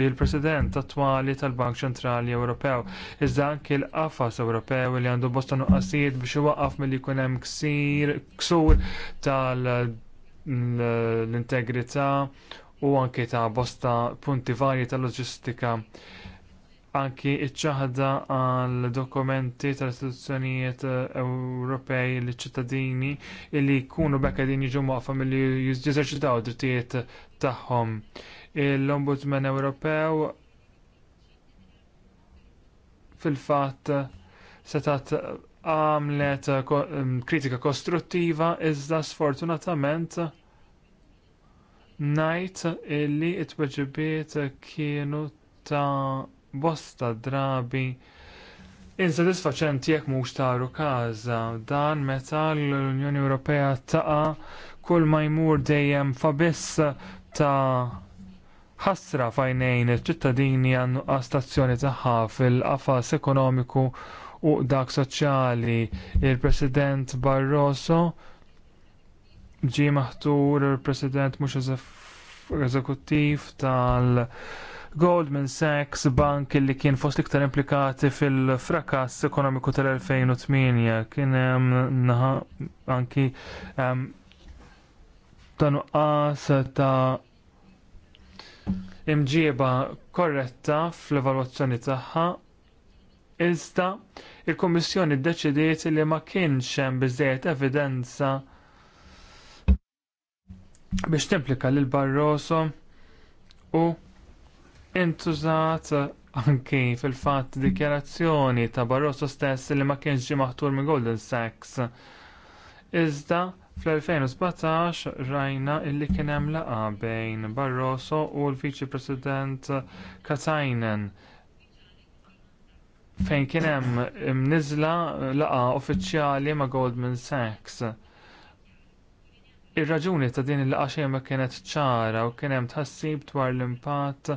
il-president attwali tal-Bank Ċentrali Ewropew. Iżda anki l-qafas Ewropew li għandu bosta nuqqasijiet biex iwaqqaf milli jkun hemm ksir ksur tal- l-integrità u anke ta' bosta punti varji ta' loġistika anki iċ-ċaħda għal dokumenti tal-istituzzjonijiet eh, Ewropej liċ ċittadini li jkunu bekk din jiġu maqfa milli jeżerċitaw drittijiet tagħhom. L-Ombudsman Ewropew fil-fatt setat għamlet eh, eh, kritika kostruttiva iżda sfortunatament najt illi it-tweġibiet kienu ta' bosta drabi Insodisfaċenti jekk mhux taru każa dan meta l-Unjoni Ewropea taqa' kull ma jmur dejjem fabiss ta' ħasra fajnejn iċ-ċittadini għannu stazzjoni tagħha fil-qafas ekonomiku u dak soċjali. Il-President Barroso ġie maħtur il-President mhux eżekuttiv tal- Goldman Sachs bank li kien fost iktar implikati fil-frakass ekonomiku tal-2008 kien hemm anki ta' nuqqas ta' imġieba korretta fl-evalwazzjoni tagħha Iżda il kummissjoni ddeċidiet li ma kienx hemm biżżejjed evidenza biex timplika lil Barroso u intużat anki fil-fatt dikjarazzjoni ta' Barroso stess li ma kienx ġie maħtur minn Golden Sachs. Iżda fl-2017 rajna illi kien hemm laqgħa bejn Barroso u l-Viċi President Katainen fejn kien hemm imniżla laqgħa uffiċjali ma' Goldman Sachs. Ir-raġuni ta' din il laqgħa xejn ma kienet ċara u kien hemm tħassib dwar l-impatt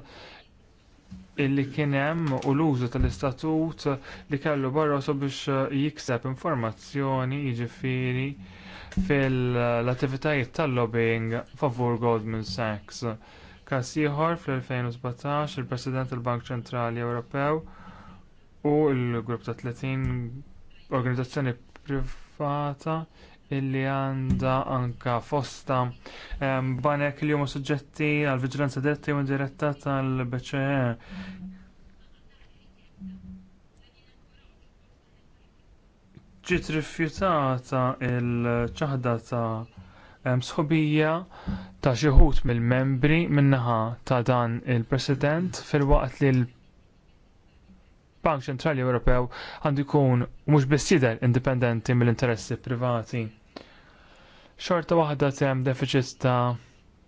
illi kien hemm u l-użu tal-istatut li kellu barroso biex jikseb informazzjoni jiġifieri fil-attivitajiet tal-lobbying favur Goldman Sachs. Każ ieħor fl-2017 il-President tal-Bank Ċentrali Ewropew u l-grupp ta' 30 organizzazzjoni privata illi għandha anke fosta banek li huma suġġetti għal viġilanza diretta jew indiretta tal-BCE. Ġiet rifjutata l ċaħda ta' sħobija ta' xi wħud mill-membri min-naħa ta' dan il-President fil-waqt li l bank Ċentrali Ewropew għandu jkun mhux biss jidher indipendenti mill-interessi privati. Xorta waħda tem deficit ta'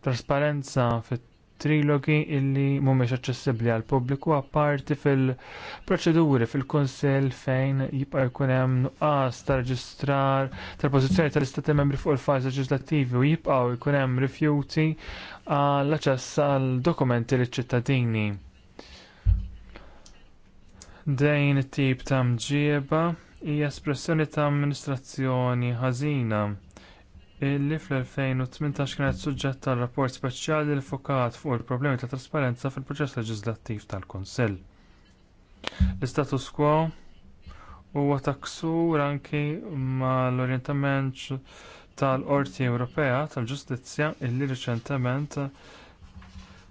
trasparenza fit-trilogi illi mhumiex aċċessibbli għal pubbliku apparti fil-proċeduri fil-Kunsill fejn jibqa' jkun hemm nuqqas ta' reġistrar tal-pożizzjoni tal-Istati Membri fuq il-fajs leġislattivi u jibqgħu jkun hemm rifjuti għall-aċċess għal dokumenti liċ-ċittadini Dejn it-tip ta' mġieba hija espressjoni ta' amministrazzjoni ħażina illi fl-2018 kienet suġġett tal rapport speċjali li fokat fuq il-problemi ta' trasparenza fil-proċess leġislattiv tal-Kunsill. L-status quo huwa taksur anki mal-orientament tal-Qorti Ewropea tal-Ġustizzja illi riċentement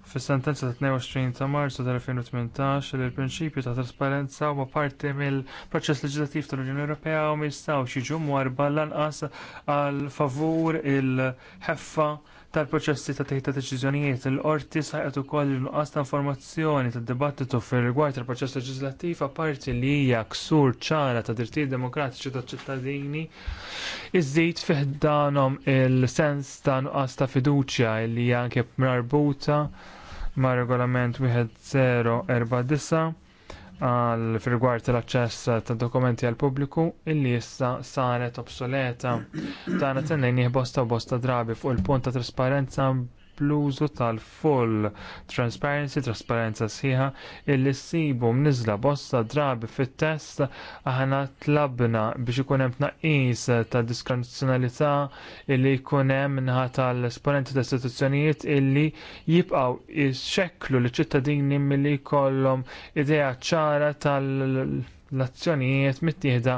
Fis-sentenza ta' 22 ta' Marzu tal-2018 li l-prinċipju ta' trasparenza huwa parti mill-proċess leġislattiv tal-Unjoni Ewropea u ma jistgħux jiġu mwarba lanqas għal favur il-ħeffa tal-proċessi ta' teħid ta' deċiżjonijiet. Il-qorti sajqet ukoll nuqqas ta' informazzjoni tad-dibattitu fir-rigward il-proċess leġislattiv apparti li hija ksur ċara ta' drittijiet demokratiċi taċ ċittadini iżdid fiħdanhom il-sens ta' nuqqas ta' fiduċja li hija anke marbuta ma' regolament 1049 għal firgwar tal-aċċess ta' dokumenti għal pubbliku illi issa saret obsoleta. Tana tennejn bosta u bosta drabi fuq il-punt ta' trasparenza bl-użu tal-full transparency, trasparenza sħiħa, illi ssibu mniżla bosta drabi fit-test aħna tlabna biex ikun hemm tnaqqis ta' diskrezzjonalità illi jkun hemm minħa tal-esponenti ta' istituzzjonijiet illi jibqgħu jxekklu l-ċittadini milli jkollhom idea ċara tal- l-azzjonijiet mittieħda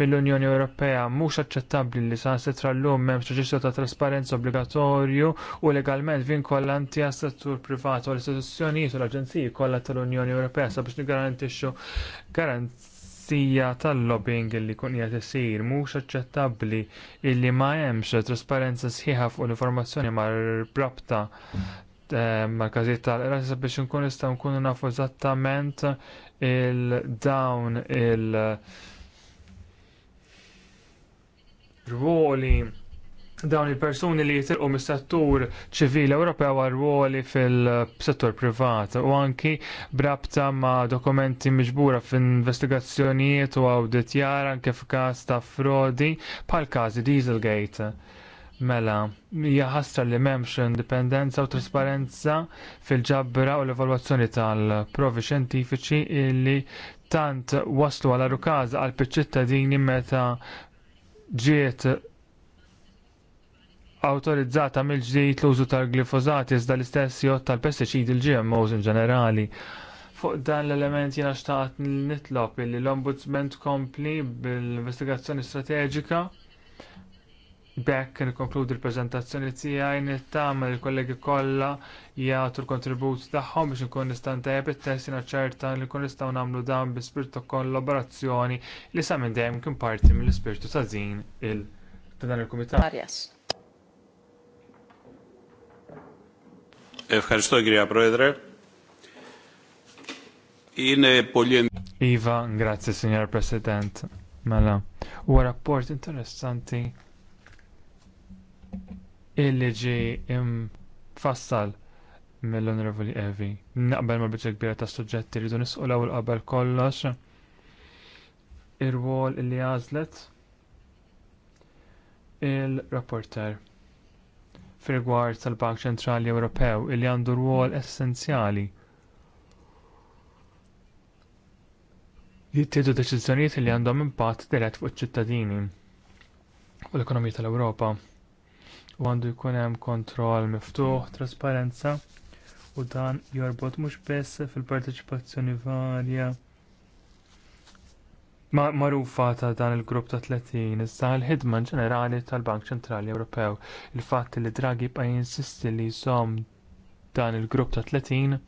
mill-Unjoni Ewropea mhux aċċettabbli li sa sitra llum m'hemmx reġistru ta' trasparenza obbligatorju u legalment vinkolanti għas settur privat u l-istituzzjonijiet u l-aġenziji kollha tal-Unjoni Ewropea sabiex nigarantixxu garanzija tal-lobbying li kun qiegħed isir mhux aċċettabbli illi ma hemmx trasparenza sħiħa fuq l-informazzjoni mar-rabta eh, ma' każijiet tal-era sabiex nkun nistgħu nkunu nafu eżattament il-dawn il-ruoli dawn il-persuni li jitilqu mis-settur ċivili Ewropew għal fil-settur privat u anki brabta ma' dokumenti miġbura f'investigazzjonijiet u awditjar anke f'każ ta' frodi bħal każi Dieselgate. Mela, hija ħasra li m'hemmx indipendenza u trasparenza fil-ġabra u l-evalwazzjoni tal-provi xjentifiċi li tant waslu għal rukaż għal ċittadini meta ġiet awtorizzata mill-ġdid l-użu tal-glifosat iżda l-istess jgħod tal-pestiċidi l-GMOs in ġenerali. Fuq dan l-element jiena xtaqt nitlob li l-Ombudsman tkompli bil-investigazzjoni strateġika Bekk nikkonkludi l-preżentazzjoni tiegħi nittamel il-kollegi kollha jagħtu l-kontribut tagħhom biex inkun nista' ntejjeb it-test ċerta li nkun nistgħu nagħmlu dan bi spirtu ta' kollaborazzjoni li sa minn dejjem kien parti mill-ispirtu ta' din il ta' dan il-kumitat. Ευχαριστώ κυρία Πρόεδρε. Είναι Iva, grazie signor President. Mela, u rapport interessanti Il-liġi imfassal mill-Onorevoli Evi. Naqbel ma biċċa kbira ta' suġġetti rridu nisqu l-ewwel qabel kollox ir-wol li għażlet il-rapporter fir-rigward tal-Bank Ċentrali Ewropew illi għandu rwol essenzjali jittieħdu deċiżjonijiet li għandhom impatt dirett fuq iċ-ċittadini u l-ekonomija tal-Ewropa għandu jkun hemm kontroll miftuħ, trasparenza u dan jorbot mhux biss fil-parteċipazzjoni varja ma marufa ta' dan il-grupp ta' 30 iżda l-ħidma ġenerali tal-Bank Ċentrali Ewropew il-fatt li Draghi bqa jinsisti li jżomm dan il-grupp ta' 30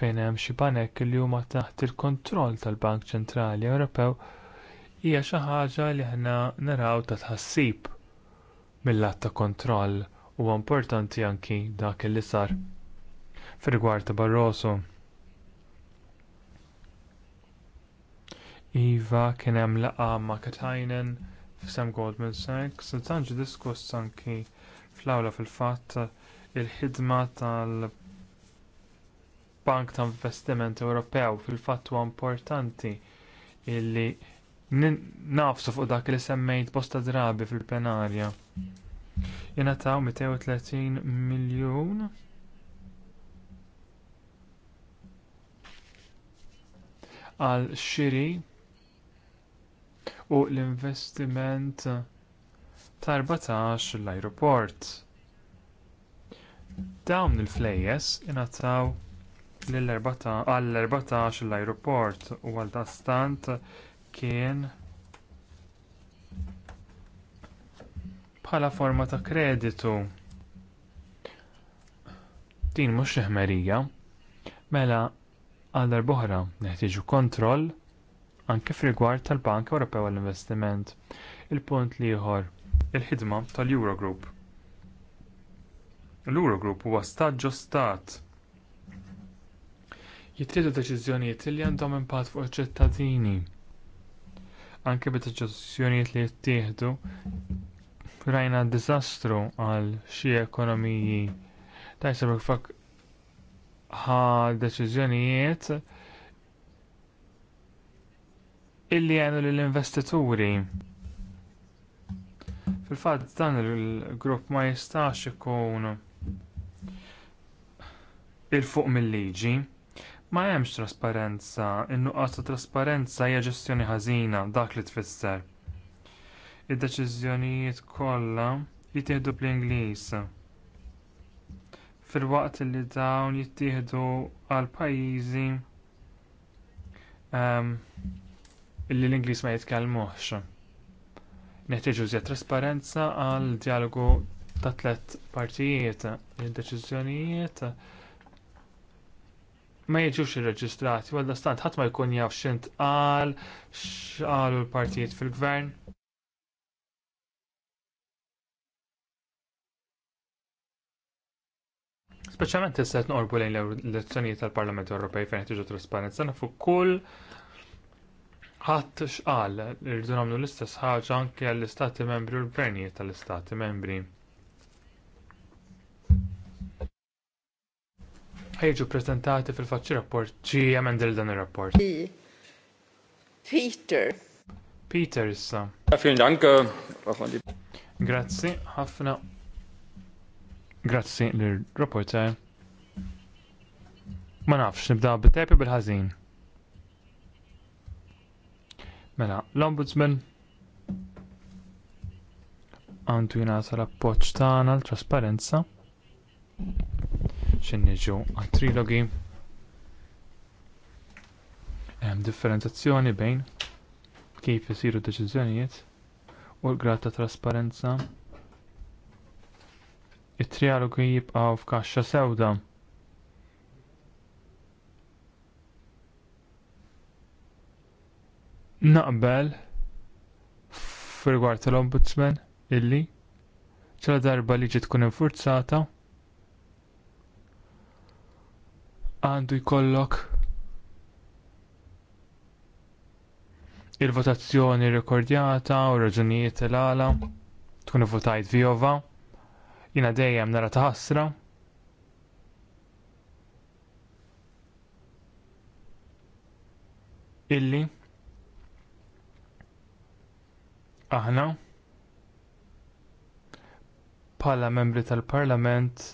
fejn hemm xi banek li huma taħt il-kontroll tal-Bank Ċentrali Ewropew hija xi ħaġa li aħna naraw ta' tħassib mill-att ta' kontroll huwa importanti anki dak li sar fir-rigward ta' Barroso. Iva kien hemm laqgħa ma' Katajnen f'Sam Goldman Sachs, tanġi diskuss anki fl-awla fil-fatt il-ħidma tal- bank ta' investiment Ewropew fil-fatt huwa importanti illi nafsu fuq dak li semmejt bosta drabi fil-plenarja. Jena taw 230 miljon. għal xiri u l-investiment ta' 14 l ajruport Dawn il-flejjes ingħataw għall-14 l ajruport u għal dastant kien bħala forma ta' kreditu. Din mhux ħmerija, mela għal darbohra neħtieġu kontroll anke f'rigward tal-Bank Ewropew għall-Investiment. Il-punt ieħor il-ħidma tal-Eurogroup. L-Eurogroup huwa stat ġo stat. Jitriedu deċiżjonijiet li għandhom impatt fuq iċ-ċittadini anke bit deċiżjonijiet li jittieħdu rajna diżastru għal xi ekonomiji ta' jisabek fak ħa deċiżjonijiet illi għenu l-investituri. Fil-fat dan il-grupp ma jistax ikun il-fuq mill-liġi. Ma hemmx trasparenza, in-nuqqas ta' trasparenza hija ġestjoni ħażina dak li tfisser. Id-deċiżjonijiet kollha jittieħdu bl-Ingliż. Filwaqt li dawn jittieħdu għal pajjiżi um, illi l-Ingliż ma jitkellmux. Neħtieġu żjed trasparenza għal dialogu ta' tliet partijiet, id-deċiżjonijiet ma jiġux irreġistrati, għal stant ħadd ma jkun jaf x'int qal, x'qalu l-partijiet fil-gvern. Speċjalment t qed noqorbu lejn l-elezzjonijiet tal-Parlament Ewropej fejn qed tiġu trasparenza nafu kull ħadd x'qal irridu nagħmlu l-istess ħaġa anke għall-istati membri u l-gvernijiet tal-istati membri. ħajġu prezentati fil-faċċi rapport ċi jemendil dan il-rapport. Peter. Peter issa. Dank. Äh, Grazzi, ħafna. Grazzi l-rapporter. Ma nafx, nibda bit bil-ħazin. Mela, l-Ombudsman għandu jingħata l tagħna l-trasparenza xinniġu għat-trilogi hemm differenzjazzjoni bejn kif isiru deċiżjonijiet u l-grad ta' trasparenza it-trialogi jibqgħu f'kaxxa sewda naqbel f'rigward tal-ombudsman illi ċala darba liġi tkun infurzata għandu jkollok il-votazzjoni rekordjata u raġunijiet il-għala tkun votajt vjova jina dejjem nara taħasra illi aħna bħala membri tal-parlament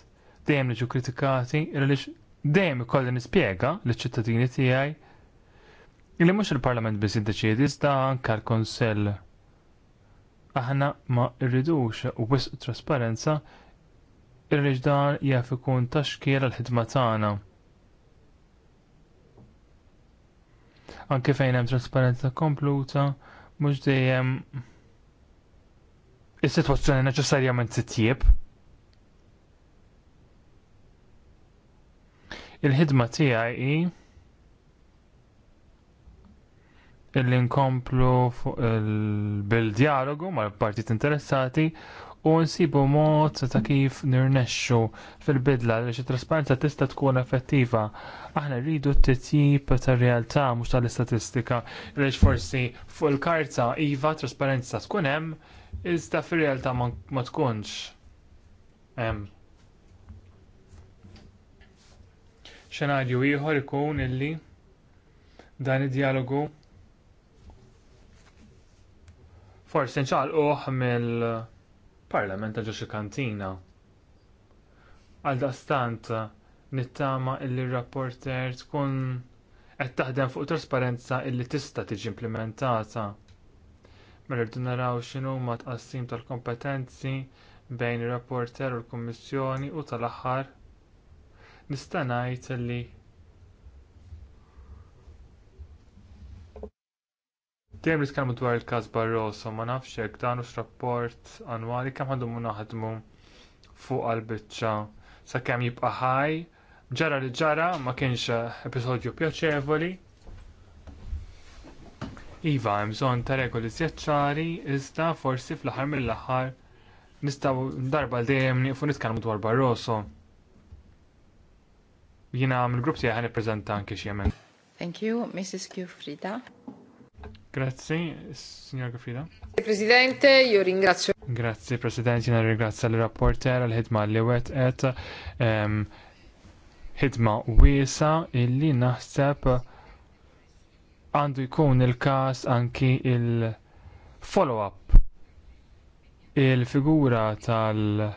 dejjem niġu kritikati għaliex dejjem ikolli nispjega liċ-ċittadini tiegħi li mhux il-Parlament biss jiddeċiedi iżda anke l-Kunsell. Aħna ma rridux u wisq trasparenza irrid dan jaf ikun taxkir għall ħidma tagħna. Anke fejn hemm trasparenza kompluta mhux dejjem is-sitwazzjoni neċessarjament titjieb. Il-ħidma tiegħi hi illi nkomplu fuq il-bil-dialogu mal-partit interessati u nsibu mod ta' kif nirnexxu fil-bidla li xi trasparenza tista' tkun effettiva. Aħna rridu t-tip ta' realtà mhux tal-istatistika li forsi fuq il-karta iva trasparenza tkun hemm iżda fir-realtà ma tkunx hemm. Xenarju ieħor ikun illi dan id-dialogu forsi nċaqalquh mill-Parlament ta' ġoxi kantina. Għaldaqstant nittama illi rapporter tkun qed taħdem fuq trasparenza illi tista' tiġi implementata. Mela rridu naraw x'inhu ma tqassim tal-kompetenzi bejn ir-rapporter u l-Kummissjoni u tal-aħħar nista' ngħid li Dejjem nitkellmu dwar il-każ Barroso, ma nafx hekk dan hux rapport annwali kemm għandhom naħdmu fuq għall-biċċa sakemm jibqa' ħaj. Ġara li ġara ma kienx episodju pjaċevoli. Iva, hemm bżonn ta' regoli żjaċċari iżda forsi fl-aħħar mill-aħħar nistgħu darba dejjem nieqfu nitkellmu dwar Barroso. Jina mill-grupp tiegħi ħan prezenta anke xi Thank you, Mrs. Gifrida. Grazzi, signor Gufrida. Presidente, io ringrazio. Grazzi, Presidente, jina ringrazzja l-rapporter l ħidma li wetqet. Ħidma wiesa illi naħseb għandu jkun il-każ anki il-follow-up il-figura tal-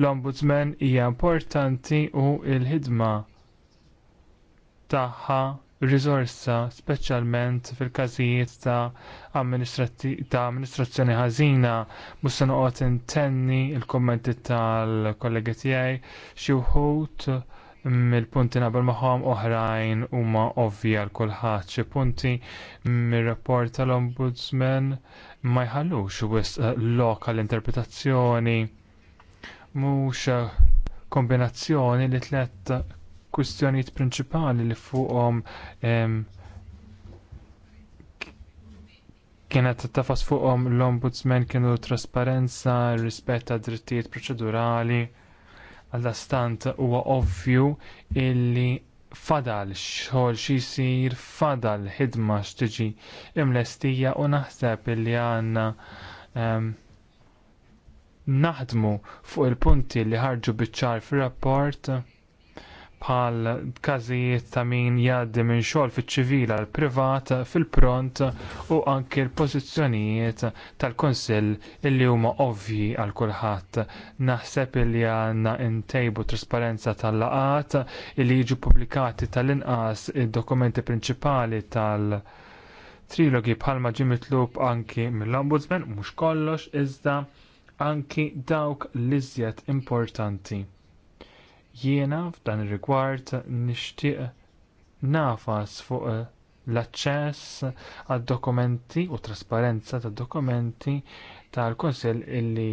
ombudsman hija importanti u l-ħidma tagħha riżorsa speċjalment fil-każijiet ta' amministrazzjoni ħażina mhux se noqgħod intenni l-kummenti tal-kollegi tiegħi xi wħud mill-punti naqbel magħhom oħrajn huma ovvji l kulħadd xi punti mir-rapport tal-Ombudsman ma jħallux wisq lokal interpretazzjoni mhux kombinazzjoni li tliet kustjonijiet prinċipali li fuqhom kienet tafas fuqhom l-ombudsman kienu trasparenza, rispett ta' drittijiet proċedurali, għall-astant huwa ovvju illi fadal xogħol xi jsir fadal ħidma x'tiġi imlestija u naħseb illi għandna naħdmu fuq il-punti li ħarġu biċ-ċar fir-rapport bħal każijiet ta' min jgħaddi minn xogħol fiċ-ċivila l privat fil-pront u anke l-pożizzjonijiet tal-Kunsill illi huma ovvji għal kulħadd. Naħseb illi għandna ntejbu trasparenza tal-laqat illi jiġu pubblikati tal-inqas id-dokumenti prinċipali tal- trilogi bħalma ġie mitlub anki mill-Ombudsman mhux kollox iżda anki dawk l-iżjed importanti Jiena f'dan ir-rigward nixtieq nafas fuq eh, l-aċċess għad dokumenti u trasparenza tad dokumenti tal-Kunsill illi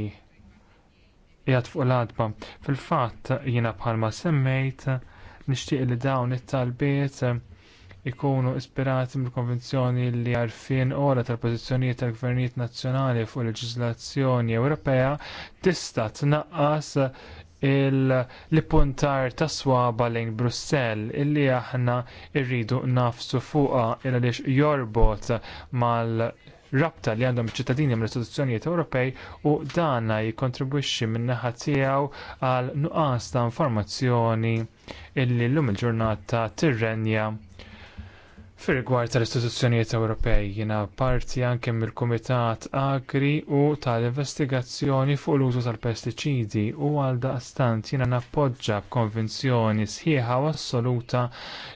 jgħat fuq l-adba. Fil-fatt jiena bħalma semmejt nixtieq li dawn it-talbiet ikunu ispirati mill-konvenzjoni li għarfien ora tal-pożizzjonijiet tal-gvernijiet nazzjonali fuq leġiżlazzjoni Ewropea tista' tnaqqas l-puntar ta' swaba lejn Brussell illi aħna rridu nafsu fuqha il għaliex jorbot mal-rabta li għandhom ċittadini mill istituzzjonijiet Ewropej u dana jikontribwixxi min-naħa tiegħu għal nuqqas ta' informazzjoni illi llum il-ġurnata tirrenja Fir rigward tal-istituzzjonijiet Ewropej jiena parti anke mill-Kumitat Agri u tal-investigazzjoni fuq l-użu tal-pestiċidi u għal daqstant jiena nappoġġa b'konvinzjoni sħiħa u assoluta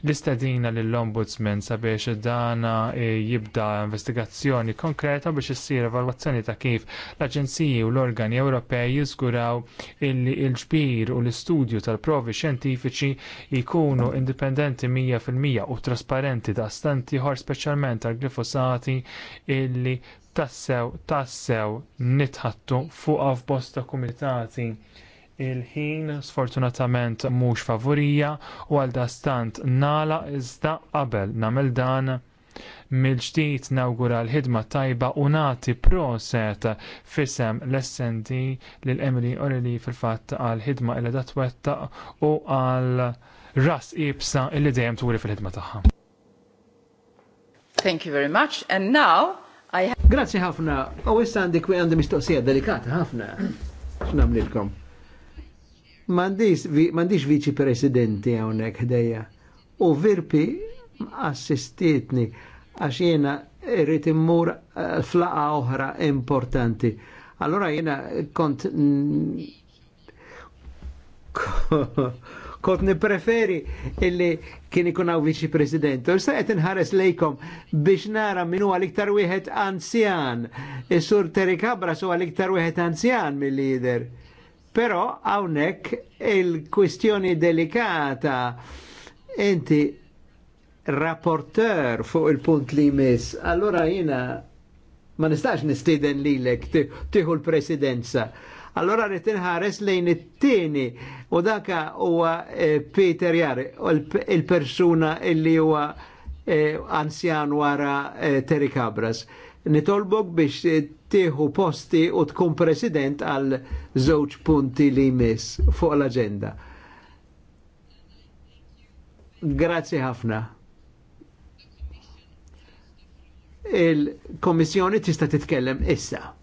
l-istedina lill-Ombudsman sabiex dana eh, jibda investigazzjoni konkreta biex issir evalwazzjoni ta' kif l-Aġenziji u l-organi Ewropej jiżguraw illi l-ġbir u l-istudju tal-provi xjentifiċi jkunu indipendenti 100% u trasparenti da' bastant ieħor speċjalment għal glifosati illi tassew tassew nitħattu fuq f'bosta kumitati il-ħin sfortunatament mhux favorija u għal dastant nala iżda qabel nagħmel dan mill-ġdid nawgura l-ħidma tajba u nati proset fisem l snd lil Emily Orelli fil-fatt għal ħidma illi datwetta u għal ras ibsa illi dejjem turi fil-ħidma tagħha. Thank you very much. And now I have... Grazie ħafna. U issa għandek kwi għandi mistoqsija delikata ħafna. X'namlilkom? M'għandix viċi presidenti hawnhekk ħdejja. U Virpi assistietni għax jiena irrid immur eh, flaqa oħra importanti. Allora jiena kont <laughs> kont nipreferi illi kien ikun hawn viċi president. U sa qed inħares lejkom biex nara min huwa l-iktar wieħed anzjan. Is-sur Terry Cabras huwa l-iktar wieħed anzjan mill-lider. Però hawnhekk il-kwistjoni delikata inti rapporteur fuq il-punt li jmiss, allora jina ma nistax nistiden lilek tieħu l-presidenza. Allora rrit inħares lejn it-tieni u daka huwa eh, Peter Jari, il-persuna illi huwa eh, anzjan wara eh, Terry Cabras. Nitolbok biex tieħu posti u tkun president għal żewġ punti li jmiss fuq l-agenda. Grazzi ħafna. Il-Komissjoni tista' titkellem issa.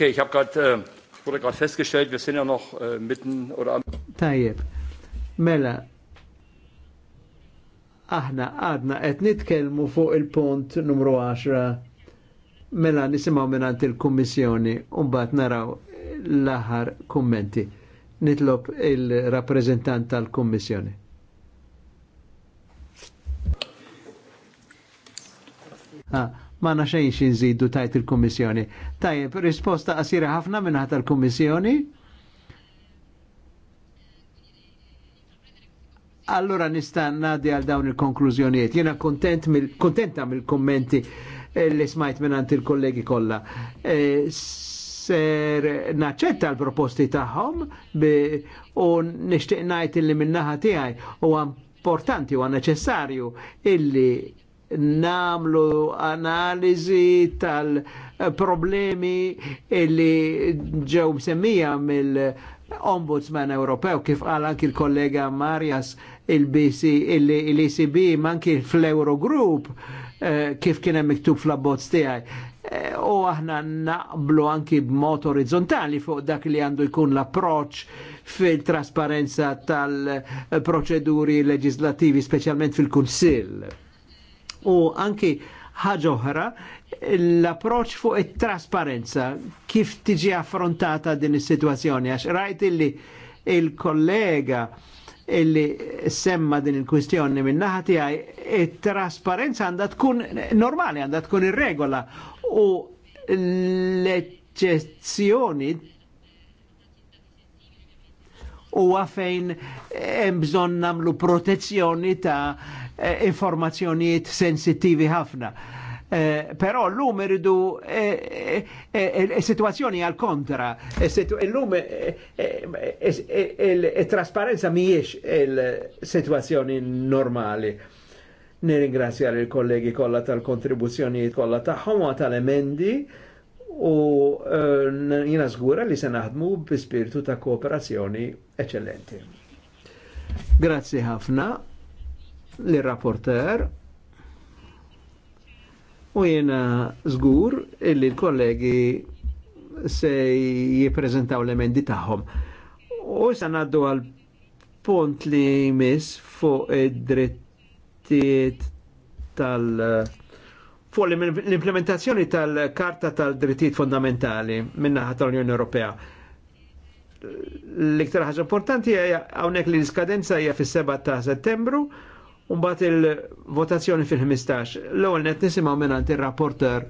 Okay, ich habe gerade, äh, wurde gerade festgestellt, wir sind ja noch äh, mitten oder am. Tajjeb, mela, aħna għadna qed nitkellmu fuq il-punt numru 10 mela nisimgħu mingħand il-Kummissjoni u mbagħad naraw l-aħħar kummenti. Nitlob il-rappreżentant tal-Kummissjoni. Ah, ma xejn xi nżidu tajt il-Kummissjoni. Tajjeb, risposta qasira ħafna minna ħadd il-Kummissjoni. Allura nista' ngħaddi għal dawn il-konklużjonijiet. Jiena kontenta mill-kummenti li smajt minn il-kollegi kollha. E, ser naċċetta l-proposti tagħhom u nixtieq il-li min-naħa tiegħi huwa importanti u neċessarju illi namlu analizi tal-problemi illi ġew semmija mill-Ombudsman Ewropew kif għal anki l-kollega Marjas il-BC il-ECB manki fl-Eurogroup eh, kif kienem miktub fl-abbozz tiegħi eh, u aħna naqblu anki b'mod orizzontali fuq dak li għandu jkun l-approċ fil-trasparenza tal-proċeduri leġislativi, specialment fil-Kunsill. U anki ħaġa oħra, l-approċ fuq it-trasparenza, kif tiġi affrontata din is-sitwazzjoni, għax rajt illi il-kollega illi semma din il-kwistjoni minn naħa tiegħi, it-trasparenza għandha tkun normali, għandha tkun ir-regola u l-eċċezzjoni u għafejn hemm bżonn namlu protezzjoni ta' Eh, informazzjonijiet sensittivi ħafna. Eh, però l-lum irridu eh, situazzjoni għal kontra, l-lum il-trasparenza miex il-situazzjoni normali. Nirringrazzjar il-kollegi kollha tal-kontribuzzjonijiet kollha tagħhom tal-emendi u jina żgura li se naħdmu bi spiritu ta' kooperazzjoni eccellenti. Grazzi ħafna l-rapporter u jena zgur illi l-kollegi se jiprezentaw l-emendi tagħhom. U jisa naddu għal pont li jmiss fuq id drittiet tal- fuq l-implementazzjoni tal-Karta tal-Drittijiet Fondamentali ħat tal-Unjoni Ewropea. L-iktar ħaġa importanti hawnhekk li l-iskadenza hija fis-7 ta' Settembru Umbat il-votazzjoni fil-15, l-ewwel net nisimgħu mingħand il rapporter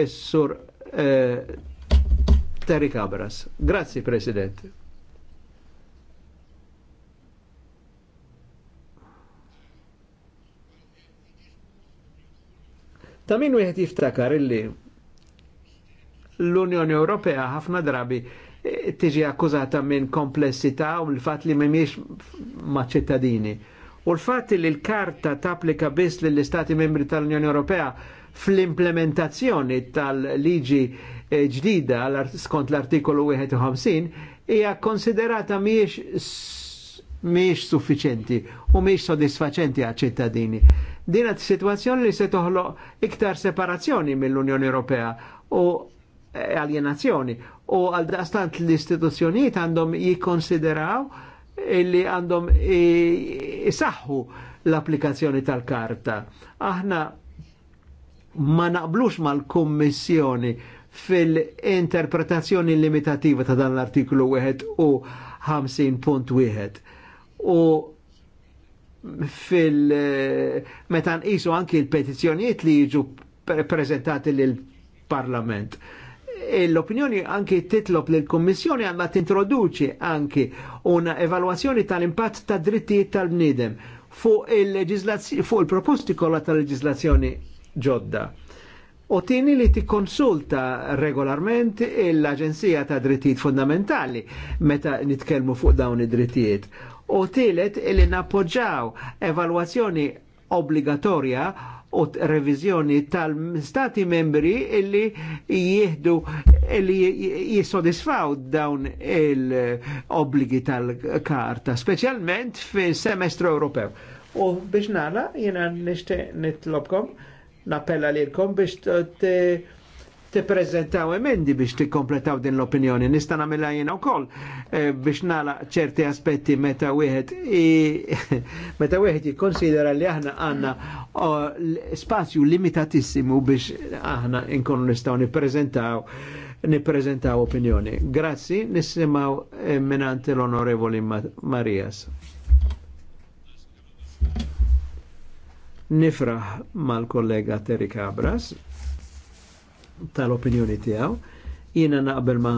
is-sur eh, Terry Cabras. Grazzi President. Ta' min wieħed jiftakar illi l-Unjoni Ewropea ħafna drabi eh, tiġi akkużata minn komplessità u l-fat li mimiex ma' ċittadini. U l-fatt li l-karta taplika biss lill istati membri tal-Unjoni Ewropea fl-implementazzjoni tal-liġi eh, ġdida skont l-artikolu 51 hija konsiderata miex miex suffiċenti u miex sodisfaċenti għal ċittadini. Dina situazzjoni li se toħlo iktar separazzjoni mill-Unjoni Ewropea u eh, alienazzjoni u għal daqstant l-istituzzjonijiet għandhom jikonsideraw illi għandhom isaħħu l-applikazzjoni tal-karta. Aħna ma naqblux mal-Kommissjoni fil-interpretazzjoni limitativa ta' dan l-artiklu 1 u 50.1 u fil- metan isu anki l petizjoniet li jiġu prezentati l-Parlament l-opinjoni anki titlob li l-Kommissjoni għandha tintroduċi anki una evalwazzjoni tal-impatt ta' drittijiet tal-bniedem fuq il-proposti fuq il kollha tal-leġislazzjoni ġodda. U tini li ti konsulta regolarment l-Aġenzija ta' Drittijiet Fundamentali meta nitkellmu fuq dawn id-drittijiet. U tielet li nappoġġaw evalwazzjoni obbligatorja u revizjoni tal-stati membri illi jihdu illi jisodisfaw dawn il-obligi tal-karta, specialment fil-semestru Ewropew. U biex nara, jena nishtiq nitlobkom, nappella lilkom biex t, -t, tippreżentaw emendi biex tikkompletaw din l-opinjoni. Nista' nagħmilha jiena wkoll eh, biex nagħlaq ċerti aspetti meta wieħed <laughs> meta wieħed jikkonsidera li aħna għandna spazju limitatissimu biex aħna nkunu nistgħu nippreżentaw nippreżentaw opinjoni. Grazzi, nisimgħu eh, minant l-Onorevoli Marias. Nifraħ mal-kollega Terry Cabras tal-opinjoni tiegħu. Jiena naqbel ma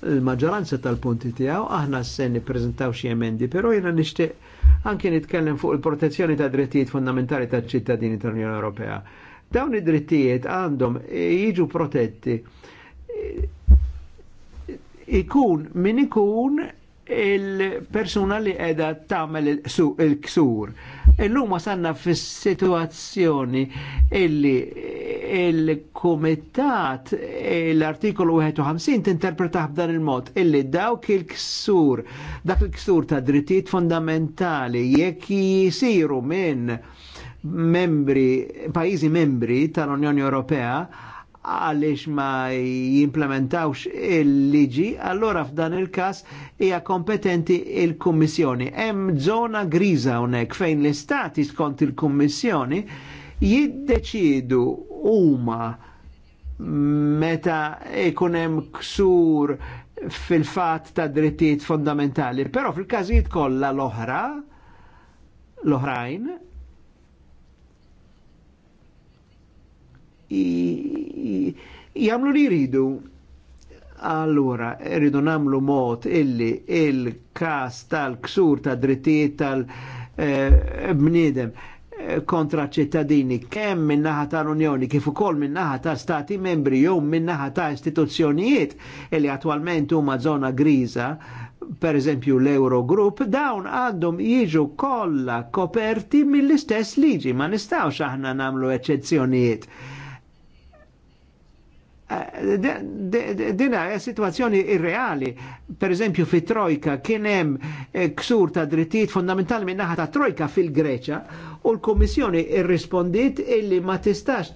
l-maġġoranza tal-punti tiegħu, aħna s senni nippreżentaw xi emendi, però jiena nixtieq anke nitkellem fuq il-protezzjoni ta' drittijiet fundamentali ta' ċittadini tal-Unjoni Ewropea. Dawn id-drittijiet għandhom jiġu protetti ikun min ikun il-persuna li edha tamel il-ksur. Illum sanna fis-situazzjoni illi il-komitat l-artikolu 51 tinterpretaħ b'dan il-mod illi dawk il-ksur, dak il-ksur ta' drittijiet fondamentali jekk jisiru minn membri, pajizi membri tal-Unjoni Ewropea għaliex ma jimplementawx il-liġi, allora f'dan il-kas hija kompetenti il-Kummissjoni. Hemm zona griża hawnhekk fejn l-istati skont il-Kummissjoni jiddeċidu huma meta ikun hemm ksur fil-fatt ta' drittijiet fondamentali, però fil-każijiet kollha l-oħra l-oħrajn jagħmlu li jridu. Allura, rridu namlu mod illi il-kas tal-ksur ta' drittijiet tal-bnidem eh, eh, kontra ċittadini kemm minnaħa naħa tal-Unjoni kif ukoll minnaħa naħa ta' stati membri jew minnaħa naħa ta' istituzzjonijiet li attwalment huma żona griża, per eżempju l-Eurogroup, dawn għandhom jiġu kollha koperti mill-istess liġi, ma nistgħux aħna nagħmlu eċċezzjonijiet dina eh, situazzjoni irreali. Per eżempju fi Trojka kien hemm eh, ksur ta' drittijiet fundamentali minn naħa ta' Trojka fil greċja u l kummissjoni irrispondiet illi ma tistax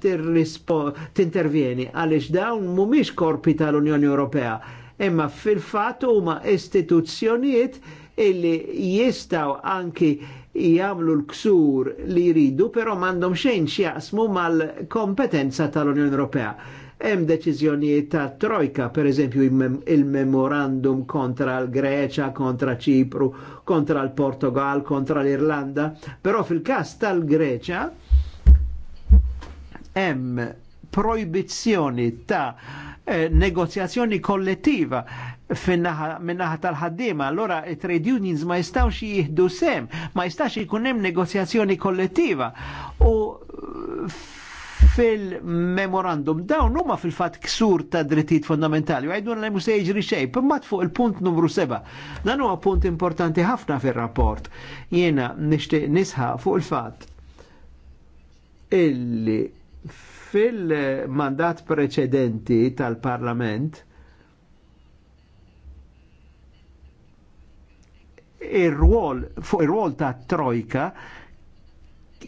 tintervjeni għaliex dawn mhumiex korpi tal-Unjoni Ewropea. Imma fil-fatt huma istituzzjonijiet illi jistaw anki jagħmlu l-ksur li jridu, però m'għandhom xejn x'jaqsmu mal-kompetenza tal-Unjoni Ewropea. Hemm deċiżjonijiet ta' trojka, per eżempju il-memorandum kontra l-Greċa, kontra Ċipru, kontra l-Portugal, kontra l-Irlanda, però fil-każ tal-Greċa hemm proibizzjoni ta' Eh, negozjazzjoni kollettiva minnaħa tal-ħaddima, allora trade unions ma jistawx jihdu sem, ma jistax jikunem hemm negozjazzjoni kollettiva. U eh, fil-memorandum dawn huma fil-fatt ksur ta' drittijiet fondamentali u għajdun li se jiġri xej, pimmat fuq il-punt numru 7. Dan huwa punt importanti ħafna fir-rapport. Jiena nixtieq nisħa fuq il-fatt illi Fil-mandat preċedenti tal-Parlament, ir-rwol, fuq ir-rwol ta' Trojka,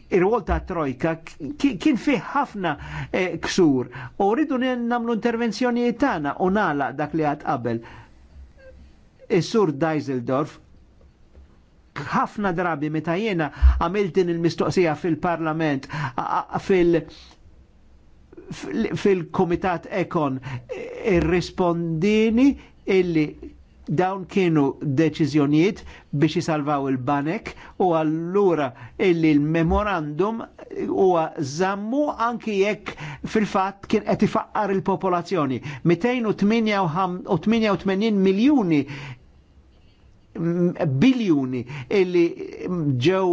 ir-rwol ta' Trojka kien fih ħafna eh, ksur u rridu nagħmlu intervenzjonijiet tagħna u nala dak li għad qabel. il sur Dijseldorf ħafna drabi meta jiena għamilt din il-mistoqsija fil-parlament fil fil-Komitat Ekon irrispondini illi dawn kienu deċiżjonijiet biex jisalvaw il-banek u allura illi l-memorandum huwa zammu anki jekk fil-fatt kien qed ifaqqar il-popolazzjoni. 288 miljuni biljuni illi ġew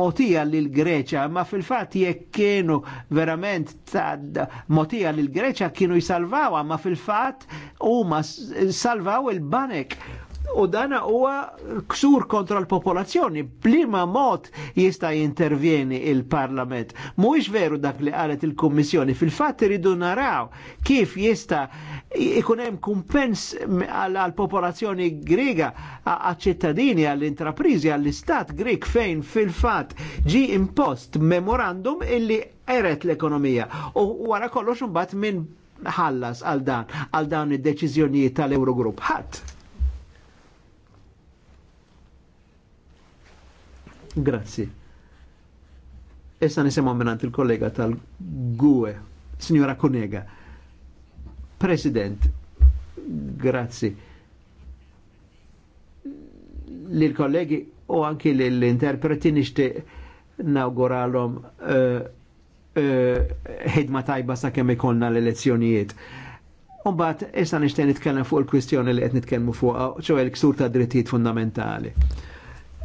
motija lil Greċa, ma fil-fatt jekk kienu verament ta' motija lil Greċa kienu jisalvawa, ma fil-fatt huma salvaw il-banek u dana huwa ksur kontra l-popolazzjoni. Blima mod jista jintervjeni il-parlament. Mhuwiex veru dak li qalet il-Kummissjoni. Fil-fatt iridu naraw kif jista ikunem hemm kumpens għall-popolazzjoni grega, għal-ċittadini, għall-intraprizi, għall-istat grek fejn fil-fatt ġi impost memorandum illi eret l-ekonomija. U wara kollox imbagħad minn ħallas għal dan, għal dan id-deċiżjonijiet tal-Eurogrupp. Ħadd Grazzi. Issa nisimaw minnant il-kollega tal-GUE, signora Kunega. President, grazzi. Lil kollegi u anki l-interpreti nishtiq nawguralhom eh, eh, ħidma uh, uh, tajba sa' kemm ikollna l-elezzjonijiet. Umbat, issa nishtiq nitkellem fuq il-kwistjoni li qed nitkellmu fuqha, ċew il-ksur ta' drittijiet fundamentali.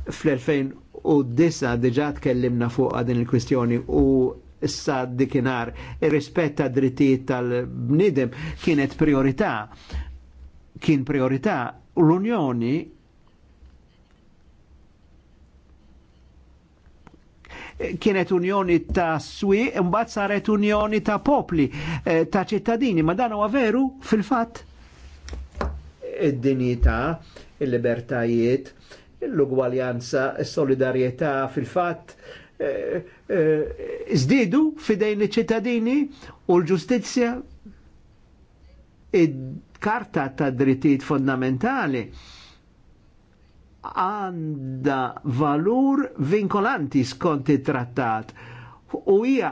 Fl-2000 u dissa diġa tkellimna fuq din il-kwistjoni u issa dikinar ir-rispett ta' drittijiet tal-bnidem kienet priorità kien priorità l-Unjoni kienet unjoni ta' swi, mbagħad saret unjoni ta' popli, eh, ta' ċittadini, ma dan huwa veru fil-fatt id-dinjità, il-libertajiet, l-ugwaljanza, s-solidarjetà fil-fatt eh, eh, zdidu fidejn ċittadini u l-ġustizzja id-karta ta' drittijiet fondamentali għanda valur vinkolanti skont it-trattat u hija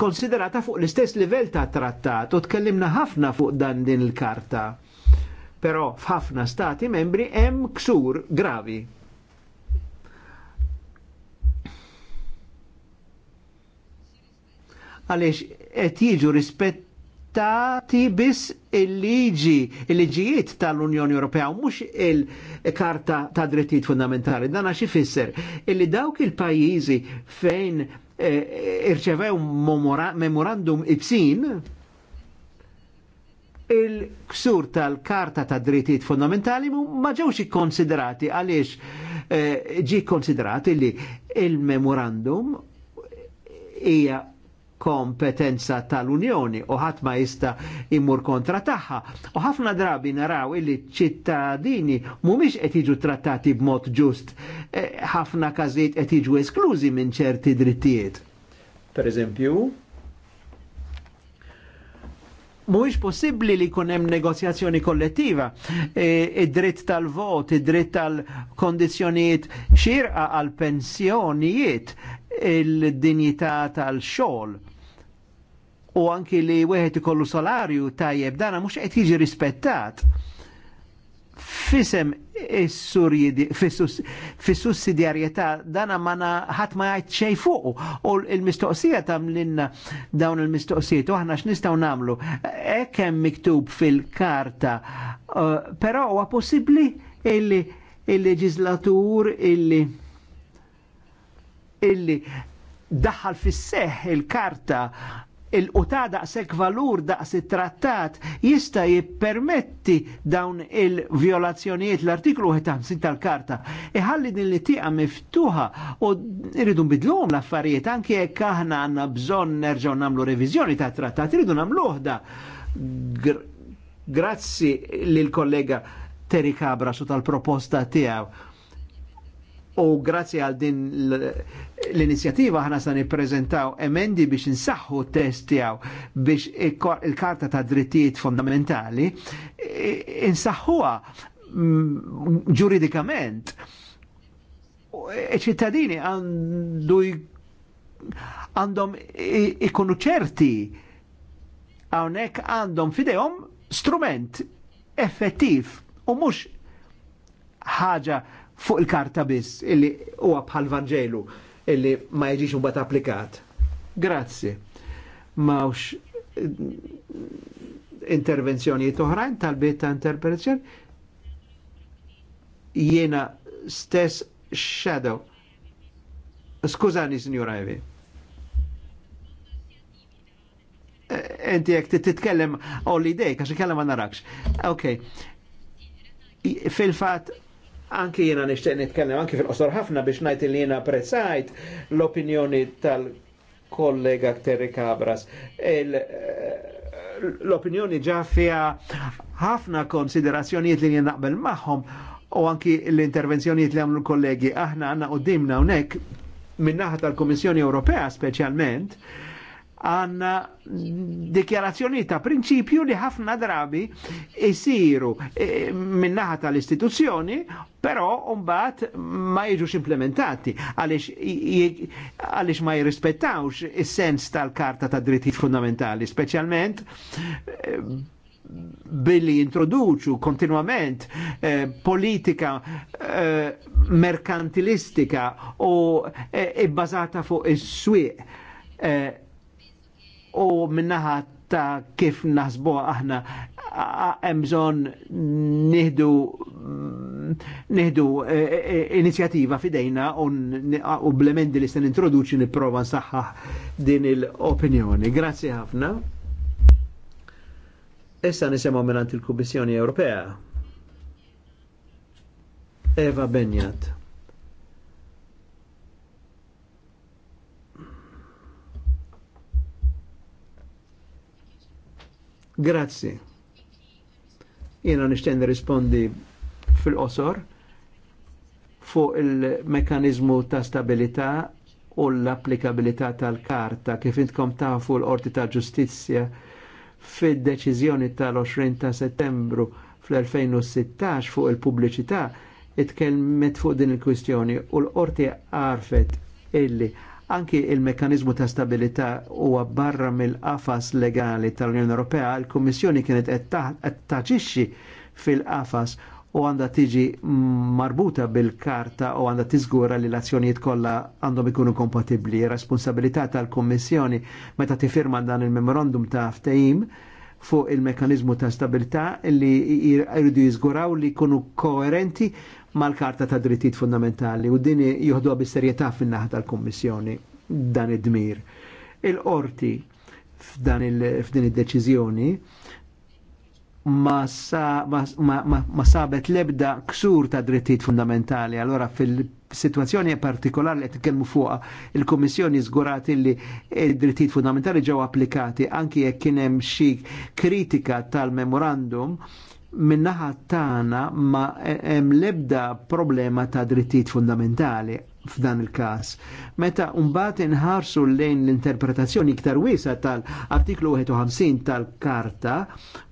konsiderata fuq l-istess livell ta' trattat u tkellimna ħafna fuq dan din il-karta Però f'ħafna stati membri hemm ksur gravi. Għalix, qed jiġu rispettati bis il-liġi, il-liġijiet tal-Unjoni Ewropea mux mhux il-Karta ta' Drittijiet Fundamentali. Dana xi fisser. illi dawk il-pajjiżi fejn eh, irċevew memorandum ibsin il-ksur tal-karta ta' drittijiet fondamentali ma ġewx ikkonsiderati għaliex eh, ġi konsiderati li il-memorandum hija kompetenza tal-Unjoni u ħadd ma jista' immur kontra tagħha. U ħafna drabi naraw illi ċittadini mhumiex qed jiġu trattati b'mod ġust. Eh, ħafna każijiet qed jiġu esklużi minn ċerti drittijiet. Per eżempju, mhuwiex possibbli li jkun hemm negozjazzjoni kollettiva. E, id-dritt tal-vot, id-dritt tal-kondizzjonijiet xirqa għal pensjonijiet il-dinjità tal-xogħol u anki li wieħed ikollu salarju tajjeb dana mhux qed jiġi rispettat. Fisem Is-surjed fis-sussidjarjetà dana ma ħadd ma jgħid xejn fuq u l-mistoqsija tamlinna dawn il-mistoqsijiet u aħna x'nistgħu nagħmlu. Hekk hemm miktub fil-karta, uh, però huwa possibbli illi il-leġislatur illi illi daħal fis seħħ il-karta il-qutà daqshekk valur daqs it-trattat jista' jippermetti dawn il-violazzjonijiet l-artiklu 51 tal-karta. Iħalli din li tiqa miftuħa u rridu nbidluhom l-affarijiet anke jekk aħna għandna bżonn nerġgħu nagħmlu reviżjoni tat-trattat, irridu nagħmluh Grazzi lill kollega Terry Cabra su tal-proposta tiegħu u grazzi għal din l-inizjativa ħana sa' niprezentaw emendi biex nsaħħu test testijaw biex il-karta ta' drittijiet fondamentali insaħħuha mm, ġuridikament. E, ċittadini għandu għandhom ikunu ċerti għawnek għandhom fidejhom strument effettiv u mux ħaġa fuq il-karta biss illi huwa bħal Vanġelu illi ma jiġix mbagħad applikat. Grazzi. Mawx eh, intervenzjonijiet oħrajn tal-bit ta' interpretazzjoni jiena stess shadow. Skużani, signora Evi. Eh, enti jek titkellem all idej, kaxi kellem ma narakx. Ok. Fil-fat, Anki jena nishtiq nitkellem anki fil-qosor ħafna biex ngħid li jiena prezzajt l-opinjoni tal-kollega Terry Cabras. Eh, l-opinjoni ġa fija ħafna konsiderazzjonijiet li jena naqbel magħhom u anki l-intervenzjonijiet li għamlu kollegi aħna għanna u dimna unek minnaħat tal-Komissjoni Ewropea specialment għanna dikjarazzjoni ta' prinċipju li ħafna drabi jisiru e, minnaħa tal-istituzzjoni, però mbagħad ma jiġux implementati għalix ma jirrispettawx is-sens tal-Karta ta' dritti Fundamentali, specialment e, billi introduċu kontinuament eh, politika eh, merkantilistika u eh, bazata fuq is-swieq. Eh, u minnaħa ta' kif naħsbu aħna hemm bżonn nieħdu nieħdu e, e, e, inizjattiva fidejna u blemendi li se nintroduċi nipprova nsaħħaħ din il-opinjoni. Grazzi ħafna. Issa nisimgħu mingħand il-Kummissjoni Ewropea. Eva Benjat. Grazzi. Jena nishtend rispondi fil-qosor fuq il-mekanizmu ta' stabilità u l-applikabilità tal-karta kif intkom tafu l-Qorti ta' Ġustizzja fid-deċiżjoni tal-20 ta' Settembru fl-2016 fuq il-pubbliċità itkellmet fuq din il-kwistjoni u l-qorti għarfet illi Anki il-mekkanizmu ta' stabilità huwa barra mill-qafas legali tal-Unjoni Ewropea, il-Kummissjoni kienet qed taġixxi fil-qafas u għandha tiġi marbuta bil-karta u għandha tiżgura li l-azzjonijiet kollha għandhom ikunu kompatibbli. Responsabilità tal-Kummissjoni meta tifirma dan il-memorandum ta' ftehim fuq il-mekanizmu ta' stabilità li jridu jiżguraw li jkunu koerenti mal-Karta ta' Drittijiet Fundamentali u din jieħdu bis-serjetà fin-naħa tal-Kummissjoni dan id-dmir. Il-qorti f'din id-deċiżjoni ma, sa, ma, ma, ma sabet lebda ksur ta' drittijiet fundamentali. Allora fil-situazzjoni partikolari li tkellmu fuq il kummissjoni żgurat li id-drittijiet fundamentali ġew applikati anki jekk kien hemm xi kritika tal-memorandum minnaħa tagħna ma hemm lebda problema ta' drittijiet fundamentali f'dan il-każ. Meta mbagħad inħarsu lejn l-interpretazzjoni iktar wiesa tal-artiklu 51 tal-karta,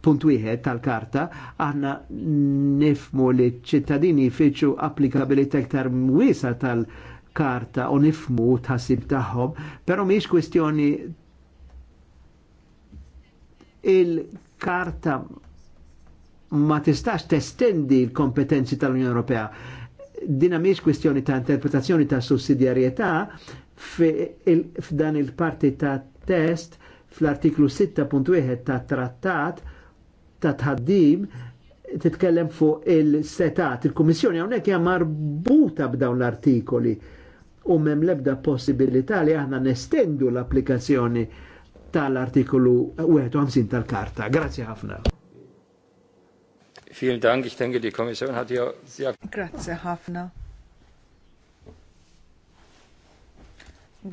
punt wieħed tal-karta, aħna nifmu li ċ-ċittadini jfittxu applikabilità iktar wiesa tal-karta u nifmu tħassib tagħhom, però mhijiex kwestjoni il-karta ma tistax testendi l-kompetenzi tal-Unjoni Ewropea. Dina miex kwistjoni ta' interpretazzjoni ta' sussidjarjetà f'dan il-parti ta' test fl-artiklu 6.1 ta' trattat ta' tħaddim titkellem fuq il-setat. Il-Kummissjoni hawnhekk hija marbuta b'dawn l-artikoli u mem lebda possibilità li aħna nestendu l-applikazzjoni tal-artikolu 51 tal-karta. Grazie ħafna. Vielen Dank. Ich denke, die Kommission hat hier sehr. Grazie, Hafna.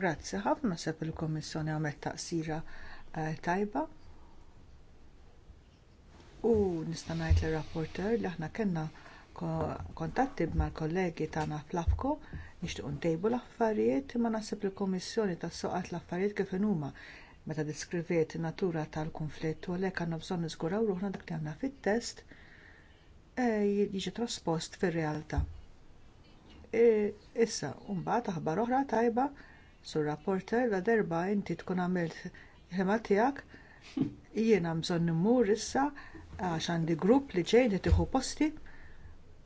Grazzi ħafna per il-Kommissjoni għamlet sira eh, tajba. U nista' ngħid rapporter li aħna kellna kontatti mal-kollegi tagħna Flafko nishtu nixtiequ tejbu l-affarijiet imma naħseb il-Kommissjoni tas soqat l-affarijiet kif huma meta diskrivet in-natura tal konflittu u għalhekk għandna bżonn niżguraw ruħna dak li għanna fit-test E, jiġi traspost fir-realtà. E, issa, mbagħad aħbar oħra tajba sur rapporter la derba inti tkun għamilt ħema tiegħek jiena bżonn immur issa għax għandi grupp li ġej li posti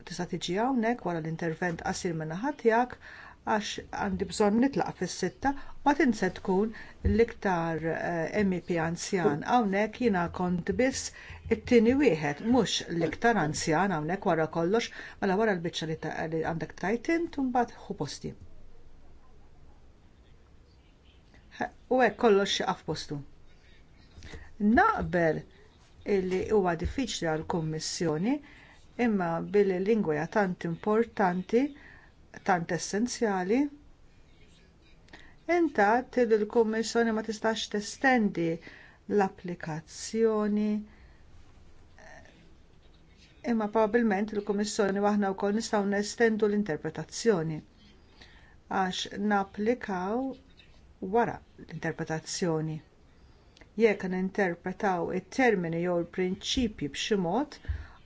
tista' tiġi hawnhekk wara l-intervent qasir minn tiegħek għax għandi bżonn nitlaq fis-sitta ma se tkun l-iktar e, MEP anzjan hawnhekk jiena kont biss It-tieni wieħed mhux l-iktar anzjan hawnhekk wara kollox, mela wara l-biċċa li għandek tajt int mbagħad ħu posti. U hekk kollox xi f'postu. Naqbel illi huwa diffiċli għall-Kummissjoni imma billi lingwa hija tant importanti, tant essenzjali, inta til il-Kummissjoni ma tistax testendi l-applikazzjoni imma probabbilment il-Kummissjoni waħna wkoll nistgħu nestendu l-interpretazzjoni għax napplikaw wara l-interpretazzjoni. Jekk ninterpretaw it-termini jew il-prinċipji b'xi mod,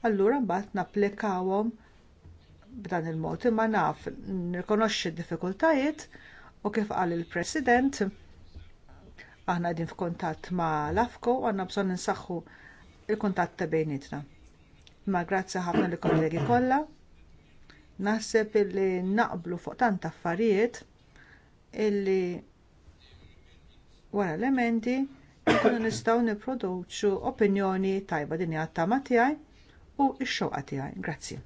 allura mbagħad napplikawhom b'dan il-mod imma naf nirkonoxxi d-diffikultajiet u kif qal il-President aħna qegħdin f'kuntatt ma' l-AFCO għandna bżonn insaħħu l kuntatt ta' bejnietna. Ma grazzi ħafna li kollegi kollha. Naħseb illi naqblu fuq tant affarijiet illi wara l-emendi nkunu nistgħu nipproduċu opinjoni tajba din hija t tiegħi u x-xoqa tiegħi. Grazzi.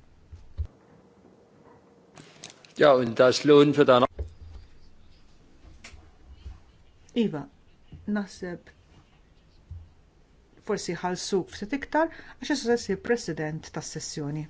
Iva, naħseb forsi ħalsuk ftit iktar għax jessu president tas-sessjoni.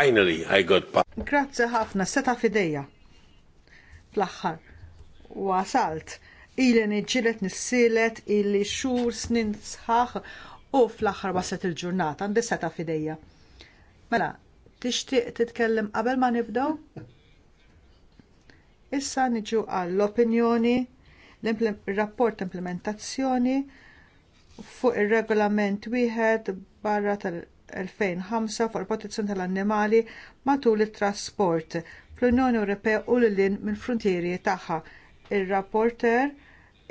Finally, I got back. Grazzi ħafna, seta fideja. Fl-axħar, wasalt, ili nġilet nissilet illi xur snin sħax u fl-axħar waset il-ġurnata, għandi seta fideja. Mela, tixtieq titkellem qabel ma nibdew? Issa niġu għall-opinjoni, l-rapport implementazzjoni fuq ir regolament wieħed barra tal- 2005 fuq il-protezzjoni tal-annimali matul it-trasport fl-Unjoni Ewropea u l-lin mill-frontieri tagħha. Ir-rapporter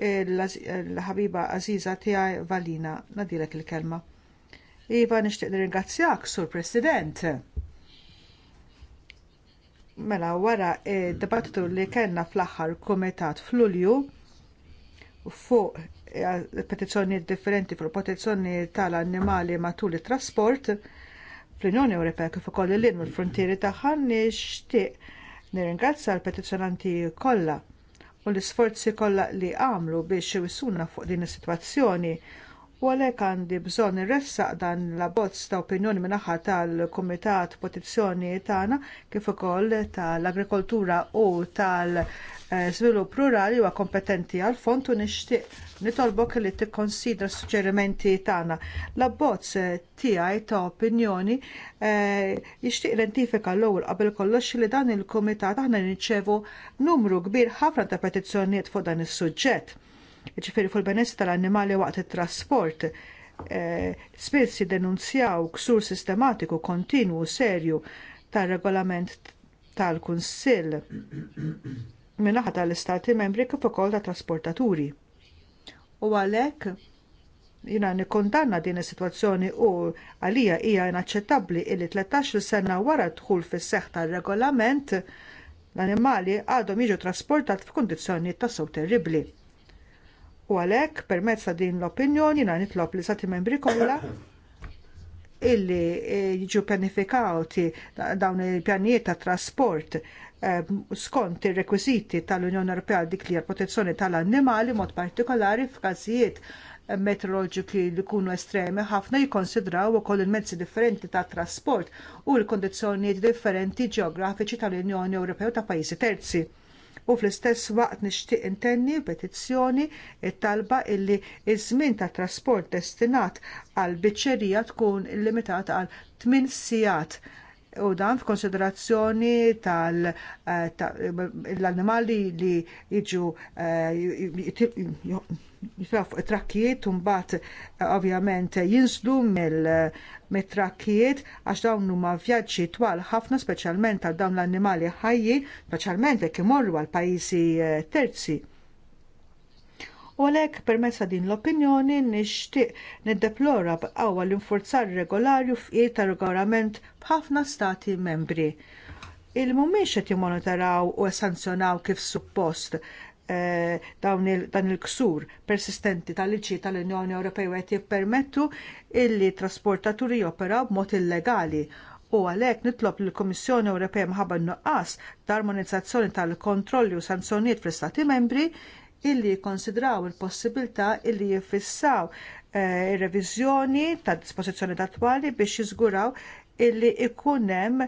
l-ħabiba Aziza tiegħi Valina nadilek il-kelma. Iva nixtieq nirringrazzjak, Sur President. Mela wara d dibattitu li kellna fl-aħħar kumitat f'Lulju fuq petizzjonijiet differenti fuq protezzjoni tal-annimali matul it trasport fl-Unjoni Ewropea kif ukoll il-lin mill-frontieri tagħha nixtieq nirringrazzja l-petizzjonanti kollha u l-isforzi kollha li għamlu biex jwissuna fuq din is-sitwazzjoni u għalhekk għandi bżonn irressaq dan l-abbozz ta' opinjoni minaħħa tal-Kumitat Petizzjoni tagħna kif ukoll tal-Agrikoltura u tal-Żvilupp Rurali huwa kompetenti għal fond u nixtieq nitolbok li tikkonsidra s-suġġerimenti tagħna. L-abbozz tiegħi ta' opinjoni eh, jixtieq identifika l-ewwel qabel kollox li dan il-Kumitat aħna nirċevu numru kbir ħafna ta' petizzjonijiet fuq dan is-suġġett ġifiri fil-benessi tal-annimali waqt it-trasport. Eh, spiss jiddenunzjaw ksur sistematiku kontinwu serju tar-regolament tal-Kunsill minnaħa tal-Istati membri kif ukoll ta' trasportaturi. U għalhekk jina nikkondanna din is-sitwazzjoni u għalija hija inaċċettabbli illi 13 sena wara dħul fis-seħħ tar-regolament l annimali għadhom jiġu trasportat f'kundizzjonijiet ta' sew terribbli u għalhekk permezz ta' din l-opinjoni na' nitlob li sati membri kollha illi e, jiġu pjanifikawti dawn il-pjanijiet ta' trasport e, skont ir-rekwiżiti tal-Unjoni Ewropea dik li protezzjoni tal-annimali mod partikolari f'każijiet meteoroloġiki li jkunu estremi ħafna jikkonsidraw ukoll il-mezzi differenti tat trasport u l kundizzjonijiet differenti ġeografiċi tal-Unjoni Ewropea u ta' pajjiżi terzi u fl-istess waqt nixtieq intenni petizzjoni it-talba illi iż-żmien tat trasport destinat għal biċċerija tkun limitat għal 8 sigħat u dan f'konsiderazzjoni tal-annimali eh, li jiġu eh, trakkijiet u mbagħad ovvjament jinslu mill-trakkijiet għax dawn huma vjaġġi twal ħafna speċjalment għal dawn l-annimali ħajji, speċjalment jekk imorru għal pajjiżi eh, terzi. U għalhekk permezz ta' din l-opinjoni nixtieq niddeplora b'qawwa l-infurzar regolarju f'qiet ta' regolament b'ħafna stati membri. Il mhumiex qed jimmonitoraw u sanzjonaw kif suppost Eh, dan il-ksur persistenti tal-liċi tal-Unjoni Ewropea qed jippermettu illi trasportaturi joperaw b'mod illegali u għalhekk nitlob lill kummissjoni Ewropea mħabba nuqqas tal-armonizzazzjoni tal-kontrolli u sanzjonijiet fl-Istati membri illi jikkonsidraw il-possibilità illi jiffissaw eh, ir-reviżjoni tad dispożizzjoni attwali biex jiżguraw illi ikun hemm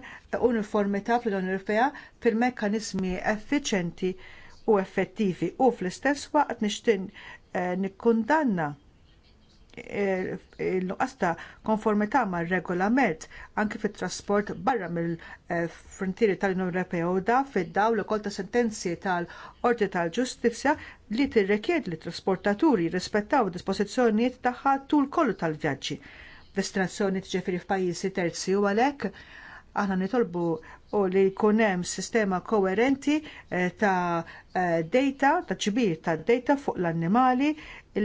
uniformità fl-Unjoni Ewropea fil-mekkaniżmi effiċenti u effettivi u fl-istess waqt nixtin eh, nikkundanna eh, il-nuqqas ta' konformità mar regolament anke fit trasport barra mill-frontieri eh, tal-Unjoni Ewropea u da fid-daw li ta' sentenzi tal-Qorti tal-Ġustizzja li tirrekjed li trasportaturi rispettaw dispożizzjonijiet tagħha tul kollu tal-vjaġġi. Destinazzjoni ġifieri f'pajjiżi terzi u għalhekk aħna nitolbu u li jkun hemm sistema koherenti eh, ta' eh, data, ta' ċbir ta' data fuq l-annimali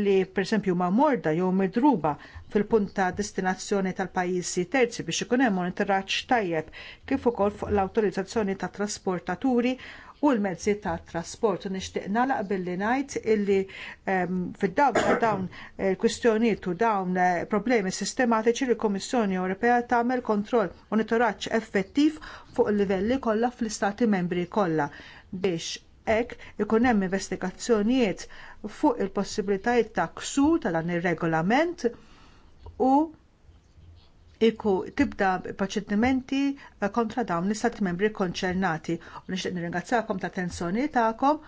li esempio ma' morda jew midruba fil-punt ta' destinazzjoni tal-pajjiżi terzi biex ikun hemm monitoraġġ tajjeb kif ukoll fuq l-awtorizzazzjoni tat trasportaturi u l-mezzi ta' trasport. Nixtieq nalaq billi ngħid illi ehm, fid-dawl ta' dawn eh, kwistjonijiet u dawn eh, problemi sistematiċi li l-Kummissjoni Ewropea tagħmel kontroll monitoraġġ effettiv fuq il-livelli kollha fl-istati membri kollha biex hekk ikun hemm investigazzjonijiet fuq il-possibilitajiet ta' ksur ta' dan ir-regolament u iku tibda proċedimenti eh, kontra dawn l-istat membri konċernati. U nixtieq nirringrazzjakom ta' attenzjoni tagħkom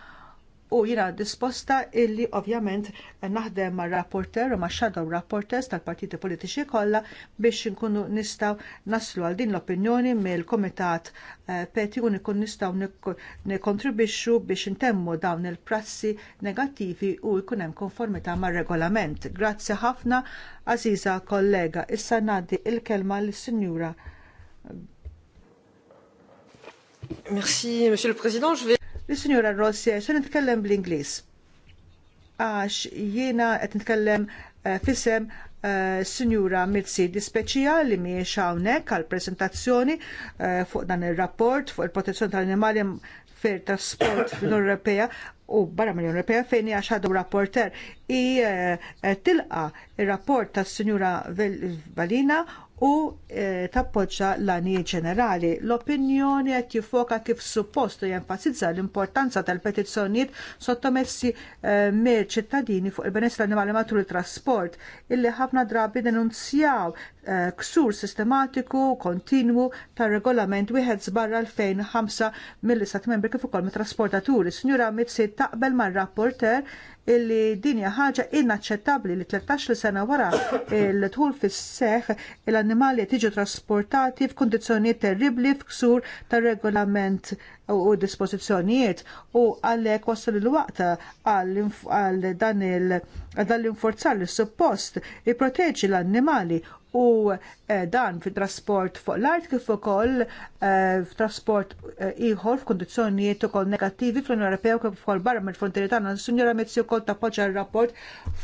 u jiena disposta illi ovvjament naħdem ma' rapporter u ma' shadow rapporters tal-partiti politiċi kollha biex inkunu nistgħu naslu għal din l-opinjoni mill-Komitat eh, Peti u nkun nistgħu nikkontribixxu biex intemmu dawn il-prassi negattivi u jkun hemm konformità mar-regolament. Grazzi ħafna, Aziza kollega. Issa ngħaddi l kelma lis-Sinjura Merci, Monsieur le Président. Je vais... Is-Sinjura Rossi, se nitkellem bl-Ingliż. Għax jiena qed nitkellem eh, fisem eh, Sinjura Mirzi di speċjali miex hawnhekk għal prezentazzjoni eh, fuq dan ir-rapport fuq il-protezzjoni tal-animali fer trasport fil unjoni Ewropea u barra mill-Unjoni Ewropea fejn hija xadu rapporter i tilqa ir-rapport tas-Sinjura Valina u eh, tappoġġa l-għanijiet ġenerali. L-opinjoni qed jifoka kif suppost jenfasizza l-importanza tal-petizzjonijiet sottomessi eh, me ċittadini fuq il-benessri animali matul it trasport illi ħafna drabi denunzjaw Eh, ksur sistematiku, kontinwu tar regolament wieħed sbarra 2005 mill-istat membri kif ukoll mit-trasportaturi. Sinjura Mitsi taqbel mar-rapporter illi din hija ħaġa inaċċettabbli li 13 sena wara l-dħul fis-seħħ l-annimali tiġu trasportati f'kundizzjonijiet terribbli f'ksur tar-regolament u dispożizzjonijiet u għalhekk wasal il-waqt għal dan l-inforzar l suppost jipproteġi l-annimali u eh, dan fit trasport fuq l-art kif ukoll eh, f'trasport eh, ieħor f'kundizzjonijiet ukoll negattivi fl-Unjoni Ewropea kif ukoll barra mill-frontieri tagħna. Sinjora Mezzi wkoll tappoġġja r-rapport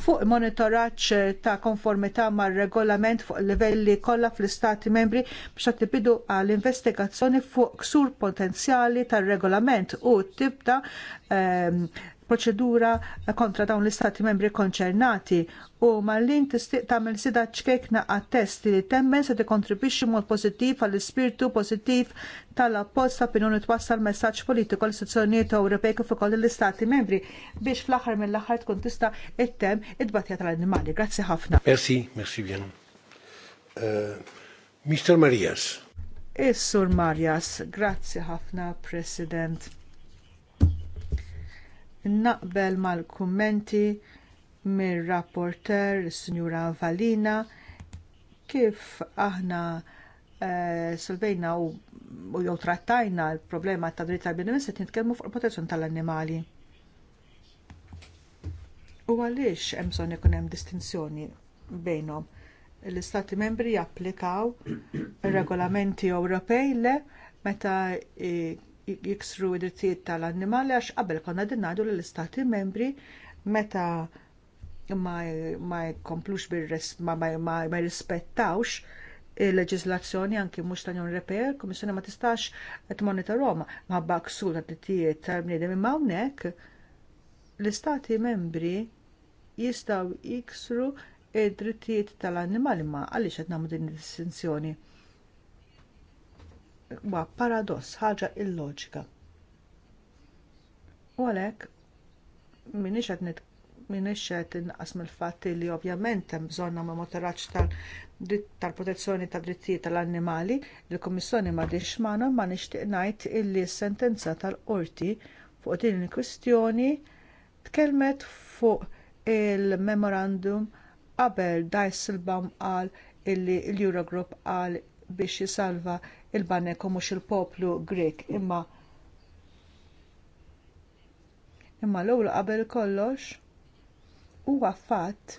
fuq monitoraġġ ta' konformità mar-regolament fuq livelli kollha fl-istati membri biex tibidu għall investigazzjoni fuq ksur potenzjali tar-regolament u tibda ehm, proċedura kontra dawn l-istati membri konċernati u mal-lin tistiq tagħmel sida ċkekna għat li temmen se tikkontribwixxi mod pozittiv għall-ispirtu pozittiv tal-apposta pinun twassal messaġġ politiku l-istituzzjonijiet Ewropej kif ukoll l-istati membri biex fl-aħħar mill-aħħar tkun tista' ttemm id-batja tal-annimali. Grazzi ħafna. Merci, merci bien. Uh, Mr. Marias. Is-Sur Marjas, grazzi ħafna President. Naqbel mal-kummenti mir-rapporter Sinjura Valina kif aħna eh, solvejna u, u jew trattajna l-problema ta' dritt tal-bnedmin se nitkellmu fuq protezzjoni tal-annimali. U għaliex hemm bżonn ikun hemm distinzjoni bejnhom l-Istati membri japplikaw regolamenti Ewropej le meta jiksru id-drittijiet tal-annimali għax qabel konna ngħidu lill istati membri meta ma jkomplux ma jirrispettawx il-leġislazzjoni anki mhux ta' Unjoni Ewropea, il-Kummissjoni ma tistax tmonitorhom ma baksu ta' drittijiet tal-bniedem imma hawnhekk l-istati membri jistgħu jiksru id-drittijiet tal-annimali ma għaliex qed nagħmlu din id-distinzjoni. Wa paradoss, ħaġa illoġika. U għalhekk m'iniex qed minix qed inqas mill-fatt li ovvjament hemm bżonn nagħmlu monitoraġġ tal-protezzjoni tad drittijiet tal-annimali, il-Kummissjoni m'għadix magħna ma nixtieq ngħid illi s-sentenza tal-qorti fuq din il-kwistjoni tkellmet fuq il-memorandum Qabel Dijsselbaum qal illi l-Eurogroup qal biex jisalva l banek u mhux il-poplu Grek imma imma l-ewwel qabel kollox huwa fatt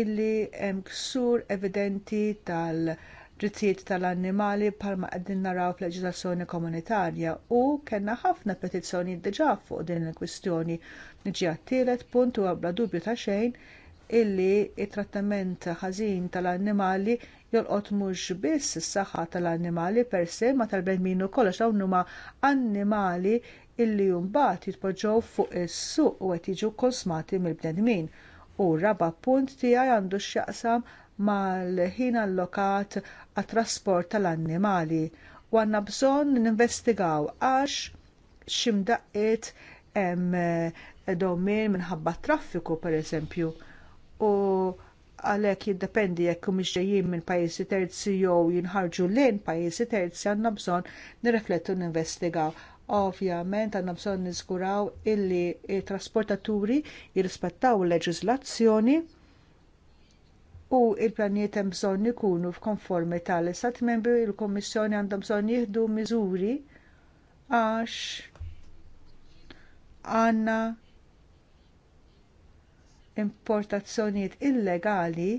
illi hemm ksur evidenti tal- drittijiet tal-annimali bħalma qegħdin naraw fl-leġiżlazzjoni komunitarja u kellna ħafna petizzjonijiet diġà fuq din il-kwistjoni. li għat-tielet punt u bla dubju ta' xejn illi t trattament ħażin tal-annimali jolqot mhux biss is-saħħa tal-annimali per se ma tal-bnedmin ukoll għax dawn huma annimali illi mbagħad jitpoġġew fuq is-suq u qed jiġu konsmati mill-bnedmin. U raba punt tiegħi għandu x'jaqsam mal-ħin allokat għat-trasport tal-annimali u għandna bżonn ninvestigaw għax x'imdaqqiet hemm domin minħabba traffiku pereżempju u għalhekk jiddependi jekk humiex ġejjin minn pajjiżi terzi jew jinħarġu lejn pajjiżi terzi għandna bżonn nirreflettu ninvestigaw. Ovvjament għandna bżonn niżguraw illi t trasportaturi jirrispettaw il-leġiżlazzjoni u l pjanijiet hemm bżonn ikunu f'konformità l istat membri u l-Kummissjoni għandha bżonn jieħdu miżuri għax għandna importazzjonijiet illegali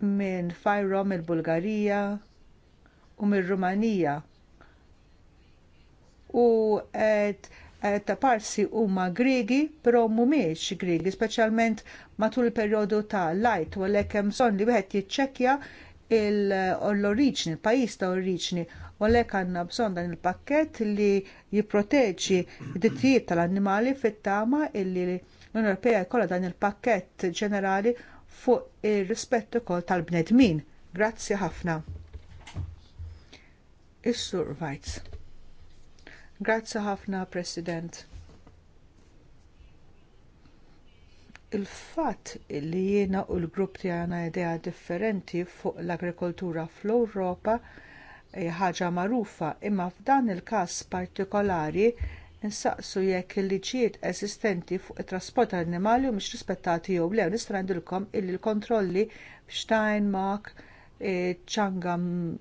minn fajrom il-Bulgarija u mir-Rumanija u qed ta' parsi huma Griegi, però mhumiex Griegi, speċjalment matul il-perjodu ta' lajt u għalhekk hemm bżonn li wieħed jiċċekkja l-oriġni, il-pajjiż ta' oriġni U għalhekk għandna bżonn dan il-pakkett li jipproteġġi d-dittijiet tal-annimali fit-tama illi l-Unjoni Ewropea jkollha dan il-pakkett ġenerali fuq ir-rispett ukoll tal-bnedmin. Grazzi ħafna. Is-Sur Vajz. Grazzi ħafna, President. il-fatt li jiena u l-grupp tiegħna idea differenti fuq l-agrikoltura fl-Ewropa ħaġa magħrufa, imma f'dan il-każ partikolari insaqsu jekk il-liġijiet eżistenti fuq it-trasport tal-annimali mhux rispettati jew le. Nista' ngħidilkom illi l-kontrolli f'Steinmark, ċanga e,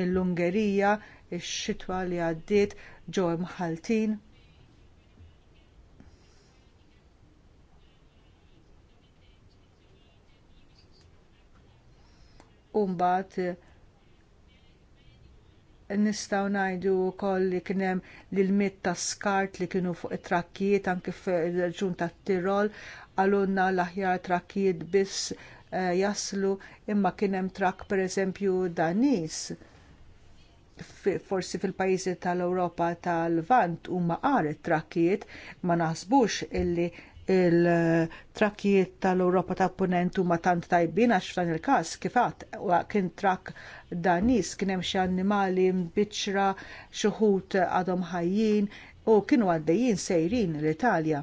mill-Ungerija, ix-xitwa li għaddiet ġew mħaltin. Nistgħu ngħidu wkoll li kien hemm l-mit ta' skart li kienu fuq it-trakkijiet anke fil-ġun tat Tirol għalunna l-aħjar trakkijiet biss eh, jaslu imma kien hemm trakk pereżempju Danis forsi fil-pajjiżi tal-Ewropa tal-Vant huma qar it-trakkijiet ma naħsbux illi il-trakkijiet tal-Europa ta' punent huma tant tajbin għax f'dan il-każ kifat kien trakk danis kien hemm xi annimali mbiċċra xi ħut għadhom ħajjin u kienu għaddejjin sejrin l-Italja.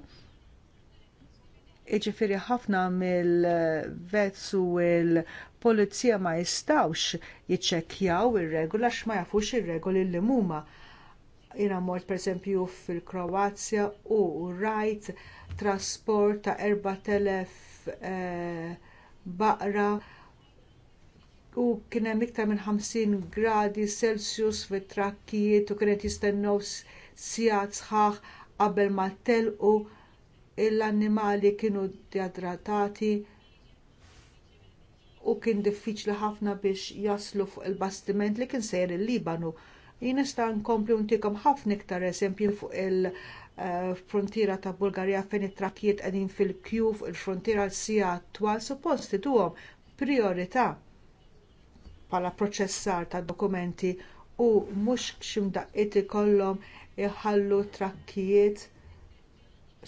Jiġifieri ħafna mill vezz u l-polizija ma jistawx jiċċekkjaw ir-regola x'ma jafux ir-regoli li huma. Jiena mort pereżempju fil-Kroazja u rajt right, trasport ta' 4000 eh, baqra u kien hemm iktar minn 50 gradi Celsius fit trakkijiet u kienet jistennew sigħat sħaħ qabel ma telqu l-annimali kienu dehydratati u kien diffiċli ħafna biex jaslu fuq il-bastiment li kien sejr il-Libanu. Jien nista' nkompli ntikom ħafna iktar eżempji fuq il- Eh, frontiera ta' Bulgarija fejn it-trakkijiet qegħdin fil-kju fuq il-frontiera l-sija attwal suppost tuhom priorità bħala proċessar tad dokumenti u mhux x'imdaqqiet ikollhom iħallu trakkijiet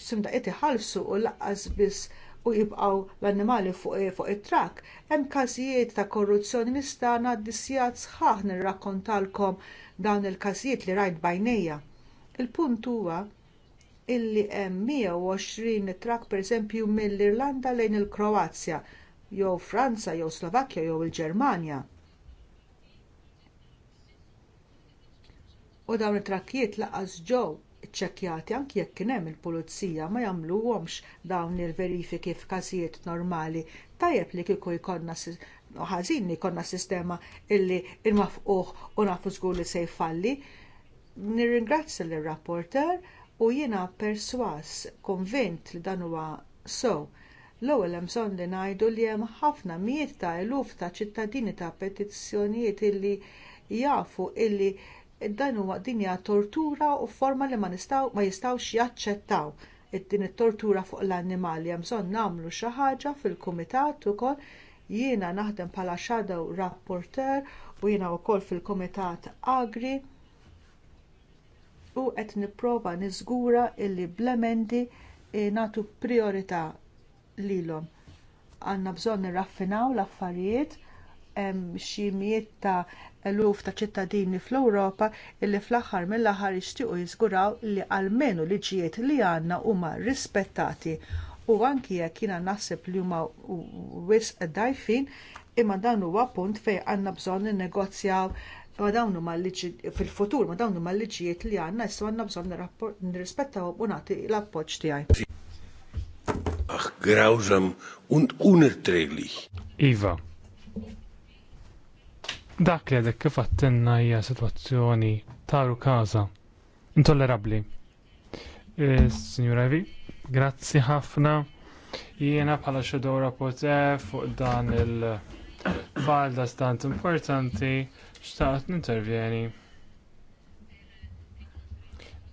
x'imdaqqiet iħallsu u lanqas biss u jibqgħu l-annimali fuq it-trakk. Hemm każijiet ta' korruzzjoni nista' ngħaddi sigħat sħaħ nirrakkontalkom dawn il-każijiet li rajt bajnejja. Il-punt huwa illi hemm 120 trak pereżempju mill-Irlanda lejn il-Kroazja jew Franza jew Slovakkja jew il-Ġermanja. U dawn it-trakkijiet laqas ġew iċċekkjati anki jekk kien hemm il-pulizija ma jagħmluhomx dawn il-verifiki f'każijiet normali. Tajjeb li kieku jkollna ħażin li jkollna sistema illi il u nafu żgur li se jfalli. Nirringrazzja lir rapporter u jiena perswas konvint li dan huwa so. L-ewwel hemm bżonn li ngħidu li hemm ħafna mijiet ta' eluf ta' ċittadini ta' petizzjonijiet illi jafu illi dan huwa dinja tortura u forma li ma jistgħux jaċċettaw id-din it-tortura fuq l-annimali hemm bżonn nagħmlu xi ħaġa fil-kumitat ukoll jiena naħdem bħala shadow rapporteur u jiena wkoll fil-kumitat agri u qed nipprova niżgura illi blemendi eh, nagħtu priorità lilhom. Għandna bżonn nirraffinaw l-affarijiet hemm xi mijiet ta' eluf ta' ċittadini fl-Ewropa illi fl-aħħar mill-aħħar jixtiequ jiżguraw li għalmenu liġijiet li għandna huma rispettati u anki jekk jiena naħseb li huma wisq dajfin imma dan huwa punt fejn għandna bżonn ninnegozjaw Ma dawnu mal-liċi fil-futur, ma dawnu mal-liċijiet li għandna jessu għandna bżonn nirrispettaw u nagħti l appoġġ tiegħi. Ach, grawżam, und unerträglich. Iva. Dak li għadek kif għattenna hija situazzjoni taru kaza. Intollerabbli. E, Signora Evi, grazzi ħafna. Jiena bħala xedora potef fuq dan il-fajl da stant importanti xtaqt nintervjeni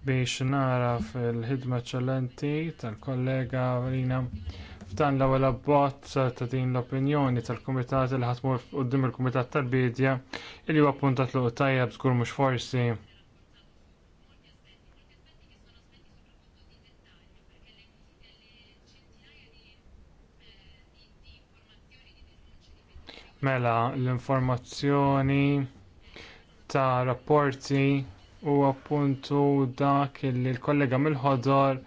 biex nara fil-ħidma ċellenti tal-kollega Marina f'dan l-ewwel abbozz ta' din l-opinjoni tal-kumitat li ħatmur qudiem il-kumitat tal-bidja li huwa appuntat l tajjeb żgur mhux forsi. Mela, l-informazzjoni ta' rapporti u appuntu dak li l-kollega mill-ħodor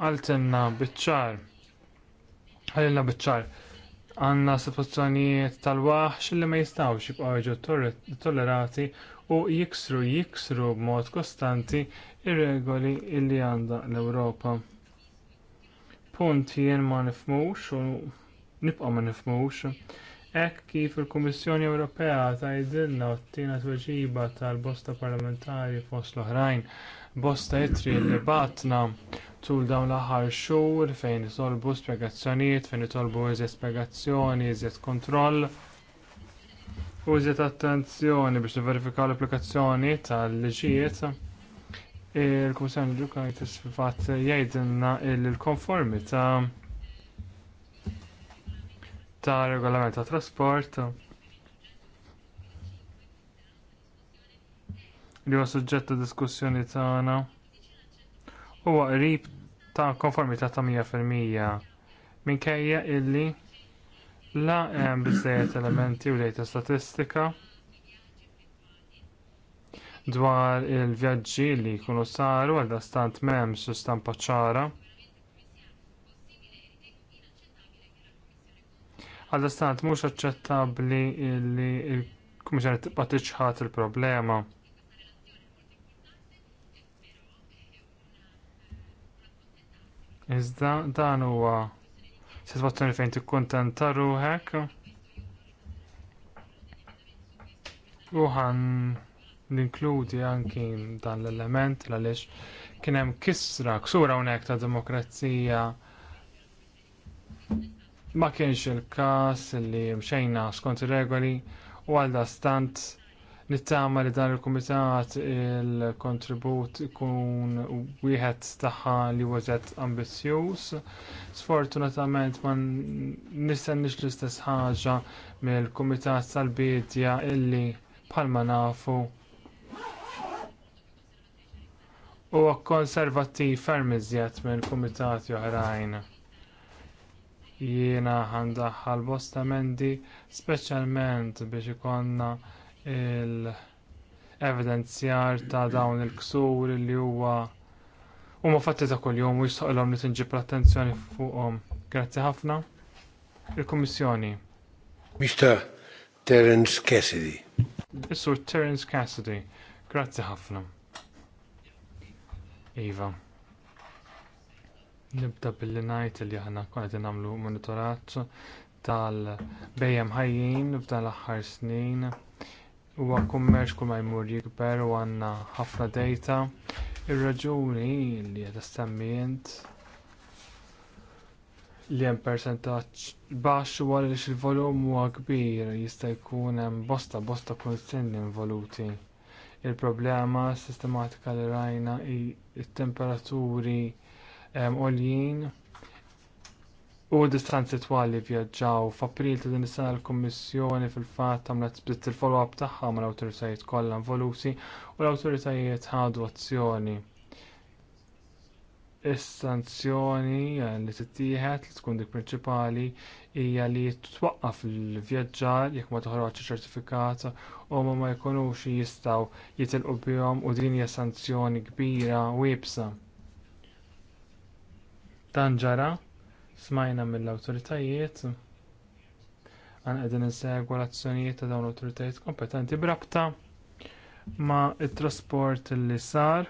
għaltenna bitċar. Għalilna bitċar. Għanna situazzjonijiet tal-waħx li ma jistawx jibqgħu tollerati u jiksru jiksru b'mod kostanti ir-regoli illi għandha l-Ewropa. Punt jien ma nifmux u nibqa' ma nifmux Hekk kif il-Kummissjoni Ewropea tgħidilna u tina tweġiba tal-bosta parlamentari fost l-oħrajn bosta itri li batna tul dawn l-aħħar xhur fejn itolbu spjegazzjonijiet, fejn itolbu iżjed spjegazzjoni, iżjed kontroll u iżjed attenzjoni biex niverifikaw l-applikazzjoni tal-liġijiet. Il-Kummissjoni Ġukajtis fil-fatt jgħidilna il-konformita il konformita il ta' regolament ta' trasport li huwa suġġett ta' diskussjoni tagħna huwa qrib ta' konformità ta' 100% minkejja illi la hemm biżżejjed elementi u dejta statistika dwar il-vjaġġi li jkunu saru għal dastant m'hemmx stampa ċara. Għal-istant mhux aċċettabbli li il kummissjoni tibqa' tiċħat il-problema. Iżda dan huwa sitwazzjoni fejn tikkuntenta ruħek. U ħan ninkludi anki dan l-element għaliex kien hemm kisra ksura hawnhekk ta' demokrazija Ma kienx il każ li mxejna skont ir regoli u għal stant nittama li dan il-Kumitat il-kontribut ikun wieħed tagħha li wazet ambizzjuż. Sfortunatament ma nistennix l-istess ħaġa mill-Kumitat tal-Bidja illi bħalma nafu huwa konservattiv ferm iżjed minn kumitati oħrajn jiena ħandaħħal bosta emendi speċjalment biex ikonna l evidenzjar ta' dawn il-ksur li huwa huma fatti ta' kuljum u jistoqlhom li tinġib l-attenzjoni fuqhom. Grazzi ħafna. Il-Kummissjoni. Mr. Terence Cassidy. Is-Sur Terence Cassidy. Grazzi ħafna. Iva. Nibda billi ngħid li aħna konet namlu nagħmlu tal-bejjem ħajjin f'dan l-aħħar snin huwa kummerċ kull jmur jikber u għandna ħafna dejta. Ir-raġuni li qed istemmijent li hemm percentaġġ baxx huwa li il-volum huwa kbir jista' jkun hemm bosta bosta kunsenni involuti. Il-problema sistematika li rajna i t temperaturi għoljien u distanzi twali vjaġġaw. F'April ta' din is-sena l-Kummissjoni fil-fatt għamlet bdiet il-follow-up tagħha mal awtoritajiet kollha involuti u l-awtoritajiet ħadu azzjoni. Is-sanzjoni eh, li tittieħed li tkun dik prinċipali hija li twaqqaf il-vjaġġar jekk ma toħroġ ċertifikat u ma jkunux jistgħu jitilqu bihom u din hija sanzjoni kbira u ibsa. Dan ġara smajna mill-awtoritajiet għan qegħdin insegwa l-azzjonijiet ta' dawn l-awtoritajiet kompetenti brabta ma' il trasport li sar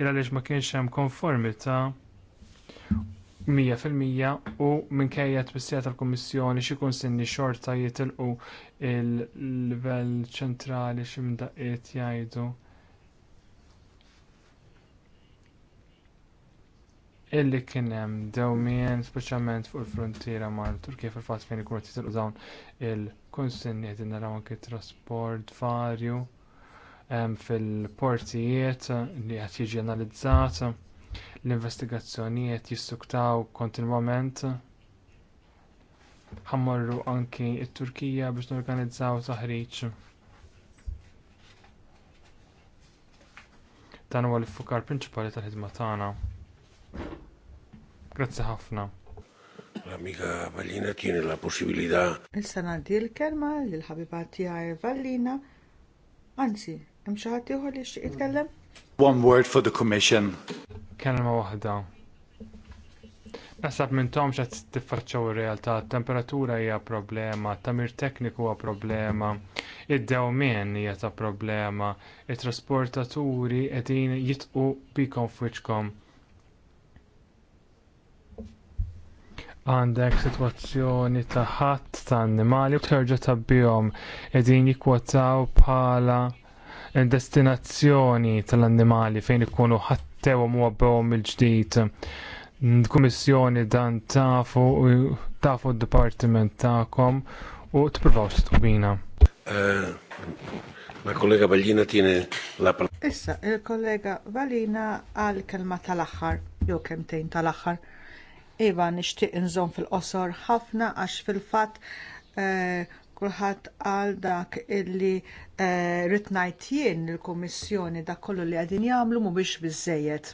il għaliex ma kienx hemm konformità 100% u kajja t-twissija tal xie xi kunsinni xorta jitilqu il-livell ċentrali xi daqqiet jgħidu illi kien hemm dewmien speċjalment fuq il-frontiera mal-Turkija fil-fatt fejn ikunu jitilqu dawn il-kunsinni qed naraw anke trasport varju fil-portijiet li qed jiġi analizzat l-investigazzjonijiet jissuktaw kontinwament ħammorru anki t turkija biex norganizzaw taħriġ. Dan huwa l fukar prinċipali tal-ħidma tagħna. Grazzi ħafna. L-amiga Vallina tiene la possibilità. Issa ngħaddi l-kelma lill-ħabiba tiegħi Vallina. Anzi, hemm xi ħadd ieħor li jitkellem? One word for the commission. Kelma waħda. Nasab minn tom xa tiffarċaw ir-realtà, temperatura hija problema, tamir tekniku huwa problema, id-dewmien hija ta' problema, it-trasportaturi qegħdin jitqu bikom fuċkom. għandek sitwazzjoni ta' ħadd ta' annimali u terġa' tabbihom qegħdin jikkwotaw bħala destinazzjoni tal-annimali fejn ikunu ħattewhom u għabbewhom il-ġdid. Kummissjoni dan tafu tafu d-dipartiment tagħkom u tippruvaw titqubina. Eh, ma kollega Ballina tiene la Issa, il-kollega Ballina għal kelma tal-aħħar, jew kemm kemtejn tal-aħħar. Iva nixtieq inżomm fil-qosor ħafna għax fil-fatt eh, kulħadd għal dak illi eh, ritnajt jien il-Kummissjoni dak kollu li qegħdin jagħmlu mhumiex biżżejjed.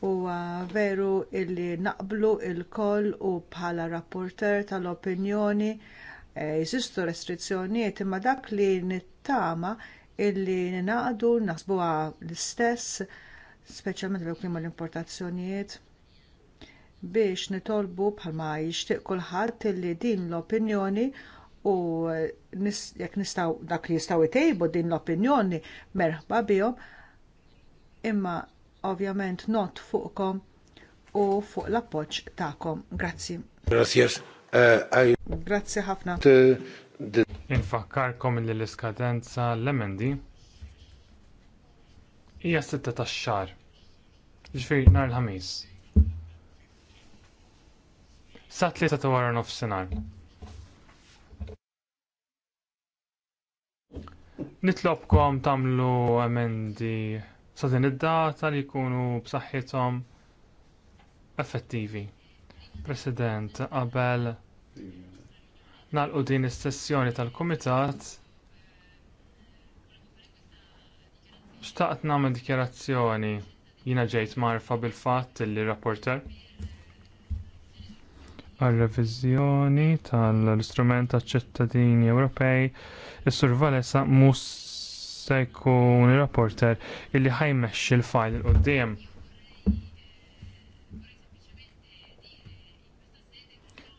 Huwa veru illi naqblu il-koll u bħala rapporter tal-opinjoni eh, jesistu restrizzjonijiet imma dak li nittama illi naqdu nasbuha l-istess, speċjalment l-kliema l-importazzjonijiet biex nitolbu bħalma jixtieq kulħadd illi din l-opinjoni u nis, jekk nistaw dak li jistgħu jtejbu din l-opinjoni merħba bihom imma ovvjament not fuqkom u fuq l-appoġġ tagħkom. Grazzi. Grazzjas. Uh, eh, Grazzi ħafna. Infakkarkom li l-iskadenza l-emendi hija 6 tax-xahar. Ġifieri nhar il-ħamis sa' tlieta ta' wara nofsinhar. Nitlobkom tagħmlu emendi sa' din id-data li jkunu b'saħħithom effettivi. President, qabel nalqu din is-sessjoni tal-Kumitat xtaqt nagħmel dikjarazzjoni jiena ġejt marfa bil-fatt li rapporter għal-reviżjoni tal-istrument tal-ċittadini Ewropej, is-Sur Valesa mhux se jkun ir rapporter illi ħajmexxi l-fajl il qudiem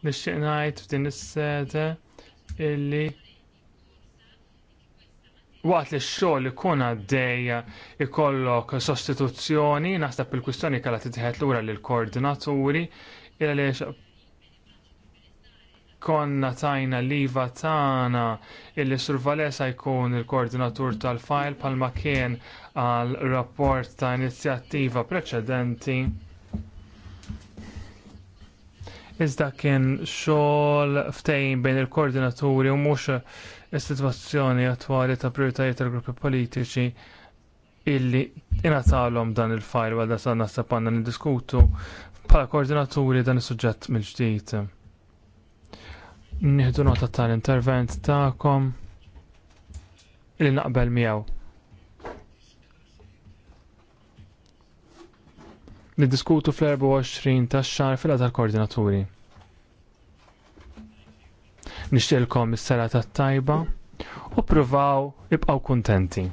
Nixtieq ngħid f'din is-sede illi waqt li x-xogħol ikun għaddej ikollok sostituzzjoni naħseb il-kwistjoni kellha titħed lura lill koordinaturi konna tajna liva tagħna illi survalesa jkun il-koordinatur tal file bħalma kien għal rapport ta' inizjattiva preċedenti. Iżda kien xogħol ftejn bejn il-koordinaturi u mhux is-sitwazzjoni attwali ta' prijoritajiet tal-gruppi politiċi illi ingħatalhom dan il-fajl għal da sa' nasab għandna niddiskutu bħala koordinaturi dan is-suġġett mill-ġdid. Nieħdu nota tal-intervent tagħkom li naqbel miegħu. Niddiskutu fl-24 tax-xahar fil tal-koordinaturi. Nishtilkom is sala tat-tajba u provaw ibqaw kuntenti.